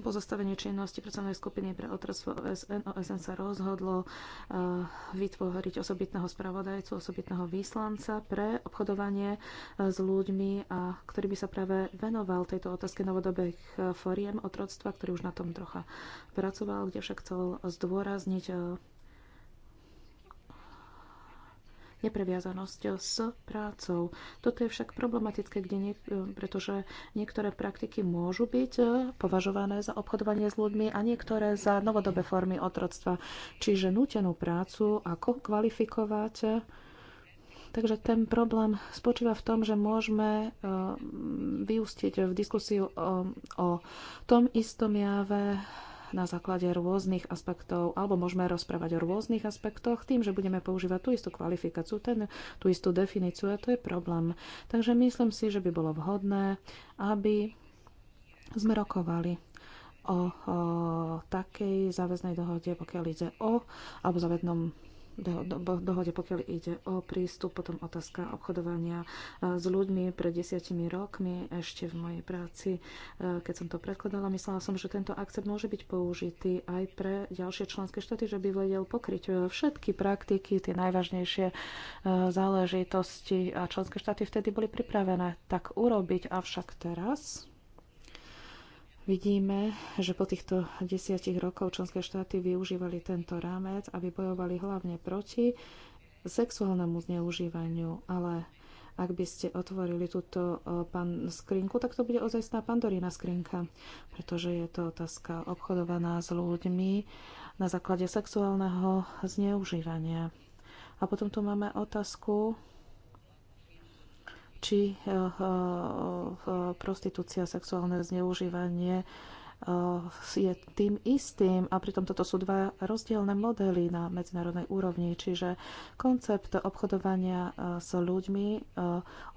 pozostavení činnosti pracovnej skupiny pre otrstvo OSN, OSN sa rozhodlo eh, vytvoriť osobitného spravodajcu, osobitného výslanca pre obchodovanie eh, s ľuďmi, a ktorý by sa práve venoval tejto otázke novodobých eh, foriem otroctva, ktorý už na tom trocha pracoval, kde však chcel zdôrazniť nepreviazanosť s prácou. Toto je však problematické, kde nie, pretože niektoré praktiky môžu byť považované za obchodovanie s ľuďmi a niektoré za novodobé formy otroctva, čiže nútenú prácu, ako kvalifikovať Takže ten problém spočíva v tom, že môžeme ehm, vyústiť v diskusiu o, ehm, o tom istom jave na základe rôznych aspektov, alebo môžeme rozprávať o rôznych aspektoch tým, že budeme používať tú istú kvalifikáciu, ten, tú istú definíciu a to je problém. Takže myslím si, že by bolo vhodné, aby sme rokovali o, o takej záväznej dohode, pokiaľ ide o, alebo záväznom dohode, pokiaľ ide o prístup, potom otázka obchodovania e, s ľuďmi pred desiatimi rokmi ešte v mojej práci, e, keď som to prekladala, myslela som, že tento akcept môže byť použitý aj pre ďalšie členské štáty, že by vedel pokryť e, všetky praktiky, tie najvážnejšie záležitosti a členské štáty vtedy boli pripravené tak urobiť, avšak teraz Vidíme, že po týchto desiatich rokov členské štáty využívali tento rámec, aby bojovali hlavne proti sexuálnemu zneužívaniu, ale ak by ste otvorili túto e, pan, skrinku, tak to bude ozajstná pandorína skrinka, pretože je to otázka obchodovaná s ľuďmi na základe sexuálneho zneužívania. A potom tu máme otázku či eh, eh, prostitúcia, sexuálne zneužívanie eh, je tým istým a pritom toto sú dva rozdielne modely na medzinárodnej úrovni, čiže koncept obchodovania s ľuďmi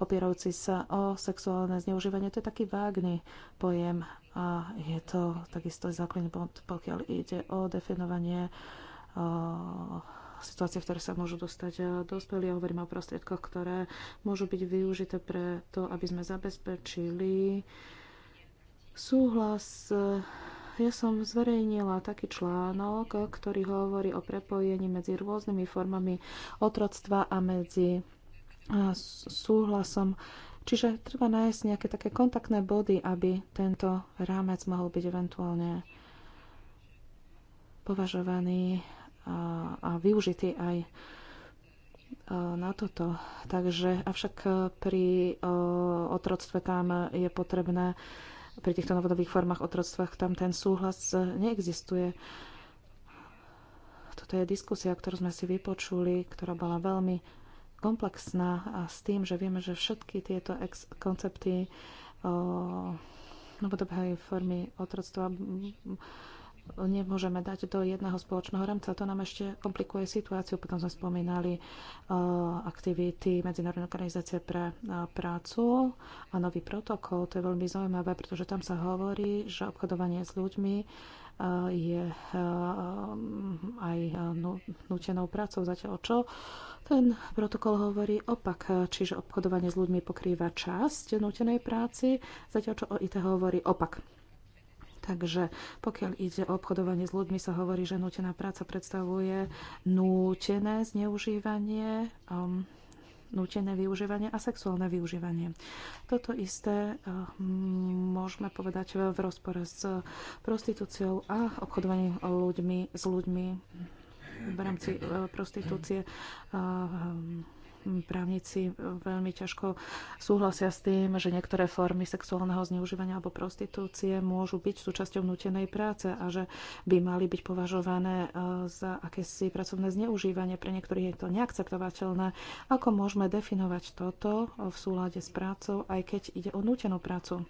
opierajúci sa o sexuálne zneužívanie, to je taký vágny pojem a je to takisto základný bod, pokiaľ ide o definovanie situácie, v ktoré sa môžu dostať eh, dospelí. Ja hovorím o prostriedkoch, ktoré môžu byť využité pre to, aby sme zabezpečili súhlas ja som zverejnila taký článok, ktorý hovorí o prepojení medzi rôznymi formami otroctva a medzi eh, súhlasom. Čiže treba nájsť nejaké také kontaktné body, aby tento rámec mohol byť eventuálne považovaný a využitý aj e, na toto. Takže avšak e, pri e, otroctve tam je potrebné, pri týchto novodobých formách otroctva tam ten súhlas neexistuje. Toto je diskusia, ktorú sme si vypočuli, ktorá bola veľmi komplexná a s tým, že vieme, že všetky tieto ex- koncepty novodobej formy otroctva nemôžeme dať do jedného spoločného rámca. To nám ešte komplikuje situáciu. Potom sme spomínali uh, aktivity Medzinárodnej organizácie pre uh, prácu a nový protokol. To je veľmi zaujímavé, pretože tam sa hovorí, že obchodovanie s ľuďmi uh, je aj nutenou prácou. Zatiaľ čo? Ten protokol hovorí opak, čiže obchodovanie s ľuďmi pokrýva časť nutenej práci, zatiaľ čo o IT hovorí opak Takže pokiaľ ide o obchodovanie s ľuďmi, sa hovorí, že nutená práca predstavuje nútené zneužívanie. Um, nútené využívanie a sexuálne využívanie. Toto isté um, môžeme povedať v rozpore s prostitúciou a obchodovaním ľuďmi, s ľuďmi v rámci uh, prostitúcie uh, um, právnici veľmi ťažko súhlasia s tým, že niektoré formy sexuálneho zneužívania alebo prostitúcie môžu byť súčasťou nutenej práce a že by mali byť považované e, za akési pracovné zneužívanie. Pre niektorých je to neakceptovateľné. Ako môžeme definovať toto v súlade s prácou, aj keď ide o nutenú prácu?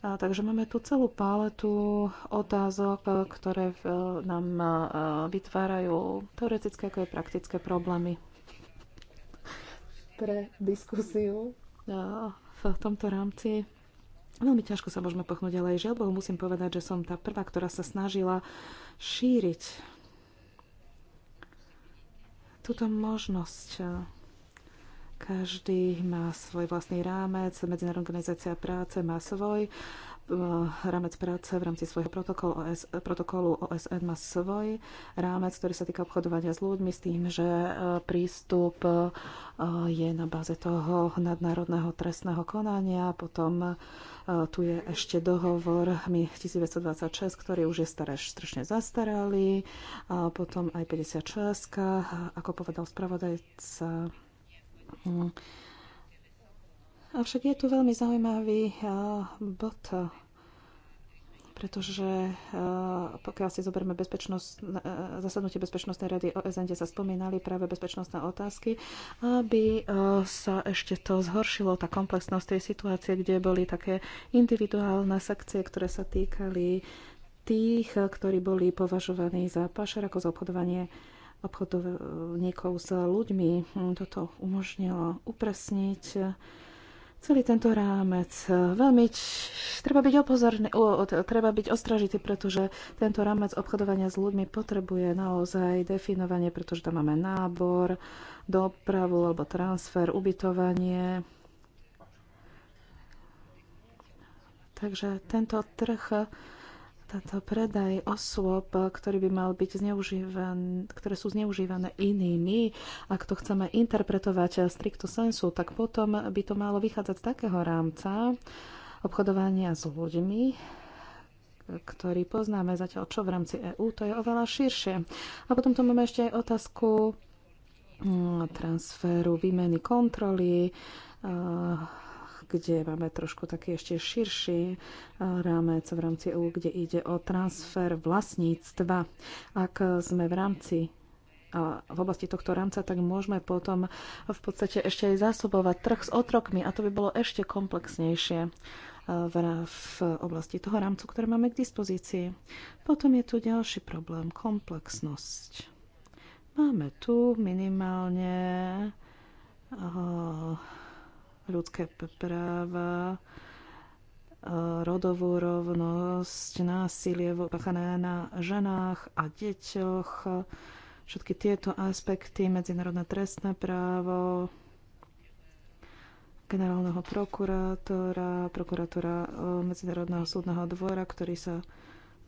A, takže máme tu celú paletu otázok, e, ktoré e, nám vytvárajú teoretické ako aj praktické problémy pre diskusiu v tomto rámci. Veľmi ťažko sa môžeme pochnúť, ale aj žiaľ Bohu musím povedať, že som tá prvá, ktorá sa snažila šíriť túto možnosť. Každý má svoj vlastný rámec, Medzinárodná organizácia práce má svoj Eh, rámec práce v rámci svojho protokolu, OS, protokolu OSN má svoj rámec, ktorý sa týka obchodovania s ľuďmi s tým, že eh, prístup eh, je na báze toho nadnárodného trestného konania. Potom tu je ešte dohovor MI 1926, ktorý už je staré, strašne zastaralý. A potom aj 56, ako povedal spravodajca hm, Avšak je tu veľmi zaujímavý eh, bod, pretože eh, pokiaľ si zoberieme bezpečnosť, eh, zasadnutie Bezpečnostnej rady OSN, kde sa spomínali práve bezpečnostné otázky, aby sa ešte to zhoršilo, tá komplexnosť tej situácie, kde boli také individuálne sekcie, ktoré sa týkali tých, ktorí boli považovaní za pašer ako za obchodovanie obchodovníkov s ľuďmi. Hm, toto umožnilo upresniť celý tento rámec. Veľmi treba byť opozorný, o, o, treba byť ostražitý, pretože tento rámec obchodovania s ľuďmi potrebuje naozaj definovanie, pretože tam máme nábor, dopravu alebo transfer, ubytovanie. Takže tento trh táto predaj osôb, ktorý by mal byť zneužívan, ktoré sú zneužívané inými, ak to chceme interpretovať stricto sensu, tak potom by to malo vychádzať z takého rámca obchodovania s ľuďmi, ktorý poznáme zatiaľ čo v rámci EÚ, to je oveľa širšie. A potom tu máme ešte aj otázku hm, transferu, výmeny, kontroly, eh, kde máme trošku taký ešte širší eh, rámec v rámci EU, kde ide o transfer vlastníctva. Ak sme v rámci a eh, v oblasti tohto rámca, tak môžeme potom v podstate ešte aj zásobovať trh s otrokmi a to by bolo ešte komplexnejšie eh, v oblasti toho rámcu, ktoré máme k dispozícii. Potom je tu ďalší problém, komplexnosť. Máme tu minimálne ľudské práva, e, rodovú rovnosť, násilie páchané na ženách a deťoch, všetky tieto aspekty, medzinárodné trestné právo, generálneho prokurátora, prokurátora e, Medzinárodného súdneho dvora, ktorí sa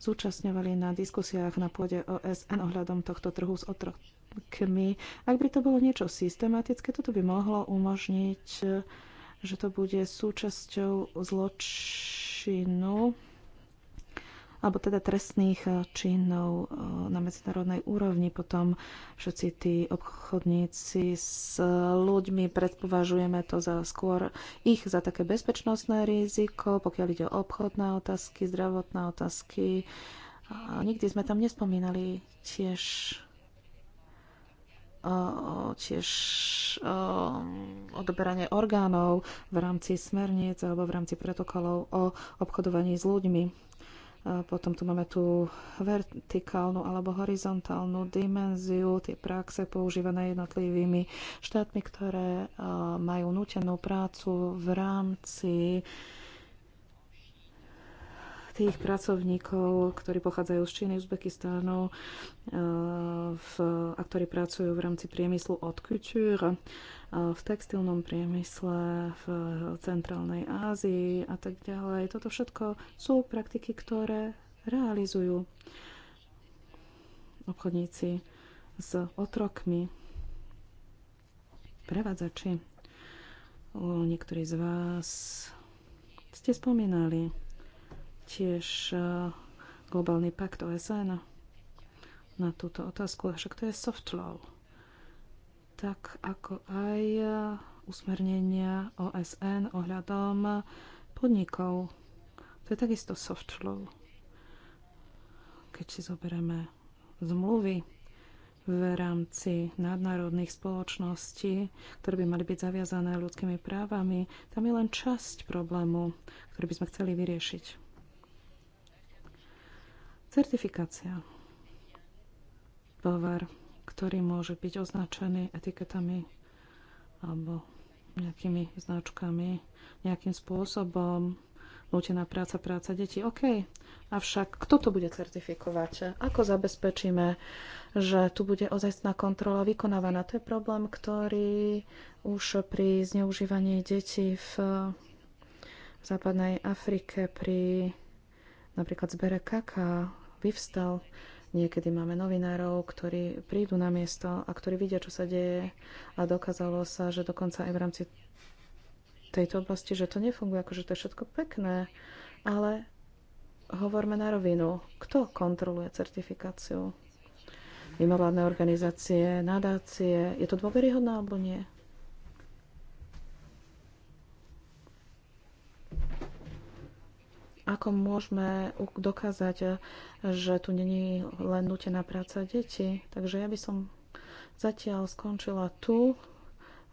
zúčastňovali na diskusiách na pôde OSN ohľadom tohto trhu s otrokmi. Ak by to bolo niečo systematické, toto by mohlo umožniť že to bude súčasťou zločinu alebo teda trestných eh, činov eh, na medzinárodnej úrovni. Potom všetci tí obchodníci s ľuďmi predpovažujeme to za skôr ich za také bezpečnostné riziko, pokiaľ ide o obchodné otázky, zdravotné otázky. A nikdy sme tam nespomínali tiež tiež odoberanie orgánov v rámci smerníc alebo v rámci protokolov o obchodovaní s ľuďmi. Potom tu máme tú vertikálnu alebo horizontálnu dimenziu, tie praxe používané jednotlivými štátmi, ktoré majú nutenú prácu v rámci tých pracovníkov, ktorí pochádzajú z Číny, Uzbekistánu, v, a ktorí pracujú v rámci priemyslu od couture, v textilnom priemysle, v centrálnej Ázii a tak ďalej. Toto všetko sú praktiky, ktoré realizujú obchodníci s otrokmi, prevádzači. Niektorí z vás ste spomínali tiež e, globálny pakt OSN na túto otázku, že to je soft law. Tak ako aj usmernenia OSN ohľadom podnikov. To je takisto soft law. Keď si zoberieme zmluvy v rámci nadnárodných spoločností, ktoré by mali byť zaviazané ľudskými právami, tam je len časť problému, ktorý by sme chceli vyriešiť. Certifikácia tovar, ktorý môže byť označený etiketami alebo nejakými značkami, nejakým spôsobom, nutená práca, práca detí. OK, avšak kto to bude certifikovať? Ako zabezpečíme, že tu bude ozajstná kontrola vykonávaná? To je problém, ktorý už pri zneužívaní detí v západnej Afrike pri napríklad zbere kaká vyvstal. Niekedy máme novinárov, ktorí prídu na miesto a ktorí vidia, čo sa deje a dokázalo sa, že dokonca aj v rámci tejto oblasti, že to nefunguje, ako že to je všetko pekné, ale hovorme na rovinu. Kto kontroluje certifikáciu? Mimovládne organizácie, nadácie, je to dôveryhodné alebo nie? Ako môžeme dokázať, eh, že tu není len nutená práca detí? Takže ja by som zatiaľ skončila tu.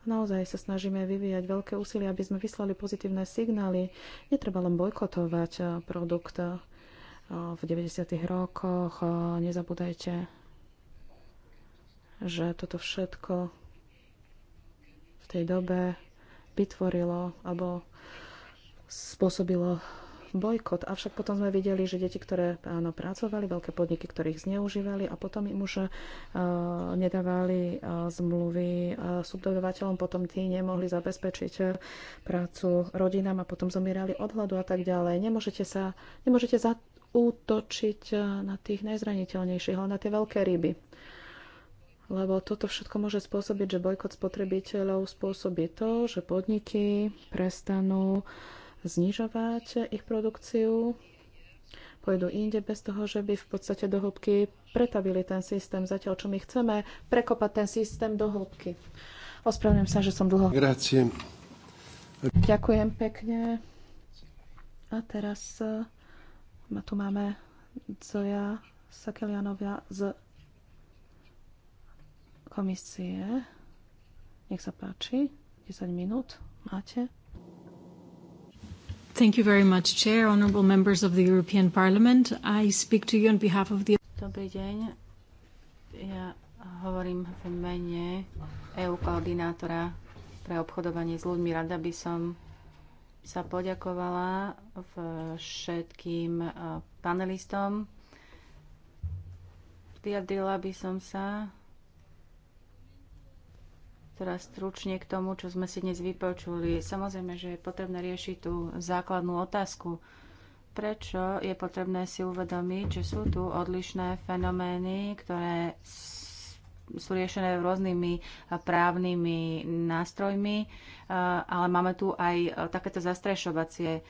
Naozaj sa snažíme vyvíjať veľké úsilie, aby sme vyslali pozitívne signály. Netreba len bojkotovať eh, produkt eh, v 90. rokoch. Nezabúdajte, že toto všetko v tej dobe vytvorilo alebo spôsobilo bojkot. Avšak potom sme videli, že deti, ktoré áno, pracovali, veľké podniky, ktorých zneužívali a potom im už uh, nedávali uh, zmluvy uh, subdodovateľom, potom tí nemohli zabezpečiť prácu rodinám a potom zomierali od hladu a tak ďalej. Nemôžete sa, nemôžete zaútočiť na tých najzraniteľnejších, ale na tie veľké ryby lebo toto všetko môže spôsobiť, že bojkot spotrebiteľov spôsobí to, že podniky prestanú uh, znižovať ich produkciu, pôjdu inde bez toho, že by v podstate do hĺbky pretavili ten systém, zatiaľ čo my chceme prekopať ten systém do hĺbky. Ospravedlňujem sa, že som dlho. Grazie. Ďakujem pekne. A teraz eh, ma tu máme Zoja Sakelianovia z komisie. Nech sa páči, 10 minút máte. Thank you very much, Chair, honorable members of the European Parliament. I speak to you on behalf of the... Dobrý deň. Ja hovorím v mene EU koordinátora pre obchodovanie s ľuďmi. Rada by som sa poďakovala všetkým eh, panelistom. Vyjadrila by som sa Teraz stručne k tomu, čo sme si dnes vypočuli. Samozrejme, že je potrebné riešiť tú základnú otázku. Prečo je potrebné si uvedomiť, že sú tu odlišné fenomény, ktoré sú riešené rôznymi právnymi nástrojmi, ale máme tu aj takéto zastrešovacie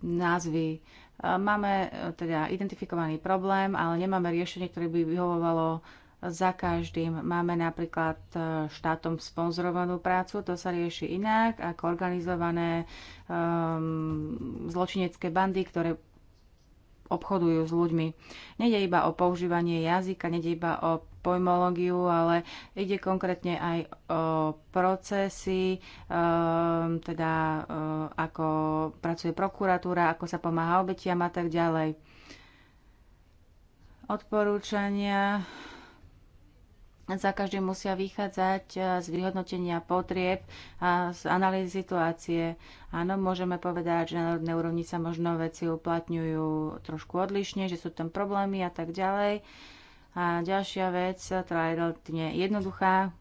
názvy. Máme e, teda identifikovaný problém, ale nemáme riešenie, ktoré by vyhovovalo za každým. Máme napríklad e, štátom sponzorovanú prácu, to sa rieši inak, ako organizované um, zločinecké bandy, ktoré obchodujú s ľuďmi. Nede iba o používanie jazyka, nede iba o pojmológiu, ale ide konkrétne aj o procesy, um, teda um, ako pracuje prokuratúra, ako sa pomáha obetiam a tak ďalej. Odporúčania za každým musia vychádzať e, z vyhodnotenia potrieb a z analýzy situácie. Áno, môžeme povedať, že na národnej úrovni sa možno veci uplatňujú trošku odlišne, že sú tam problémy a tak ďalej. A ďalšia vec, ktorá je relatívne jednoduchá,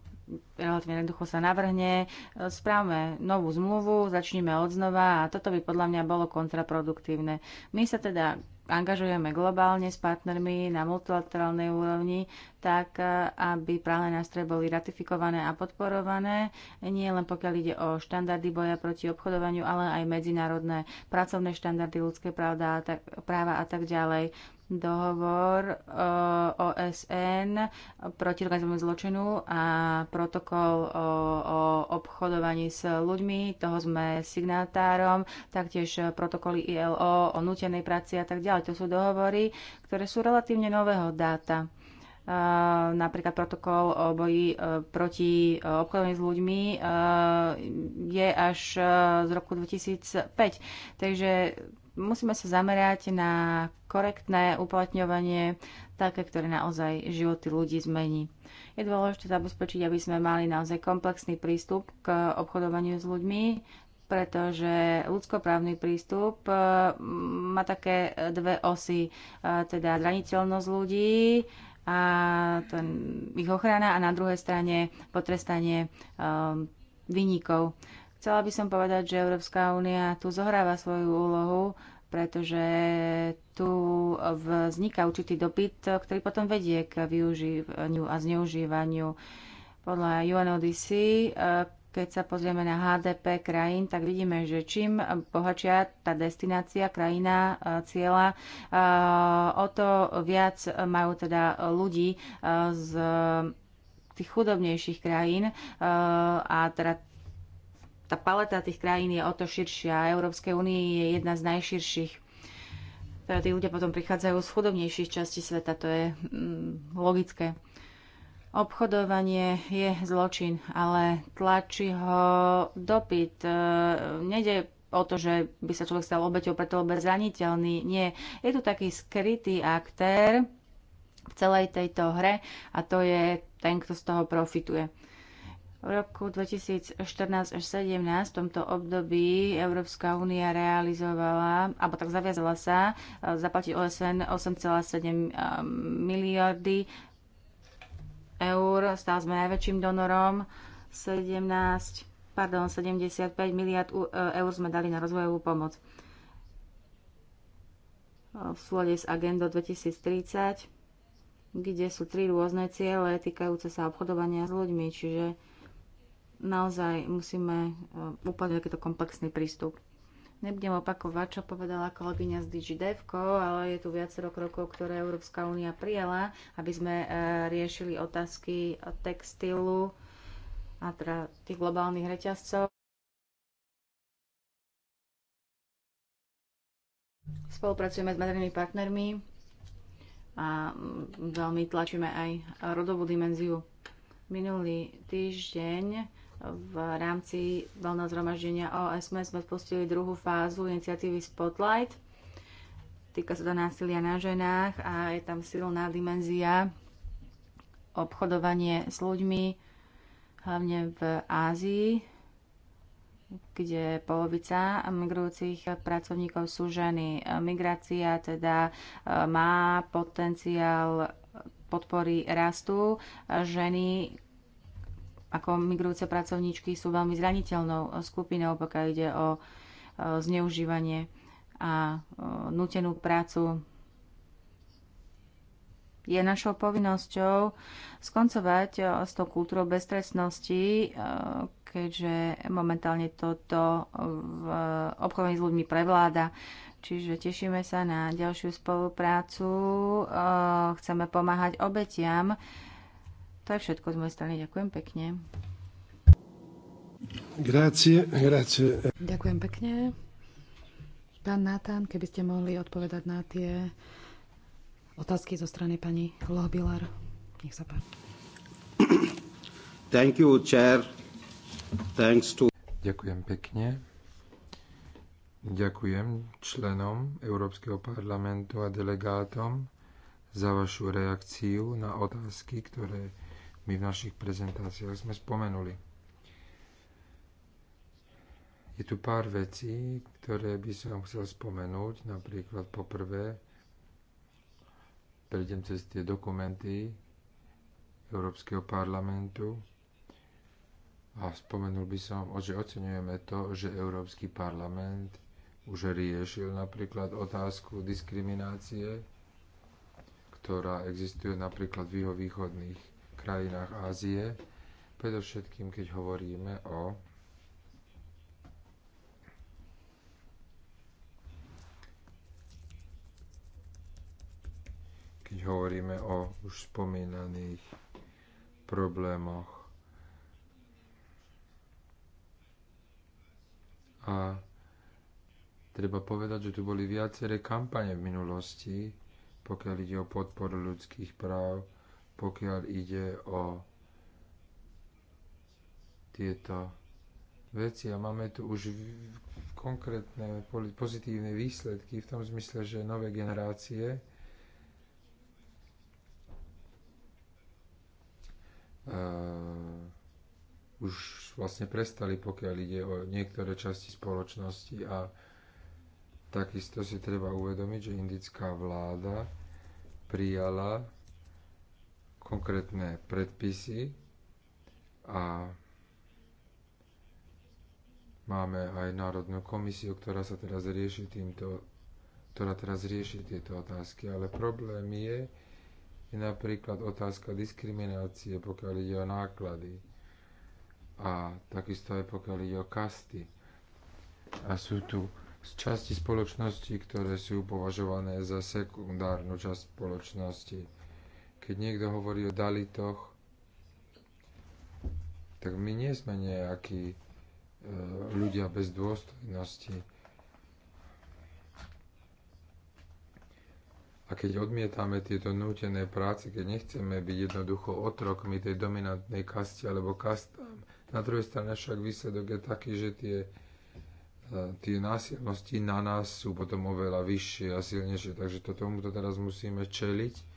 relatívne jednoducho sa navrhne, e, správame novú zmluvu, začníme od znova a toto by podľa mňa bolo kontraproduktívne. My sa teda angažujeme globálne s partnermi na multilaterálnej úrovni, tak eh, aby právne nástroje boli ratifikované a podporované, nie len pokiaľ ide o štandardy boja proti obchodovaniu, ale aj medzinárodné pracovné štandardy, ľudské práva a tak, práva a tak ďalej dohovor e, OSN proti organizovanému zločinu a protokol o, o obchodovaní s ľuďmi, toho sme signátárom, taktiež protokoly ILO o nutenej práci a tak ďalej. To sú dohovory, ktoré sú relatívne nového dáta. E, napríklad protokol o boji e, proti obchodovaní s ľuďmi je až z roku 2005. Takže musíme sa zamerať na korektné uplatňovanie, také, ktoré naozaj životy ľudí zmení. Je dôležité zabezpečiť, aby sme mali naozaj komplexný prístup k obchodovaniu s ľuďmi, pretože ľudskoprávny prístup e, má také dve osy, e, teda zraniteľnosť ľudí a ten, ich ochrana a na druhej strane potrestanie um, e, vynikov. Chcela by som povedať, že Európska únia tu zohráva svoju úlohu, pretože tu vzniká určitý dopyt, ktorý potom vedie k využívaniu a zneužívaniu. Podľa UNODC, keď sa pozrieme na HDP krajín, tak vidíme, že čím bohačia tá destinácia, krajina, e, cieľa, e, o to viac majú teda ľudí e, z tých chudobnejších krajín a teda tá paleta tých krajín je o to širšia. A Európskej únie je jedna z najširších. Teda tí ľudia potom prichádzajú z chudobnejších častí sveta, to je mm, logické. Obchodovanie je zločin, ale tlačí ho dopyt. E, nede o to, že by sa človek stal obeťou, preto lebo zraniteľný. Nie. Je tu taký skrytý aktér v celej tejto hre a to je ten, kto z toho profituje. V roku 2014 až 2017 v tomto období Európska únia realizovala, alebo tak zaviazala sa, e, zaplatiť OSN 8,7 e, miliardy eur. Stále sme najväčším donorom. 17, pardon, 75 miliard e, eur sme dali na rozvojovú pomoc. V súlade s agendou 2030, kde sú tri rôzne ciele týkajúce sa obchodovania s ľuďmi, čiže naozaj musíme úplne eh, takýto komplexný prístup. Nebudem opakovať, čo povedala kolegyňa z DigiDevko, ale je tu viacero krokov, ktoré Európska únia prijala, aby sme eh, riešili otázky textilu a teda tých globálnych reťazcov. Spolupracujeme s medernými partnermi a mm, veľmi tlačíme aj rodovú dimenziu. Minulý týždeň v rámci veľného zhromaždenia OSM sme spustili druhú fázu iniciatívy Spotlight. Týka sa to násilia na ženách a je tam silná dimenzia obchodovanie s ľuďmi, hlavne v Ázii, kde polovica migrujúcich pracovníkov sú ženy. Migrácia teda e, má potenciál podpory rastu. Ženy, ako migrujúce pracovníčky sú veľmi zraniteľnou skupinou, pokiaľ ide o e, zneužívanie a e, nutenú prácu. Je našou povinnosťou skoncovať e, s tou kultúrou beztrestnosti, keďže momentálne toto v obchodovaní s ľuďmi prevláda. Čiže tešíme sa na ďalšiu spoluprácu. Chceme pomáhať obetiam to je všetko z mojej strany. Ďakujem pekne. Grazie, grazie. Ďakujem pekne. Pán Nátan, keby ste mohli odpovedať na tie otázky zo strany pani Lohbilar. Nech sa páči. Thank you, chair. Thanks to... Ďakujem pekne. Ďakujem členom Európskeho parlamentu a delegátom za vašu reakciu na otázky, ktoré my v našich prezentáciách sme spomenuli. Je tu pár vecí, ktoré by som chcel spomenúť. Napríklad poprvé, prejdem cez tie dokumenty Európskeho parlamentu a spomenul by som, že oceňujeme to, že Európsky parlament už riešil napríklad otázku diskriminácie, ktorá existuje napríklad v východných krajinách Ázie, predovšetkým keď hovoríme o keď hovoríme o už spomínaných problémoch. A treba povedať, že tu boli viaceré kampane v minulosti, pokiaľ ide o podporu ľudských práv, pokiaľ ide o tieto veci a máme tu už konkrétne pozitívne výsledky v tom zmysle, že nové generácie uh, už vlastne prestali, pokiaľ ide o niektoré časti spoločnosti a takisto si treba uvedomiť, že indická vláda prijala konkrétne predpisy a máme aj Národnú komisiu, ktorá sa teraz rieši týmto, ktorá teraz rieši tieto otázky, ale problém je, je napríklad otázka diskriminácie, pokiaľ ide o náklady a takisto aj pokiaľ ide o kasty. A sú tu z časti spoločnosti, ktoré sú považované za sekundárnu časť spoločnosti keď niekto hovorí o Dalitoch, tak my nie sme nejakí e, ľudia bez dôstojnosti. A keď odmietame tieto nútené práce, keď nechceme byť jednoducho otrokmi tej dominantnej kasti alebo kastám, na druhej strane však výsledok je taký, že tie, e, tie násilnosti na nás sú potom oveľa vyššie a silnejšie. Takže to tomuto teraz musíme čeliť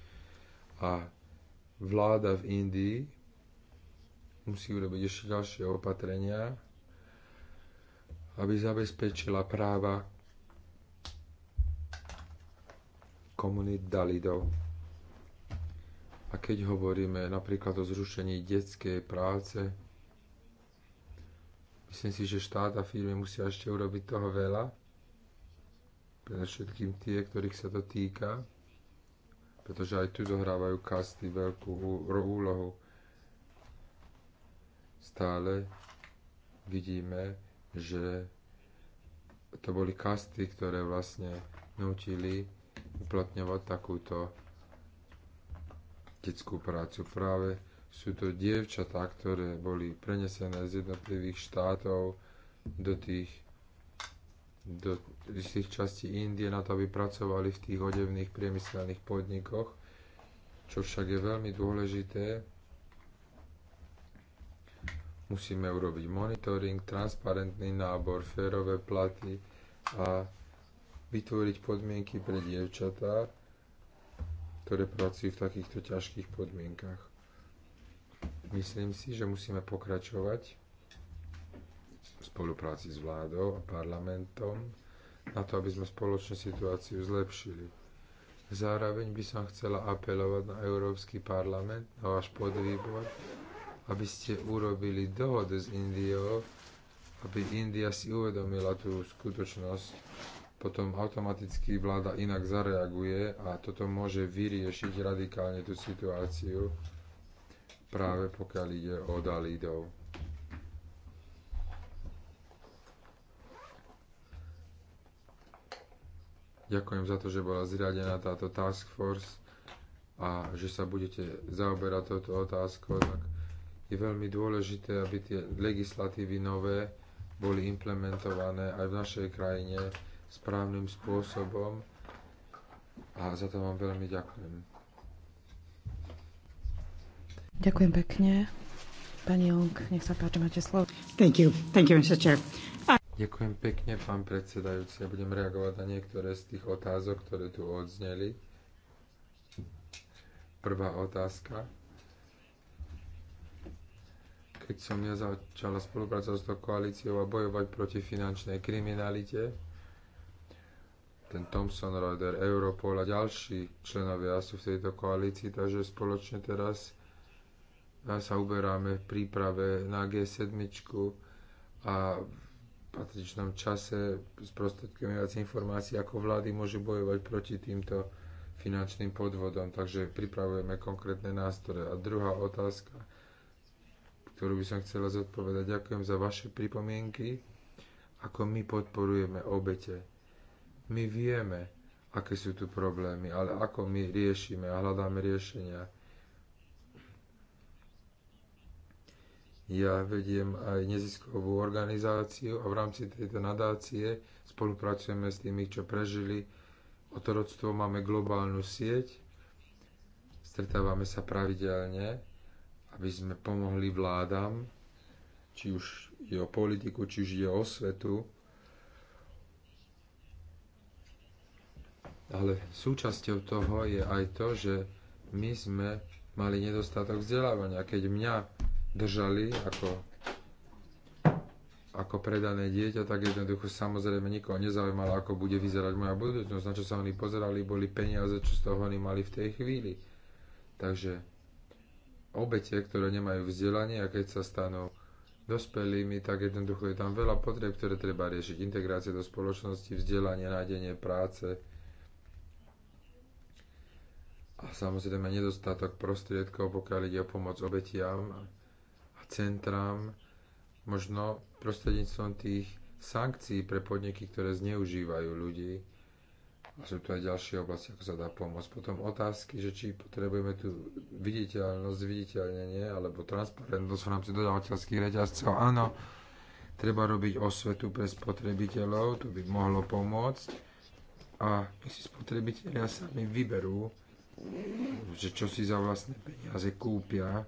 a vláda v Indii musí urobiť ešte ďalšie opatrenia, aby zabezpečila práva komunít Dalidov. A keď hovoríme napríklad o zrušení detskej práce, myslím si, že štát a firmy musia ešte urobiť toho veľa, všetkým tie, ktorých sa to týka pretože aj tu zohrávajú kasty veľkú úlohu. Stále vidíme, že to boli kasty, ktoré vlastne nutili uplatňovať takúto detskú prácu. Práve sú to dievčatá, ktoré boli prenesené z jednotlivých štátov do tých do istých častí Indie na to, aby pracovali v tých odevných priemyselných podnikoch, čo však je veľmi dôležité. Musíme urobiť monitoring, transparentný nábor, férové platy a vytvoriť podmienky pre dievčatá, ktoré pracujú v takýchto ťažkých podmienkach. Myslím si, že musíme pokračovať spolupráci s vládou a parlamentom na to, aby sme spoločne situáciu zlepšili. Zároveň by som chcela apelovať na Európsky parlament, na váš podvýbor, aby ste urobili dohodu s Indiou, aby India si uvedomila tú skutočnosť, potom automaticky vláda inak zareaguje a toto môže vyriešiť radikálne tú situáciu, práve pokiaľ ide o Dalídov. Ďakujem za to, že bola zriadená táto task force a že sa budete zaoberať touto otázkou, tak je veľmi dôležité, aby tie legislatívy nové boli implementované aj v našej krajine správnym spôsobom a za to vám veľmi ďakujem. Ďakujem pekne. Pani Jung, nech sa páči, máte slovo. Thank you. Thank you, Mr. Chair. Ďakujem pekne, pán predsedajúci. Ja budem reagovať na niektoré z tých otázok, ktoré tu odzneli. Prvá otázka. Keď som ja začala spolupracovať s tou koalíciou a bojovať proti finančnej kriminalite, ten Thomson Reuter, Europol a ďalší členovia sú v tejto koalícii, takže spoločne teraz sa uberáme v príprave na G7 a patričnom čase sprostredkujeme viac informácií, ako vlády môžu bojovať proti týmto finančným podvodom. Takže pripravujeme konkrétne nástroje. A druhá otázka, ktorú by som chcela zodpovedať. Ďakujem za vaše pripomienky, ako my podporujeme obete. My vieme, aké sú tu problémy, ale ako my riešime a hľadáme riešenia Ja vediem aj neziskovú organizáciu a v rámci tejto nadácie spolupracujeme s tými, čo prežili otroctvo, máme globálnu sieť, stretávame sa pravidelne, aby sme pomohli vládam, či už je o politiku, či už je o svetu. Ale súčasťou toho je aj to, že my sme mali nedostatok vzdelávania. Keď mňa držali ako, ako predané dieťa, tak jednoducho samozrejme nikoho nezaujímalo, ako bude vyzerať moja budúcnosť. Na čo sa oni pozerali, boli peniaze, čo z toho oni mali v tej chvíli. Takže obete, ktoré nemajú vzdelanie a keď sa stanú dospelými, tak jednoducho je tam veľa potrieb, ktoré treba riešiť. Integrácia do spoločnosti, vzdelanie, nájdenie práce a samozrejme nedostatok prostriedkov, pokiaľ ide o pomoc obetiam centrám možno prostredníctvom tých sankcií pre podniky, ktoré zneužívajú ľudí. A sú tu aj ďalšie oblasti, ako sa dá pomôcť. Potom otázky, že či potrebujeme tu viditeľnosť, viditeľnenie alebo transparentnosť v rámci dodávateľských reťazcov. Áno, treba robiť osvetu pre spotrebiteľov, to by mohlo pomôcť. A my si spotrebitelia sami vyberú, že čo si za vlastné peniaze kúpia.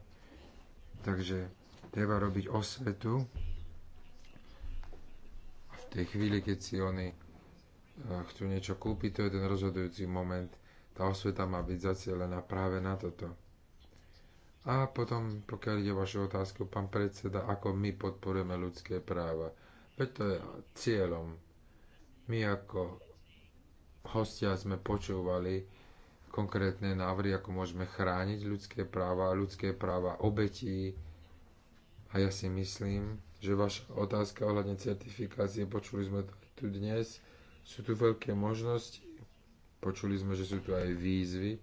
Takže treba robiť osvetu. A v tej chvíli, keď si oni e, chcú niečo kúpiť, to je ten rozhodujúci moment. Tá osveta má byť zacielená práve na toto. A potom, pokiaľ ide o vašu otázku, pán predseda, ako my podporujeme ľudské práva. Veď to je cieľom. My ako hostia sme počúvali konkrétne návrhy, ako môžeme chrániť ľudské práva, ľudské práva obetí, a ja si myslím, že vaša otázka ohľadne certifikácie, počuli sme to tu dnes, sú tu veľké možnosti, počuli sme, že sú tu aj výzvy.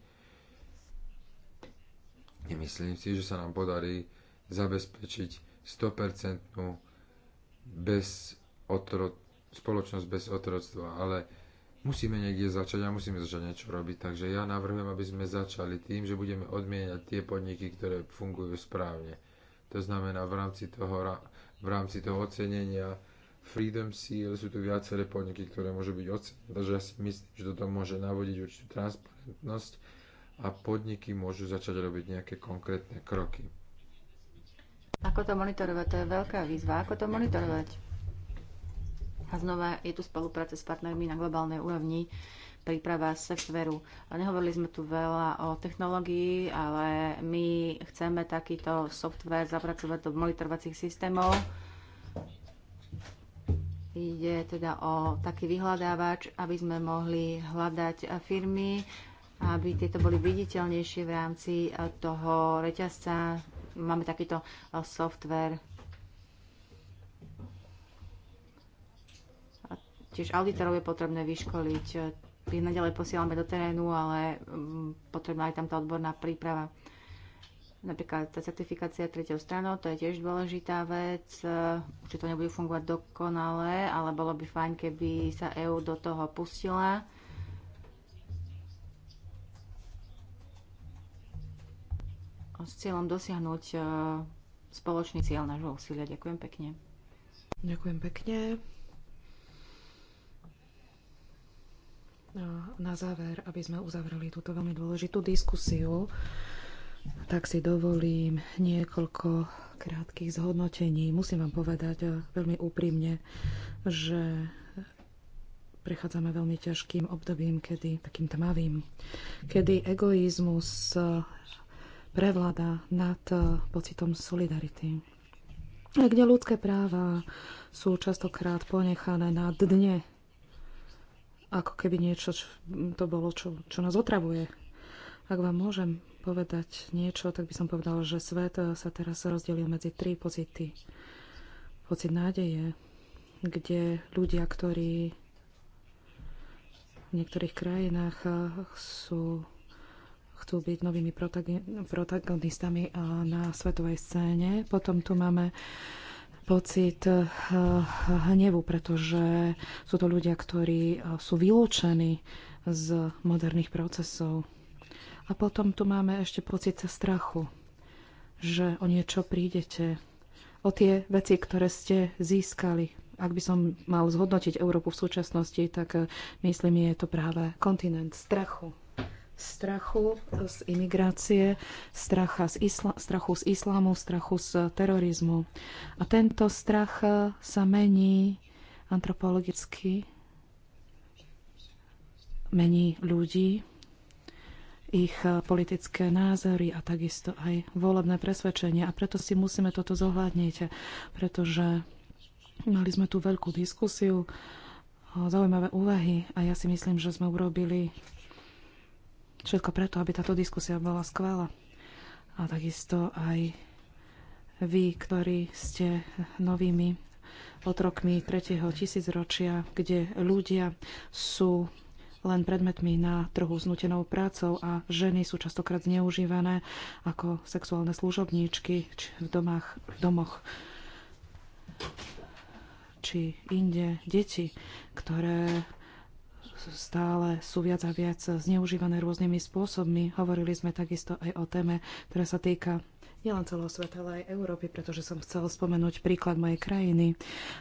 Myslím si, že sa nám podarí zabezpečiť 100% bez otro, spoločnosť bez otroctva, ale musíme niekde začať a musíme začať niečo robiť. Takže ja navrhujem, aby sme začali tým, že budeme odmieniať tie podniky, ktoré fungujú správne. To znamená, v rámci toho, v rámci toho ocenenia Freedom Seal sú tu viaceré podniky, ktoré môžu byť ocenené. Takže ja si myslím, že toto môže navodiť určitú transparentnosť a podniky môžu začať robiť nejaké konkrétne kroky. Ako to monitorovať? To je veľká výzva. Ako to monitorovať? A znova je tu spolupráca s partnermi na globálnej úrovni príprava softveru. Nehovorili sme tu veľa o technológii, ale my chceme takýto software zapracovať do monitorovacích systémov. Ide teda o taký vyhľadávač, aby sme mohli hľadať firmy, aby tieto boli viditeľnejšie v rámci toho reťazca. Máme takýto e, software. tiež auditorov je potrebné vyškoliť by naďalej posielame do terénu, ale mm, potrebná je tam tá odborná príprava. Napríklad tá certifikácia tretou stranou, to je tiež dôležitá vec. Či e, to nebude fungovať dokonale, ale bolo by fajn, keby sa EU do toho pustila. s cieľom dosiahnuť e, spoločný cieľ nášho úsilia. Ďakujem pekne. Ďakujem pekne. na záver, aby sme uzavreli túto veľmi dôležitú diskusiu, tak si dovolím niekoľko krátkých zhodnotení. Musím vám povedať eh, veľmi úprimne, že prechádzame veľmi ťažkým obdobím, kedy, takým tmavým, kedy egoizmus eh, prevláda nad eh, pocitom solidarity. kde ľudské práva sú častokrát ponechané na dne ako keby niečo čo, to bolo, čo, čo nás otravuje. Ak vám môžem povedať niečo, tak by som povedala, že svet sa teraz rozdelil medzi tri pocity. Pocit nádeje, kde ľudia, ktorí v niektorých krajinách eh, sú, chcú byť novými protagonistami eh, na svetovej scéne. Potom tu máme pocit eh, hnevu, pretože sú to ľudia, ktorí eh, sú vylúčení z moderných procesov. A potom tu máme ešte pocit strachu, že o niečo prídete, o tie veci, ktoré ste získali. Ak by som mal zhodnotiť Európu v súčasnosti, tak eh, myslím, je to práve kontinent strachu, strachu z imigrácie, stracha z isla, strachu z islámu, strachu z terorizmu. A tento strach sa mení antropologicky, mení ľudí, ich politické názory a takisto aj volebné presvedčenie. A preto si musíme toto zohľadniť, pretože mali sme tu veľkú diskusiu, zaujímavé úvahy a ja si myslím, že sme urobili Všetko preto, aby táto diskusia bola skvelá. A takisto aj vy, ktorí ste novými otrokmi 3. tisícročia, kde ľudia sú len predmetmi na trhu s nutenou prácou a ženy sú častokrát zneužívané ako sexuálne služobníčky či v, domách, v domoch či inde deti, ktoré stále sú viac a viac zneužívané rôznymi spôsobmi. Hovorili sme takisto aj o téme, ktorá sa týka nielen celého sveta, ale aj Európy, pretože som chcel spomenúť príklad mojej krajiny,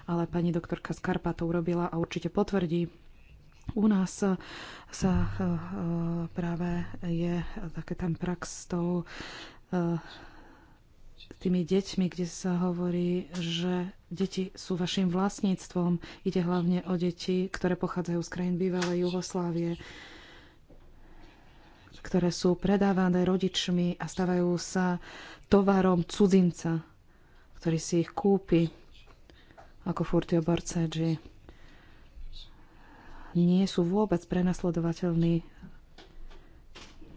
ale pani doktorka Skarpa to urobila a určite potvrdí. U nás sa eh, eh, práve je také tam prax s tou eh, tými deťmi, kde sa hovorí, že deti sú vašim vlastníctvom. Ide hlavne o deti, ktoré pochádzajú z krajín bývalej Jugoslávie, ktoré sú predávané rodičmi a stávajú sa tovarom cudzinca, ktorý si ich kúpi, ako Furtio Borceggi. Nie sú vôbec prenasledovateľní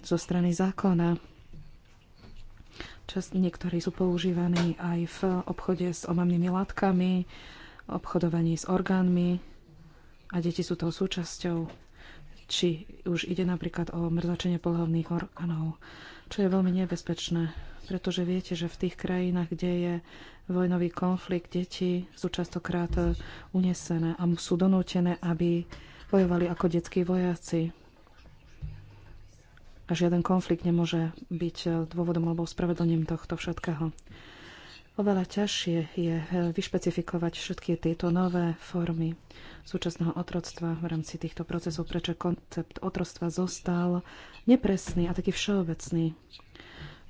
zo strany zákona Čas, niektorí sú používaní aj v obchode s omamnými látkami, obchodovaní s orgánmi a deti sú toho súčasťou. Či už ide napríklad o mrzačenie pohľavných orgánov, čo je veľmi nebezpečné, pretože viete, že v tých krajinách, kde je vojnový konflikt, deti sú častokrát unesené a sú donútené, aby bojovali ako detskí vojaci a žiaden konflikt nemôže byť e, dôvodom alebo spravedlnením tohto všetkého. Oveľa ťažšie je e, vyšpecifikovať všetky tieto nové formy súčasného otroctva v rámci týchto procesov, prečo koncept otroctva zostal nepresný a taký všeobecný.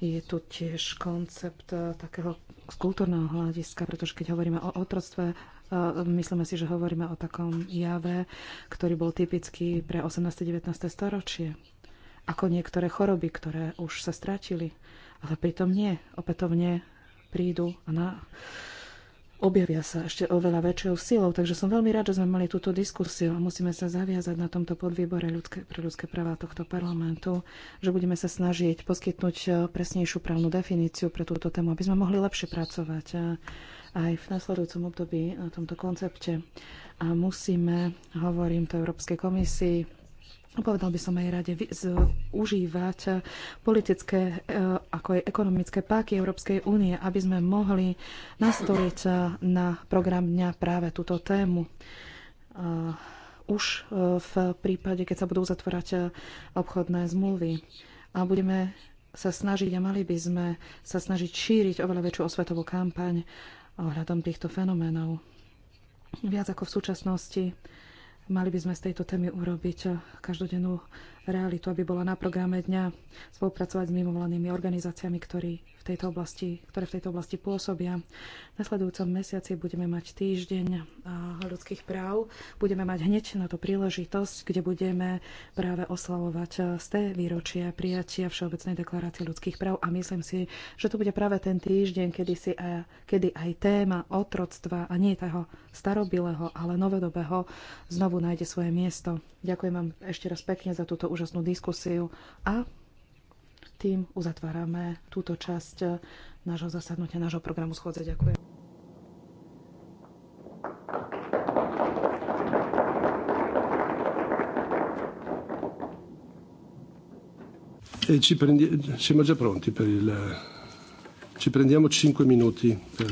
Je tu tiež koncept e, takého z kultúrneho hľadiska, pretože keď hovoríme o otroctve, myslíme si, že hovoríme o takom jave, ktorý bol typický pre 18. 19. storočie ako niektoré choroby, ktoré už sa strátili. Ale pritom nie. Opätovne prídu a na... objavia sa ešte oveľa väčšou silou. Takže som veľmi rád, že sme mali túto diskusiu a musíme sa zaviazať na tomto podvýbore ľudské, pre ľudské práva tohto parlamentu, že budeme sa snažiť poskytnúť eh, presnejšiu právnu definíciu pre túto tému, aby sme mohli lepšie pracovať eh, aj v nasledujúcom období na tomto koncepte. A musíme, hovorím to Európskej komisii, povedal by som aj rade, užívať politické e, ako aj ekonomické páky Európskej únie, aby sme mohli nastoliť na program dňa práve túto tému. E, už e, v prípade, keď sa budú zatvorať obchodné zmluvy a budeme sa snažiť a mali by sme sa snažiť šíriť oveľa väčšiu osvetovú kampaň ohľadom týchto fenoménov. Viac ako v súčasnosti Mali by sme z tejto témy urobiť eh, každodennú realitu, aby bola na programe dňa, spolupracovať s mimovladnými organizáciami, ktorí v tejto oblasti, ktoré v tejto oblasti pôsobia. V nasledujúcom mesiaci budeme mať týždeň ľudských práv. Budeme mať hneď na to príležitosť, kde budeme práve oslavovať z té výročia prijatia Všeobecnej deklarácie ľudských práv a myslím si, že to bude práve ten týždeň, kedy, si, aj, kedy aj téma otroctva a nie toho starobilého, ale novodobého znovu nájde svoje miesto. Ďakujem vám ešte raz pekne za túto úžasnú diskusiu a tým uzatvárame túto časť nášho zasadnutia, nášho programu schôdze. Ďakujem. E ci prendi- siamo già pronti per il... Ci prendiamo 5 minuti per...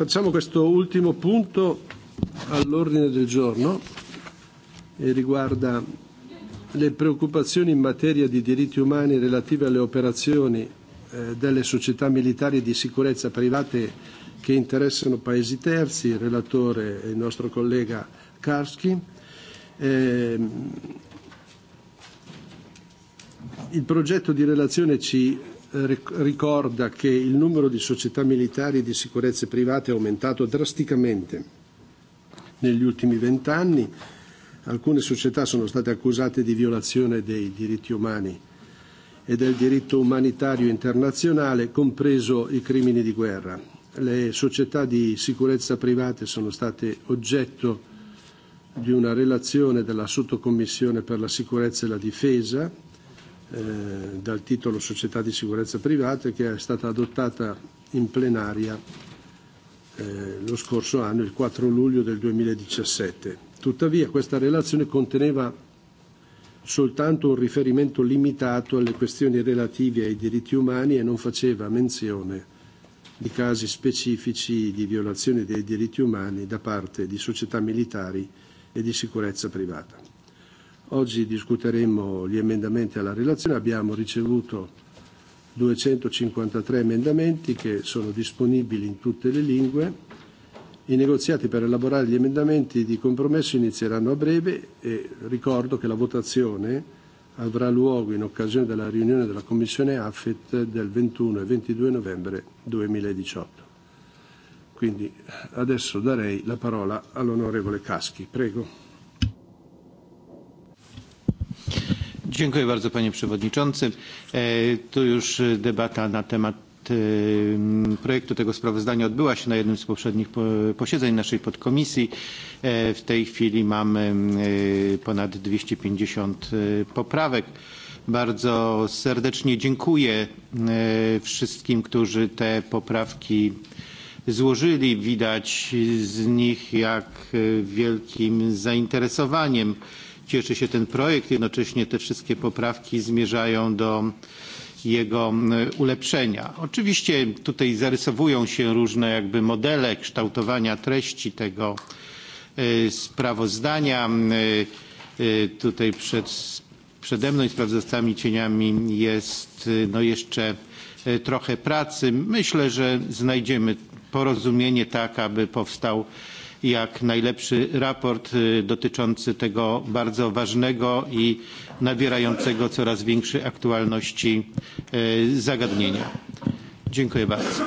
Facciamo questo ultimo punto all'ordine del giorno e riguarda le preoccupazioni in materia di diritti umani relative alle operazioni eh, delle società militari di sicurezza private che interessano paesi terzi, il relatore è il nostro collega Karski. Eh, il progetto di relazione ci ricorda che il numero di società militari e di sicurezze private è aumentato drasticamente negli ultimi vent'anni. Alcune società sono state accusate di violazione dei diritti umani e del diritto umanitario internazionale, compreso i crimini di guerra. Le società di sicurezza private sono state oggetto di una relazione della Sottocommissione per la sicurezza e la difesa Eh, dal titolo Società di sicurezza privata che è stata adottata in plenaria eh, lo scorso anno, il 4 luglio del 2017. Tuttavia questa relazione conteneva soltanto un riferimento limitato alle questioni relative ai diritti umani e non faceva menzione di casi specifici di violazione dei diritti umani da parte di società militari e di sicurezza privata. Oggi discuteremo gli emendamenti alla relazione. Abbiamo ricevuto 253 emendamenti che sono disponibili in tutte le lingue. I negoziati per elaborare gli emendamenti di compromesso inizieranno a breve e ricordo che la votazione avrà luogo in occasione della riunione della Commissione AFET del 21 e 22 novembre 2018. Quindi adesso darei la parola all'onorevole Caschi. Prego. Dziękuję bardzo panie przewodniczący. E, tu już debata na temat e, projektu tego sprawozdania odbyła się na jednym z poprzednich posiedzeń naszej podkomisji. E, w tej chwili mamy ponad 250 poprawek. Bardzo serdecznie dziękuję wszystkim, którzy te poprawki złożyli. Widać z nich, jak wielkim zainteresowaniem cieszy się ten projekt. Jednocześnie te wszystkie poprawki zmierzają do jego ulepszenia. Oczywiście tutaj zarysowują się różne jakby modele kształtowania treści tego e, sprawozdania. E, tutaj przed, przede mną i sprawozdawcami cieniami jest e, no jeszcze trochę pracy. Myślę, że znajdziemy porozumienie tak, aby powstał jak najlepszy raport dotyczący tego bardzo ważnego i nabierającego coraz większej aktualności zagadnienia. Dziękuję bardzo.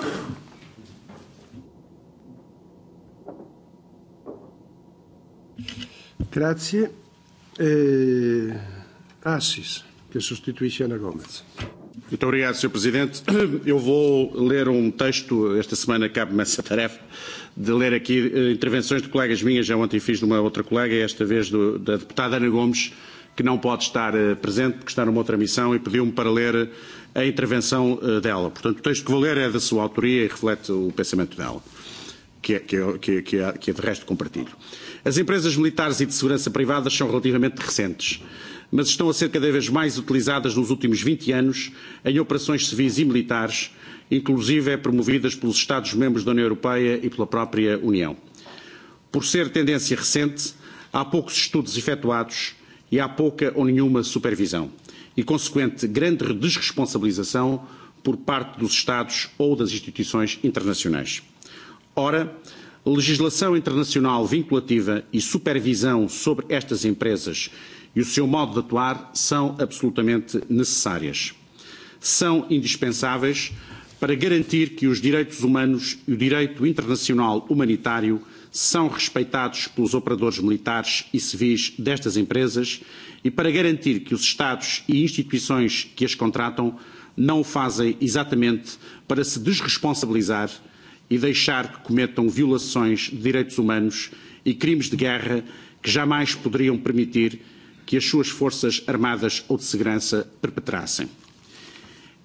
Grazie. Eh, Assis, que Ana Gomes. Muito obrigado, Sr. Presidente. Eu vou ler um texto, esta semana cabe-me essa tarefa, de ler aqui eh, intervenções de colegas minhas, já ontem fiz de uma outra colega, esta vez do, da deputada Ana Gomes, que não pode estar eh, presente porque está numa outra missão e pediu-me para ler a intervenção eh, dela. Portanto, o texto que vou ler é da sua autoria e reflete o pensamento dela, que é, que é, que é, que é, que é de resto compartilho. As empresas militares e de segurança privada são relativamente recentes, mas estão a ser cada vez mais utilizadas nos últimos 20 anos em operações civis e militares inclusive promovidas pelos Estados-membros da União Europeia e pela própria União. Por ser tendência recente, há poucos estudos efetuados e há pouca ou nenhuma supervisão e consequente grande desresponsabilização por parte dos Estados ou das instituições internacionais. Ora, legislação internacional vinculativa e supervisão sobre estas empresas e o seu modo de atuar são absolutamente necessárias. São indispensáveis para garantir que os direitos humanos e o direito internacional humanitário são respeitados pelos operadores militares e civis destas empresas e para garantir que os Estados e instituições que as contratam não o fazem exatamente para se desresponsabilizar e deixar que cometam violações de direitos humanos e crimes de guerra que jamais poderiam permitir que as suas forças armadas ou de segurança perpetrassem.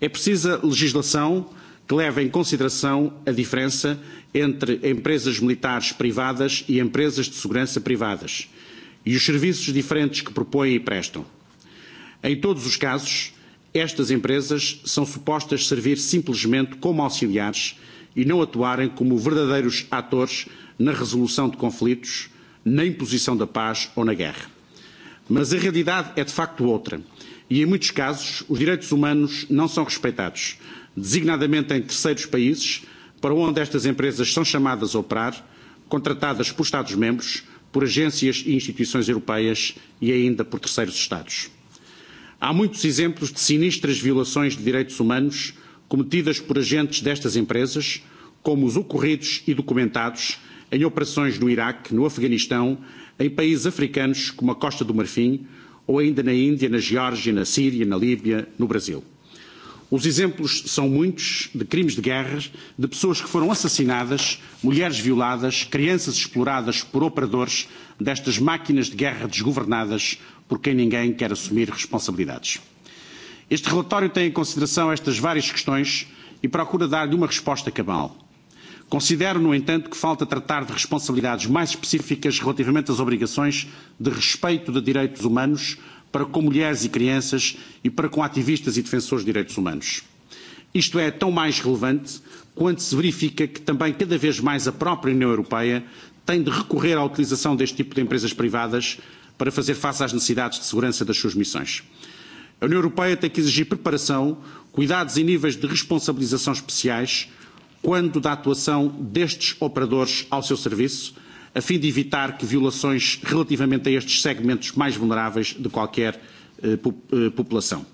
É precisa legislação que leva em consideração a diferença entre empresas militares privadas e empresas de segurança privadas e os serviços diferentes que propõem e prestam. Em todos os casos, estas empresas são supostas servir simplesmente como auxiliares e não atuarem como verdadeiros atores na resolução de conflitos, na imposição da paz ou na guerra. Mas a realidade é de facto outra e, em muitos casos, os direitos humanos não são respeitados designadamente em terceiros países, para onde estas empresas são chamadas a operar, contratadas por Estados-membros, por agências e instituições europeias e ainda por terceiros Estados. Há muitos exemplos de sinistras violações de direitos humanos cometidas por agentes destas empresas, como os ocorridos e documentados em operações no Iraque, no Afeganistão, em países africanos como a Costa do Marfim ou ainda na Índia, na Geórgia, na Síria, na Líbia, no Brasil. Os exemplos são muitos de crimes de guerra, de pessoas que foram assassinadas, mulheres violadas, crianças exploradas por operadores destas máquinas de guerra desgovernadas por quem ninguém quer assumir responsabilidades. Este relatório tem em consideração estas várias questões e procura dar-lhe uma resposta cabal. Considero, no entanto, que falta tratar de responsabilidades mais específicas relativamente às obrigações de respeito de direitos humanos para com mulheres e crianças e para com ativistas e defensores de direitos humanos. Isto é tão mais relevante quando se verifica que também cada vez mais a própria União Europeia tem de recorrer à utilização deste tipo de empresas privadas para fazer face às necessidades de segurança das suas missões. A União Europeia tem que exigir preparação, cuidados e níveis de responsabilização especiais quando da atuação destes operadores ao seu serviço, a fim de evitar que violações relativamente a estes segmentos mais vulneráveis de qualquer eh, eh, população.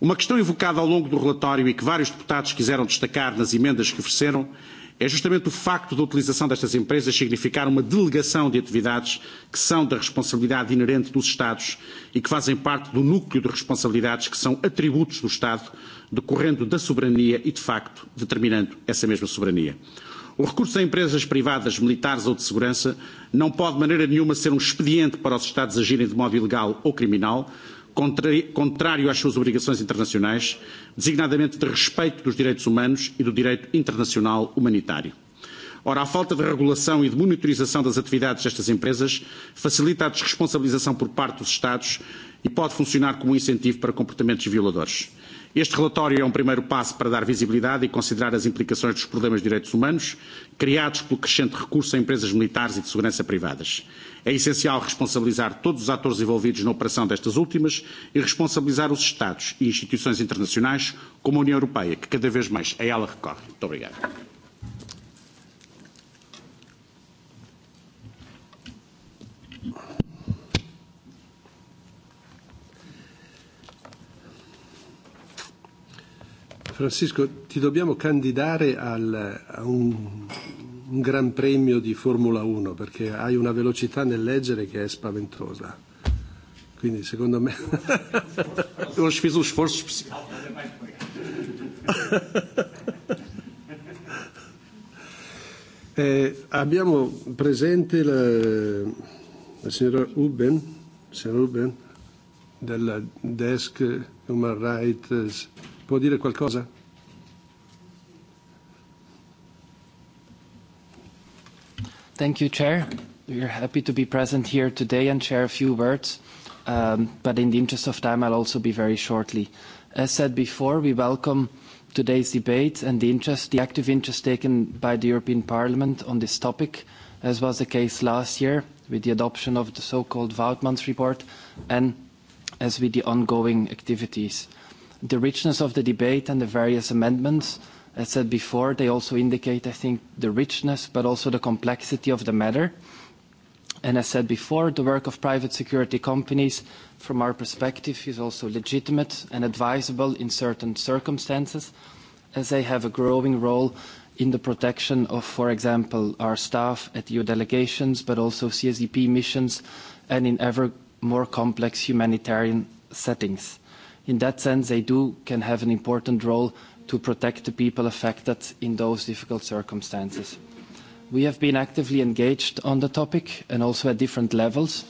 Uma questão evocada ao longo do relatório e que vários deputados quiseram destacar nas emendas que ofereceram é justamente o facto da utilização destas empresas significar uma delegação de atividades que são da responsabilidade inerente dos Estados e que fazem parte do núcleo de responsabilidades que são atributos do Estado, decorrendo da soberania e, de facto, determinando essa mesma soberania. O recurso a empresas privadas, militares ou de segurança não pode de maneira nenhuma ser um expediente para os Estados agirem de modo ilegal ou criminal, contrário às suas obrigações internacionais, designadamente de respeito dos direitos humanos e do direito internacional humanitário. Ora, a falta de regulação e de monitorização das atividades destas empresas facilita a desresponsabilização por parte dos Estados e pode funcionar como um incentivo para comportamentos violadores. Este relatório é um primeiro passo para dar visibilidade e considerar as implicações dos problemas de direitos humanos criados pelo crescente recurso a empresas militares e de segurança privadas. É essencial responsabilizar todos os atores envolvidos na operação destas últimas e responsabilizar os Estados e instituições internacionais, como a União Europeia, que cada vez mais a ela recorre. Muito obrigado. Francisco, ti dobbiamo candidare al, a un, un gran premio di Formula 1 perché hai una velocità nel leggere che è spaventosa. Quindi secondo me... ho fatto um sforzo speciale. eh, abbiamo presente la, la signora Uben, signora Uben del desk Human Rights può dire qualcosa? Thank you, Chair. We are happy to be present here today and share a few words. Um, but in the interest of time, I'll also be very shortly. As said before, we welcome today's debate and the interest, the active interest taken by the European Parliament on this topic, as was the case last year with the adoption of the so-called Woutmans report and as with the ongoing activities the richness of the debate and the various amendments. As said before, they also indicate, I think, the richness but also the complexity of the matter. And as said before, the work of private security companies, from our perspective, is also legitimate and advisable in certain circumstances, as they have a growing role in the protection of, for example, our staff at EU delegations, but also CSDP missions, and in ever more complex humanitarian settings in that sense, they do can have an important role to protect the people affected in those difficult circumstances. We have been actively engaged on the topic and also at different levels.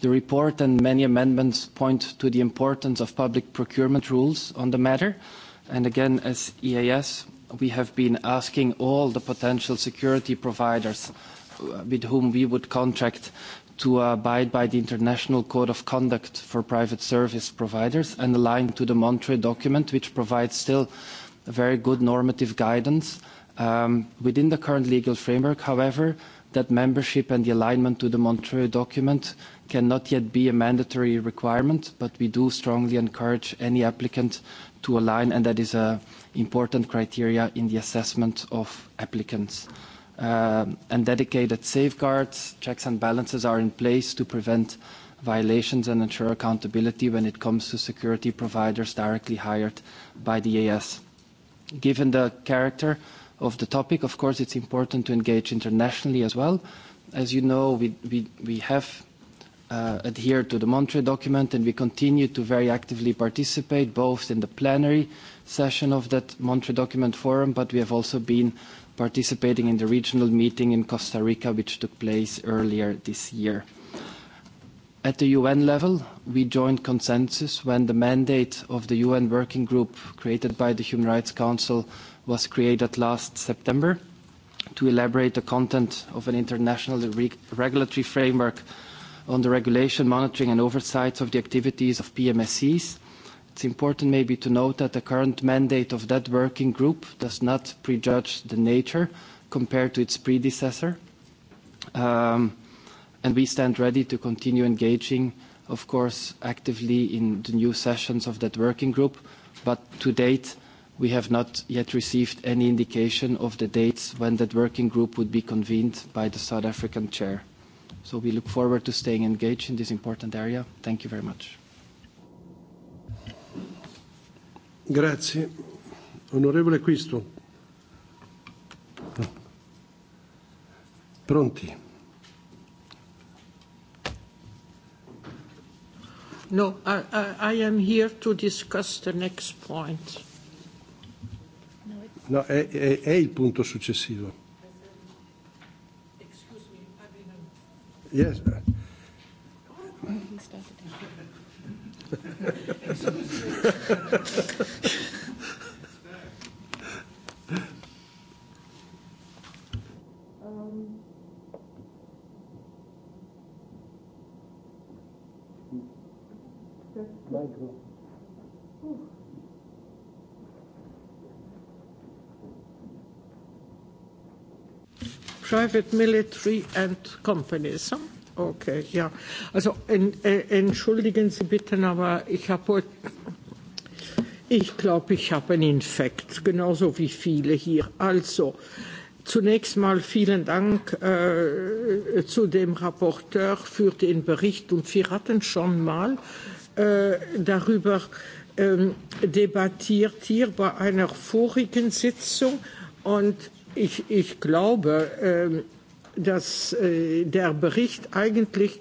The report and many amendments point to the importance of public procurement rules on the matter. And again, as EAS, we have been asking all the potential security providers uh, with whom we would contract to abide by the International Code of Conduct for Private Service Providers and align to the Montreux document, which provides still very good normative guidance um, within the current legal framework. However, that membership and the alignment to the Montreux document cannot yet be a mandatory requirement, but we do strongly encourage any applicant to align, and that is an important criteria in the assessment of applicants. Um, and dedicated safeguards, checks and balances are in place to prevent violations and ensure accountability when it comes to security providers directly hired by the AS. Given the character of the topic, of course, it's important to engage internationally as well. As you know, we, we, we have uh, adhered to the Monterey document and we continue to very actively participate both in the plenary session of that Monterey document forum, but we have also been participating in the regional meeting in Costa Rica, which took place earlier this year. At the UN level, we joined consensus when the mandate of the UN Working Group created by the Human Rights Council was created last September to elaborate the content of an international regulatory framework on the regulation, monitoring and oversight of the activities of PMSEs. It's important maybe to note that the current mandate of that working group does not prejudge the nature compared to its predecessor. Um, and we stand ready to continue engaging, of course, actively in the new sessions of that working group. But to date, we have not yet received any indication of the dates when that working group would be convened by the South African chair. So we look forward to staying engaged in this important area. Thank you very much. Grazie. Onorevole Quisto. No. Pronti? No, I, I, I am here to discuss the next point. No, è, è, è il punto successivo. Yes private military and companies. Huh? Okay, ja. Also en, äh, entschuldigen Sie bitte, aber ich habe ich glaube, ich habe einen Infekt, genauso wie viele hier. Also, zunächst mal vielen Dank äh, zu dem Rapporteur für den Bericht. Und wir hatten schon mal äh, darüber ähm, debattiert hier bei einer vorigen Sitzung. Und ich, ich glaube, äh, dass äh, der Bericht eigentlich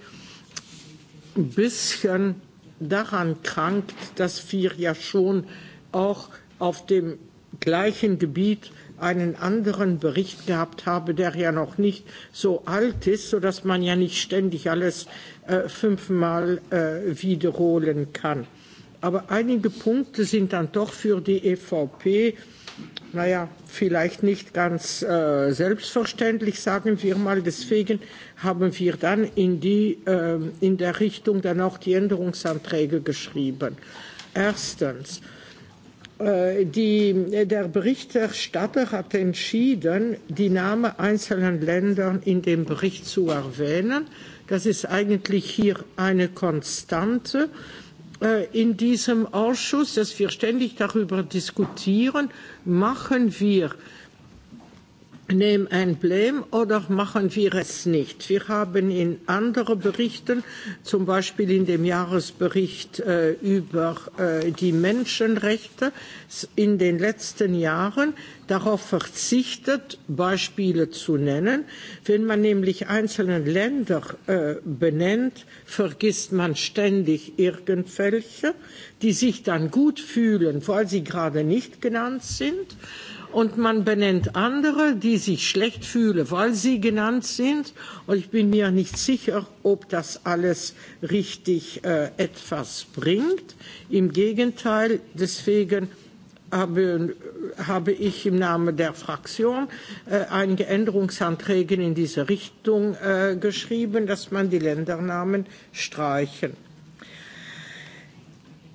ein bisschen daran krankt, dass wir ja schon auch auf dem gleichen Gebiet einen anderen Bericht gehabt habe, der ja noch nicht so alt ist, sodass man ja nicht ständig alles äh, fünfmal äh, wiederholen kann. Aber einige Punkte sind dann doch für die EVP naja, vielleicht nicht ganz äh, selbstverständlich, sagen wir mal. Deswegen haben wir dann in, die, äh, in der Richtung dann auch die Änderungsanträge geschrieben. Erstens, äh, die, der Berichterstatter hat entschieden, die Namen einzelner Länder in dem Bericht zu erwähnen. Das ist eigentlich hier eine Konstante. Äh, Äh, in diesem Ausschuss, dass wir ständig darüber diskutieren, machen wir nehmen ein Blame oder machen wir es nicht. Wir haben in anderen Berichten, zum Beispiel in dem Jahresbericht äh, über äh, die Menschenrechte in den letzten Jahren darauf verzichtet, Beispiele zu nennen. Wenn man nämlich einzelne Länder äh, benennt, vergisst man ständig irgendwelche, die sich dann gut fühlen, weil sie gerade nicht genannt sind. Äh, und man benennt andere, die sich schlecht fühlen, weil sie genannt sind. Und ich bin mir nicht sicher, ob das alles richtig äh, etwas bringt. Im Gegenteil, deswegen habe, habe ich im Namen der Fraktion äh, einige Änderungsanträge in diese Richtung äh, geschrieben, dass man die Ländernamen streichen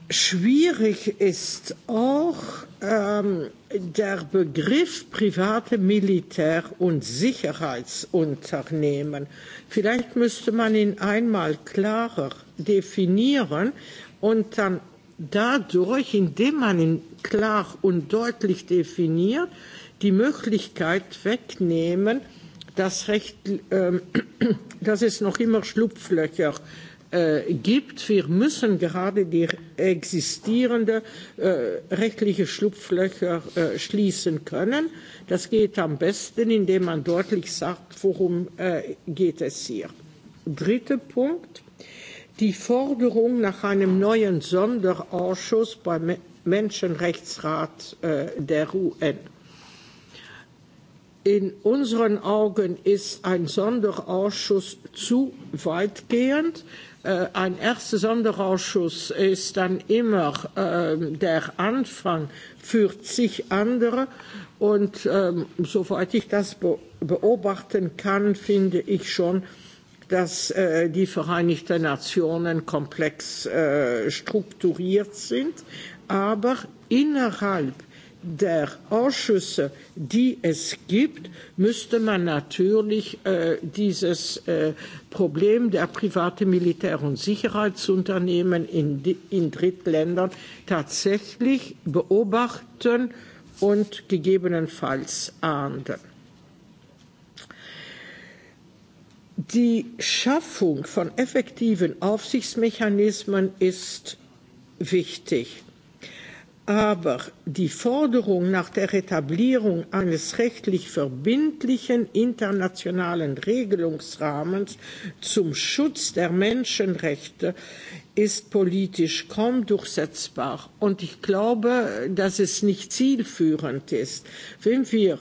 Schwierig ist auch ähm, der Begriff private Militär- und Sicherheitsunternehmen. Vielleicht müsste man ihn einmal klarer definieren und dann dadurch, indem man ihn klar und deutlich definiert, die Möglichkeit wegnehmen, dass, recht, äh, dass es noch immer Schlupflöcher gibt äh, gibt. Wir müssen gerade die existierenden äh, rechtlichen Schlupflöcher äh, schließen können. Das geht am besten, indem man deutlich sagt, worum äh, geht es hier. Dritter Punkt. Die Forderung nach einem neuen Sonderausschuss beim Menschenrechtsrat äh, der UN. In unseren Augen ist ein Sonderausschuss zu weitgehend. Äh, ein erster Sonderausschuss ist dann immer ähm, der Anfang für zig andere. Und ähm, soweit ich das beobachten kann, finde ich schon, dass äh, die Vereinigten Nationen komplex äh, strukturiert sind, aber innerhalb der Ausschüsse, die es gibt, müsste man natürlich äh, dieses äh, Problem der privaten Militär- und Sicherheitsunternehmen in, in Drittländern tatsächlich beobachten und gegebenenfalls ahnden. Die Schaffung von effektiven Aufsichtsmechanismen ist wichtig. Aber die Forderung nach der Etablierung eines rechtlich verbindlichen internationalen Regelungsrahmens zum Schutz der Menschenrechte ist politisch kaum durchsetzbar. Und ich glaube, dass es nicht zielführend ist. Wenn wir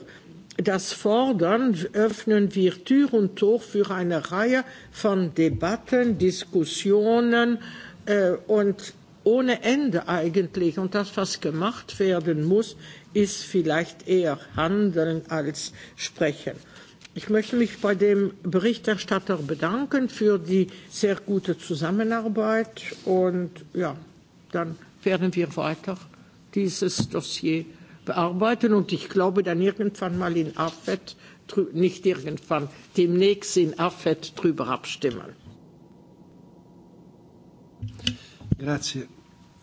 das fordern, öffnen wir Tür und Tor für eine Reihe von Debatten, Diskussionen äh, und ohne Ende eigentlich. Und das, was gemacht werden muss, ist vielleicht eher Handeln als Sprechen. Ich möchte mich bei dem Berichterstatter bedanken für die sehr gute Zusammenarbeit. Und ja, dann werden wir weiter dieses Dossier bearbeiten. Und ich glaube, dann irgendwann mal in AFET, nicht irgendwann, demnächst in AFET drüber abstimmen. Grazie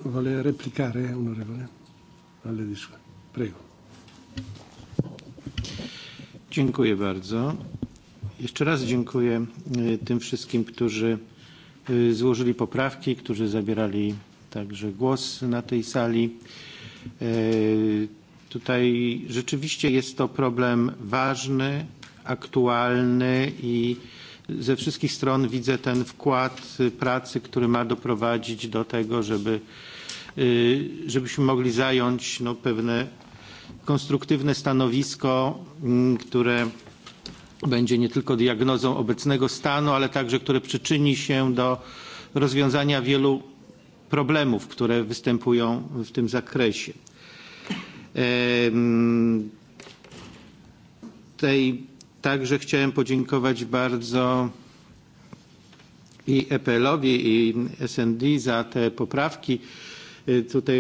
vuole replicare, eh, onorevole? Alle Prego. Dziękuję bardzo. Jeszcze raz dziękuję e, tym wszystkim, którzy e, złożyli poprawki, którzy zabierali także głos na tej sali. E, tutaj rzeczywiście jest to problem ważny, aktualny i ze wszystkich stron widzę ten wkład pracy, który ma doprowadzić do tego, żeby żebyśmy mogli zająć no, pewne konstruktywne stanowisko, mm, które będzie nie tylko diagnozą obecnego stanu, ale także które przyczyni się do rozwiązania wielu problemów, które występują w tym zakresie. Tej także chciałem podziękować bardzo i EPL-owi, i SND za te poprawki. E, tutaj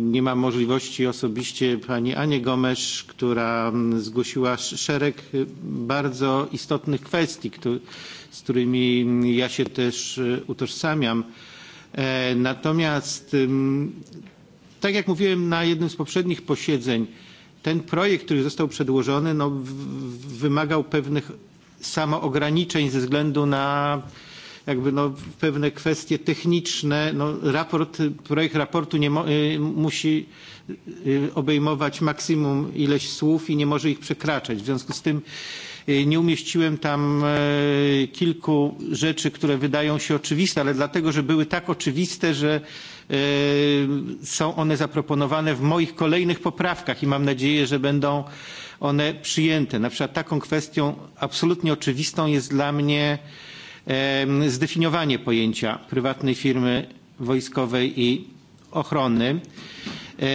nie ma możliwości osobiście pani Anie Gomesz, która mm, zgłosiła szereg e, bardzo istotnych kwestii, z którymi mm, ja się też e, utożsamiam. Natomiast, mm, tak jak mówiłem na jednym z poprzednich posiedzeń, ten projekt, który został przedłożony, no, pewnych samoograniczeń ze względu na jakby no, pewne kwestie techniczne. No, raport, projekt raportu nie mo, y, musi y, obejmować maksimum ileś słów i nie może ich przekraczać. W związku z tym y, nie umieściłem tam kilku rzeczy, które wydają się oczywiste, ale dlatego, że były tak oczywiste, że są one zaproponowane w moich kolejnych poprawkach i mam nadzieję, że będą one przyjęte. Na przykład taką kwestią absolutnie oczywistą jest dla mnie zdefiniowanie pojęcia prywatnej firmy wojskowej i ochrony. E,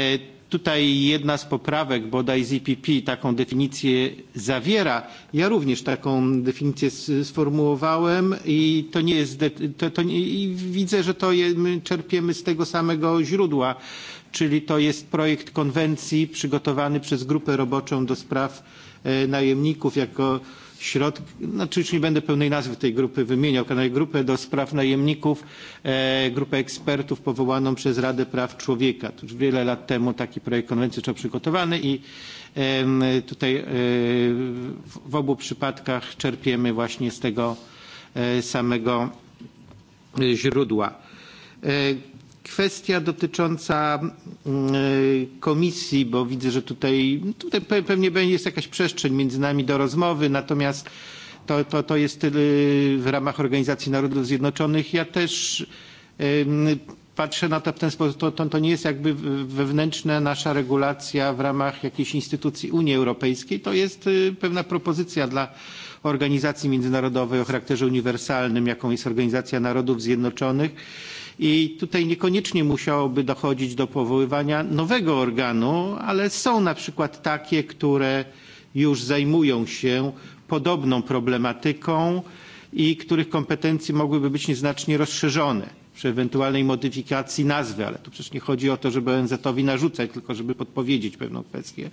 tutaj jedna z poprawek, bodaj z EPP, taką definicję zawiera. Ja również taką definicję sformułowałem i to nie jest, to, to nie, i widzę, że to je, my czerpiemy z tego samego źródła, czyli to jest projekt konwencji przygotowany przez grupę roboczą do spraw e, najemników jako środki, znaczy no, już nie będę pełnej nazwy tej grupy wymieniał, ale grupę do spraw najemników, e, grupę ekspertów powołaną przez Radę Praw Człowieka. już wiele lat temu taki projekt konwencji został przygotowany i e, tutaj e, w obu przypadkach czerpiemy właśnie z tego e, samego e, źródła. E, Kwestia dotycząca mm, e, komisji, bo widzę, że tutaj, tutaj pewnie jest jakaś przestrzeń między nami do rozmowy, natomiast to, to, to jest w ramach Organizacji Narodów Zjednoczonych. Ja też patrzę na to w ten sposób, to, to, to nie jest jakby wewnętrzna nasza regulacja w ramach jakiejś instytucji Unii Europejskiej, to jest pewna propozycja dla organizacji międzynarodowej o charakterze uniwersalnym, jaką jest Organizacja Narodów Zjednoczonych i tutaj niekoniecznie musiałoby dochodzić do powoływania nowego organu, ale są na przykład takie, które już zajmują się podobną problematyką i których kompetencje mogłyby być nieznacznie rozszerzone przy ewentualnej modyfikacji nazwy, ale tu przecież nie chodzi o to, żeby ONZ-owi narzucać, tylko żeby podpowiedzieć pewną kwestię.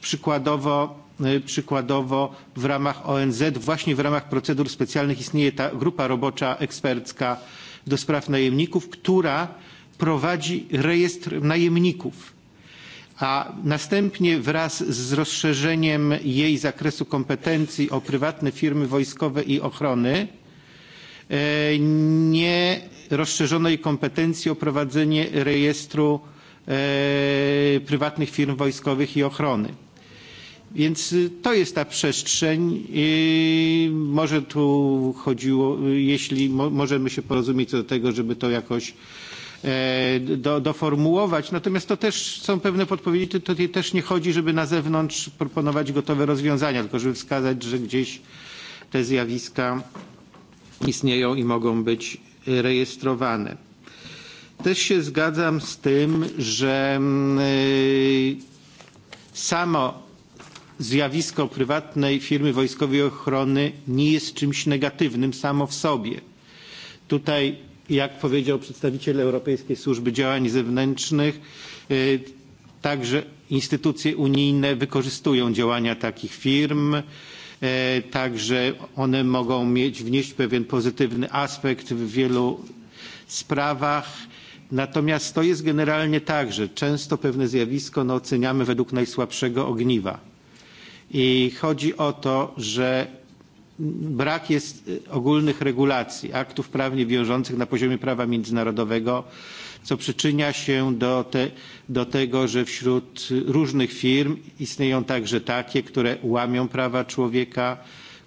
Przykładowo, przykładowo w ramach ONZ, właśnie w ramach procedur specjalnych istnieje ta grupa robocza ekspercka do spraw najemników, która prowadzi rejestr najemników. A następnie wraz z rozszerzeniem jej zakresu kompetencji o prywatne firmy wojskowe i ochrony e, nie rozszerzono jej kompetencji o prowadzenie rejestru e, prywatnych firm wojskowych i ochrony. Więc to jest ta przestrzeń. I może tu chodziło, jeśli mo, możemy się porozumieć co do tego, żeby to jakoś e, do, doformułować. Natomiast to też są pewne podpowiedzi. To Tutaj też nie chodzi, żeby na zewnątrz proponować gotowe rozwiązania, tylko żeby wskazać, że gdzieś te zjawiska istnieją i mogą być rejestrowane. Też się zgadzam z tym, że mm, y, samo zjawisko prywatnej firmy wojskowej ochrony nie jest czymś negatywnym samo w sobie. Tutaj, jak powiedział przedstawiciel Europejskiej Służby Działań Zewnętrznych, e, także instytucje unijne wykorzystują działania takich firm, e, także one mogą mieć, wnieść pewien pozytywny aspekt w wielu sprawach. Natomiast to jest generalnie tak, że często pewne zjawisko no, oceniamy według najsłabszego ogniwa i chodzi o to, że brak jest ogólnych regulacji, aktów prawnie wiążących na poziomie prawa międzynarodowego, co przyczynia się do, te, do tego, że wśród różnych firm istnieją także takie, które łamią prawa człowieka,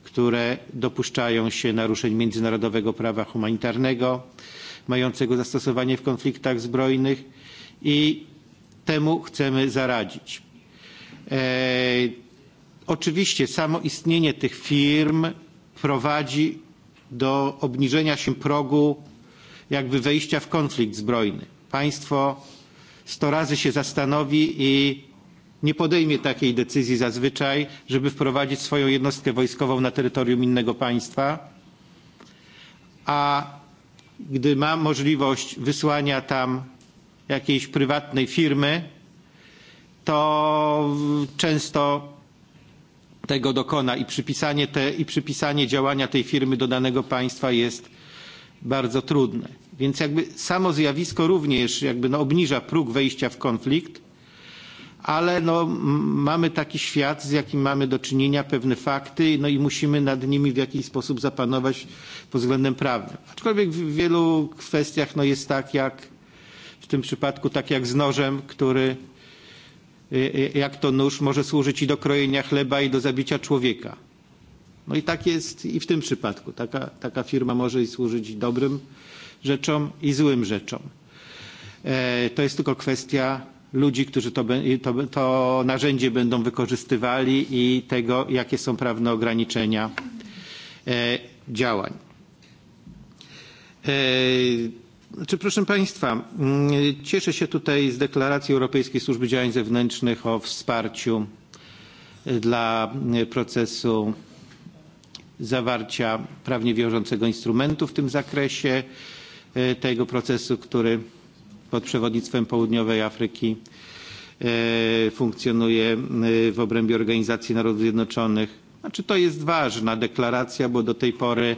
które dopuszczają się naruszeń międzynarodowego prawa humanitarnego, mającego zastosowanie w konfliktach zbrojnych i temu chcemy zaradzić. E, Oczywiście samo istnienie tych firm prowadzi do obniżenia się progu jakby wejścia w konflikt zbrojny. Państwo sto razy się zastanowi i nie podejmie takiej decyzji zazwyczaj, żeby wprowadzić swoją jednostkę wojskową na terytorium innego państwa, a gdy ma możliwość wysłania tam jakiejś prywatnej firmy, to często tego dokona i przypisanie, te, i przypisanie działania tej firmy do danego państwa jest bardzo trudne. Więc jakby samo zjawisko również jakby no obniża próg wejścia w konflikt, ale no mamy taki świat, z jakim mamy do czynienia, pewne fakty no i musimy nad nimi w jakiś sposób zapanować pod względem prawnym. Aczkolwiek w wielu kwestiach no jest tak jak w tym przypadku tak jak z nożem, który E, e, jak to nóż może służyć i do krojenia chleba, i do zabicia człowieka. No i tak jest i w tym przypadku. Taka, taka firma może i służyć dobrym rzeczom i złym rzeczom. E, to jest tylko kwestia ludzi, którzy to, to, to narzędzie będą wykorzystywali i tego, jakie są prawne ograniczenia działań. Czy proszę Państwa, mm, cieszę się tutaj z deklaracji Europejskiej Służby Działań Zewnętrznych o wsparciu dla procesu zawarcia prawnie wiążącego instrumentu w tym zakresie, tego procesu, który pod przewodnictwem Południowej Afryki funkcjonuje w obrębie Organizacji Narodów Zjednoczonych. Znaczy, to jest ważna deklaracja, bo do tej pory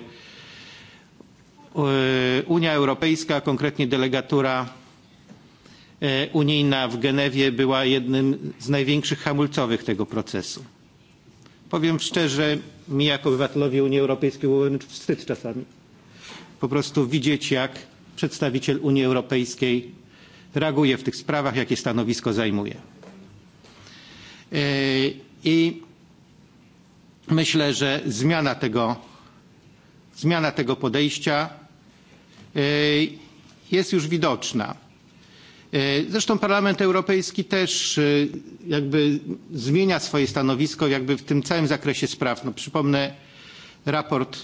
E, Unia Europejska, konkretnie delegatura e, unijna w Genewie była jednym z największych hamulcowych tego procesu. Powiem szczerze, mi jako obywatelowi Unii Europejskiej było wstyd czasami. Po prostu widzieć, jak przedstawiciel Unii Europejskiej reaguje w tych sprawach, jakie stanowisko zajmuje. E, I myślę, że zmiana tego, zmiana tego podejścia E, jest już widoczna. E, zresztą Parlament Europejski też e, jakby zmienia swoje stanowisko jakby w tym całym zakresie spraw. No, przypomnę raport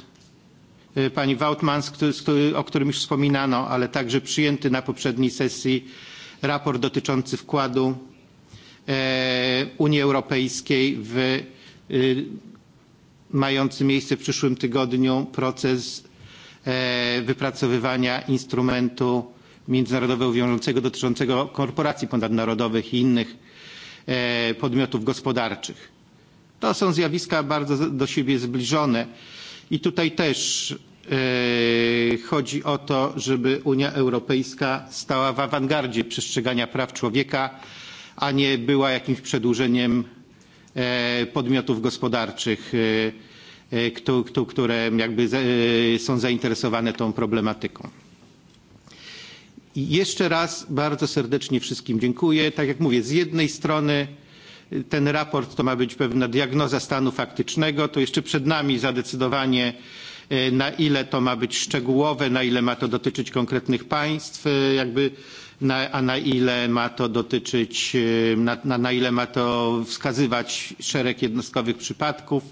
pani Wautmans, o którym już wspominano, ale także przyjęty na poprzedniej sesji raport dotyczący wkładu Unii Europejskiej w mający miejsce w przyszłym tygodniu proces E, wypracowywania instrumentu międzynarodowego wiążącego dotyczącego korporacji ponadnarodowych i innych e, podmiotów gospodarczych. To są zjawiska bardzo do siebie zbliżone i tutaj też e, chodzi o to, żeby Unia Europejska stała w awangardzie przestrzegania praw człowieka, a nie była jakimś przedłużeniem podmiotów gospodarczych E, które jakby e, są zainteresowane tą problematyką. I jeszcze raz bardzo serdecznie wszystkim dziękuję. Tak jak mówię, z jednej strony e, ten raport to ma być pewna diagnoza stanu faktycznego, to jeszcze przed nami zadecydowanie na ile to ma być szczegółowe, na ile ma to dotyczyć konkretnych państw, jakby, na, a na ile ma to dotyczyć, na, na, na ile ma to wskazywać szereg jednostkowych przypadków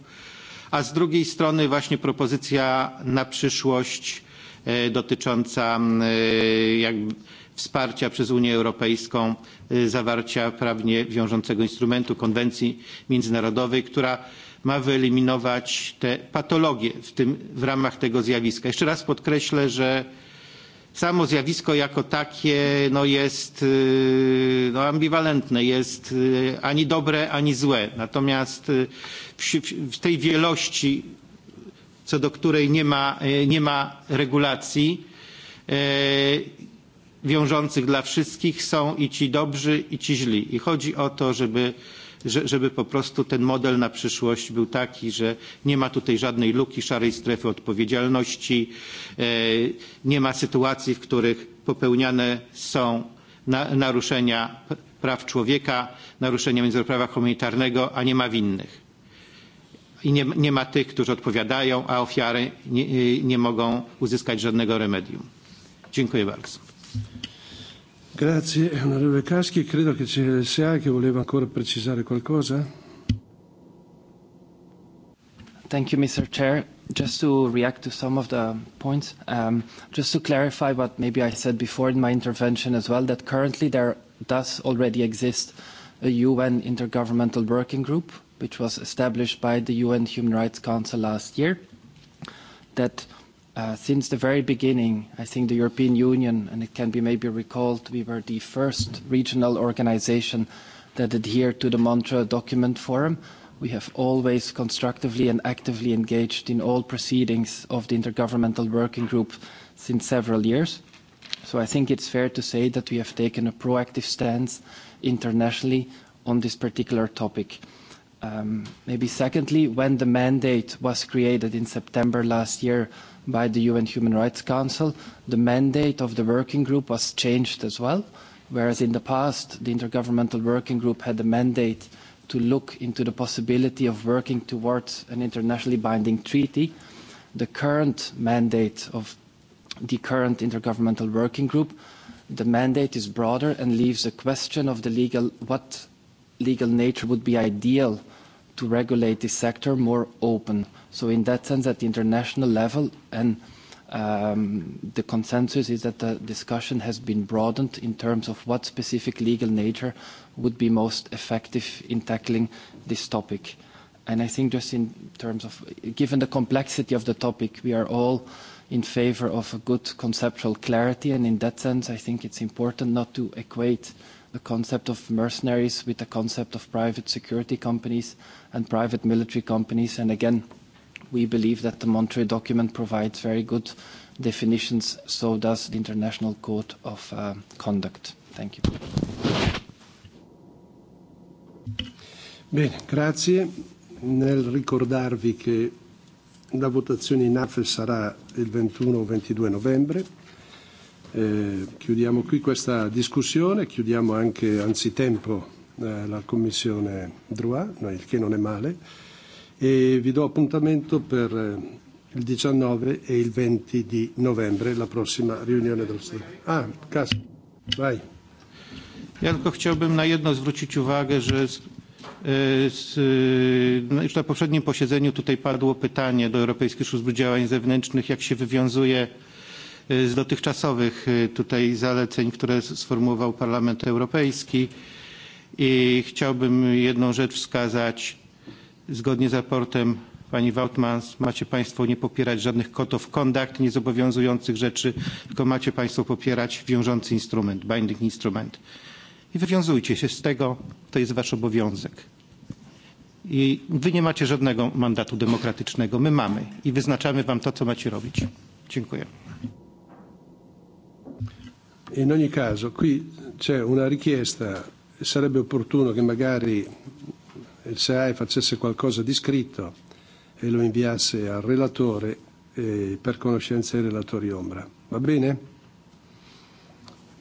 a z drugiej strony właśnie propozycja na przyszłość e, dotycząca e, jakby wsparcia przez Unię Europejską e, zawarcia prawnie wiążącego instrumentu konwencji międzynarodowej, która ma wyeliminować te patologie w, tym, w ramach tego zjawiska. Jeszcze raz podkreślę, że samo zjawisko jako takie no, jest no, ambiwalentne, jest ani dobre, ani złe. Natomiast w, w tej wielości, co do której nie ma, nie ma regulacji wiążących dla wszystkich, są i ci dobrzy, i ci źli. I chodzi o to, żeby żeby po prostu ten model na przyszłość był taki, że nie ma tutaj żadnej luki, szarej strefy odpowiedzialności, e, nie ma sytuacji, w których popełniane są naruszenia praw człowieka, naruszenia międzynarodowego prawa humanitarnego, a nie ma winnych. I nie, nie ma tych, którzy odpowiadają, a ofiary nie, nie mogą uzyskać żadnego remedium. Dziękuję bardzo. Grazie, onorevole Caschi. Credo che c'è l'SA che voleva ancora precisare qualcosa. Thank you, Mr. Chair. Just to react to some of the points, um, just to clarify what maybe I said before in my intervention as well, that currently there does already exist a UN Intergovernmental Working Group, which was established by the UN Human Rights Council last year, that Uh, since the very beginning, I think the European Union, and it can be maybe recalled, we were the first regional organization that adhered to the Mantra Document Forum. We have always constructively and actively engaged in all proceedings of the Intergovernmental Working Group since several years. So I think it's fair to say that we have taken a proactive stance internationally on this particular topic. Um, maybe secondly, when the mandate was created in September last year, by the UN Human Rights Council, the mandate of the working group was changed as well, whereas in the past the Intergovernmental Working Group had the mandate to look into the possibility of working towards an internationally binding treaty. The current mandate of the current Intergovernmental Working Group, the mandate is broader and leaves a question of the legal, what legal nature would be ideal to regulate this sector more open. So in that sense, at the international level, and um, the consensus is that the discussion has been broadened in terms of what specific legal nature would be most effective in tackling this topic. And I think just in terms of, given the complexity of the topic, we are all in favor of a good conceptual clarity, and in that sense, I think it's important not to equate the concept of mercenaries with the concept of private security companies and private military companies. And again, we believe that the Monterey document provides very good definitions, so does the International Code of uh, Conduct. Thank you. Bene, grazie. Nel ricordarvi che la votazione in AFE sarà il 21 o 22 novembre Eh, chiudiamo qui questa discussione, chiudiamo anche anzitempo eh, la commissione Droit, no, il che non è male, e vi do appuntamento per eh, il 19 e il 20 di novembre, la prossima riunione del Senato. Ah, Kas, vai. Ja tylko chciałbym na jedno zwrócić uwagę, że z, e, z, no, już na poprzednim posiedzeniu tutaj padło pytanie do Europejskiej Służby Działań Zewnętrznych, jak się wywiązuje z dotychczasowych e, tutaj zaleceń, które sformułował Parlament Europejski. I chciałbym jedną rzecz wskazać. Zgodnie z raportem pani Wautmans, macie Państwo nie popierać żadnych kotów conduct, niezobowiązujących rzeczy, tylko macie Państwo popierać wiążący instrument, binding instrument. I wywiązujcie się z tego, to jest Wasz obowiązek. I wy nie macie żadnego mandatu demokratycznego, my mamy i wyznaczamy wam to, co macie robić. Dziękuję. E in ogni caso qui c'è una richiesta, sarebbe opportuno che magari il SEAE facesse qualcosa di scritto e lo inviasse al relatore eh, per conoscenza dei relatori ombra. Va bene?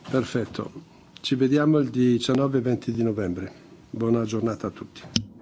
Perfetto. Ci vediamo il 19 e 20 di novembre. Buona giornata a tutti.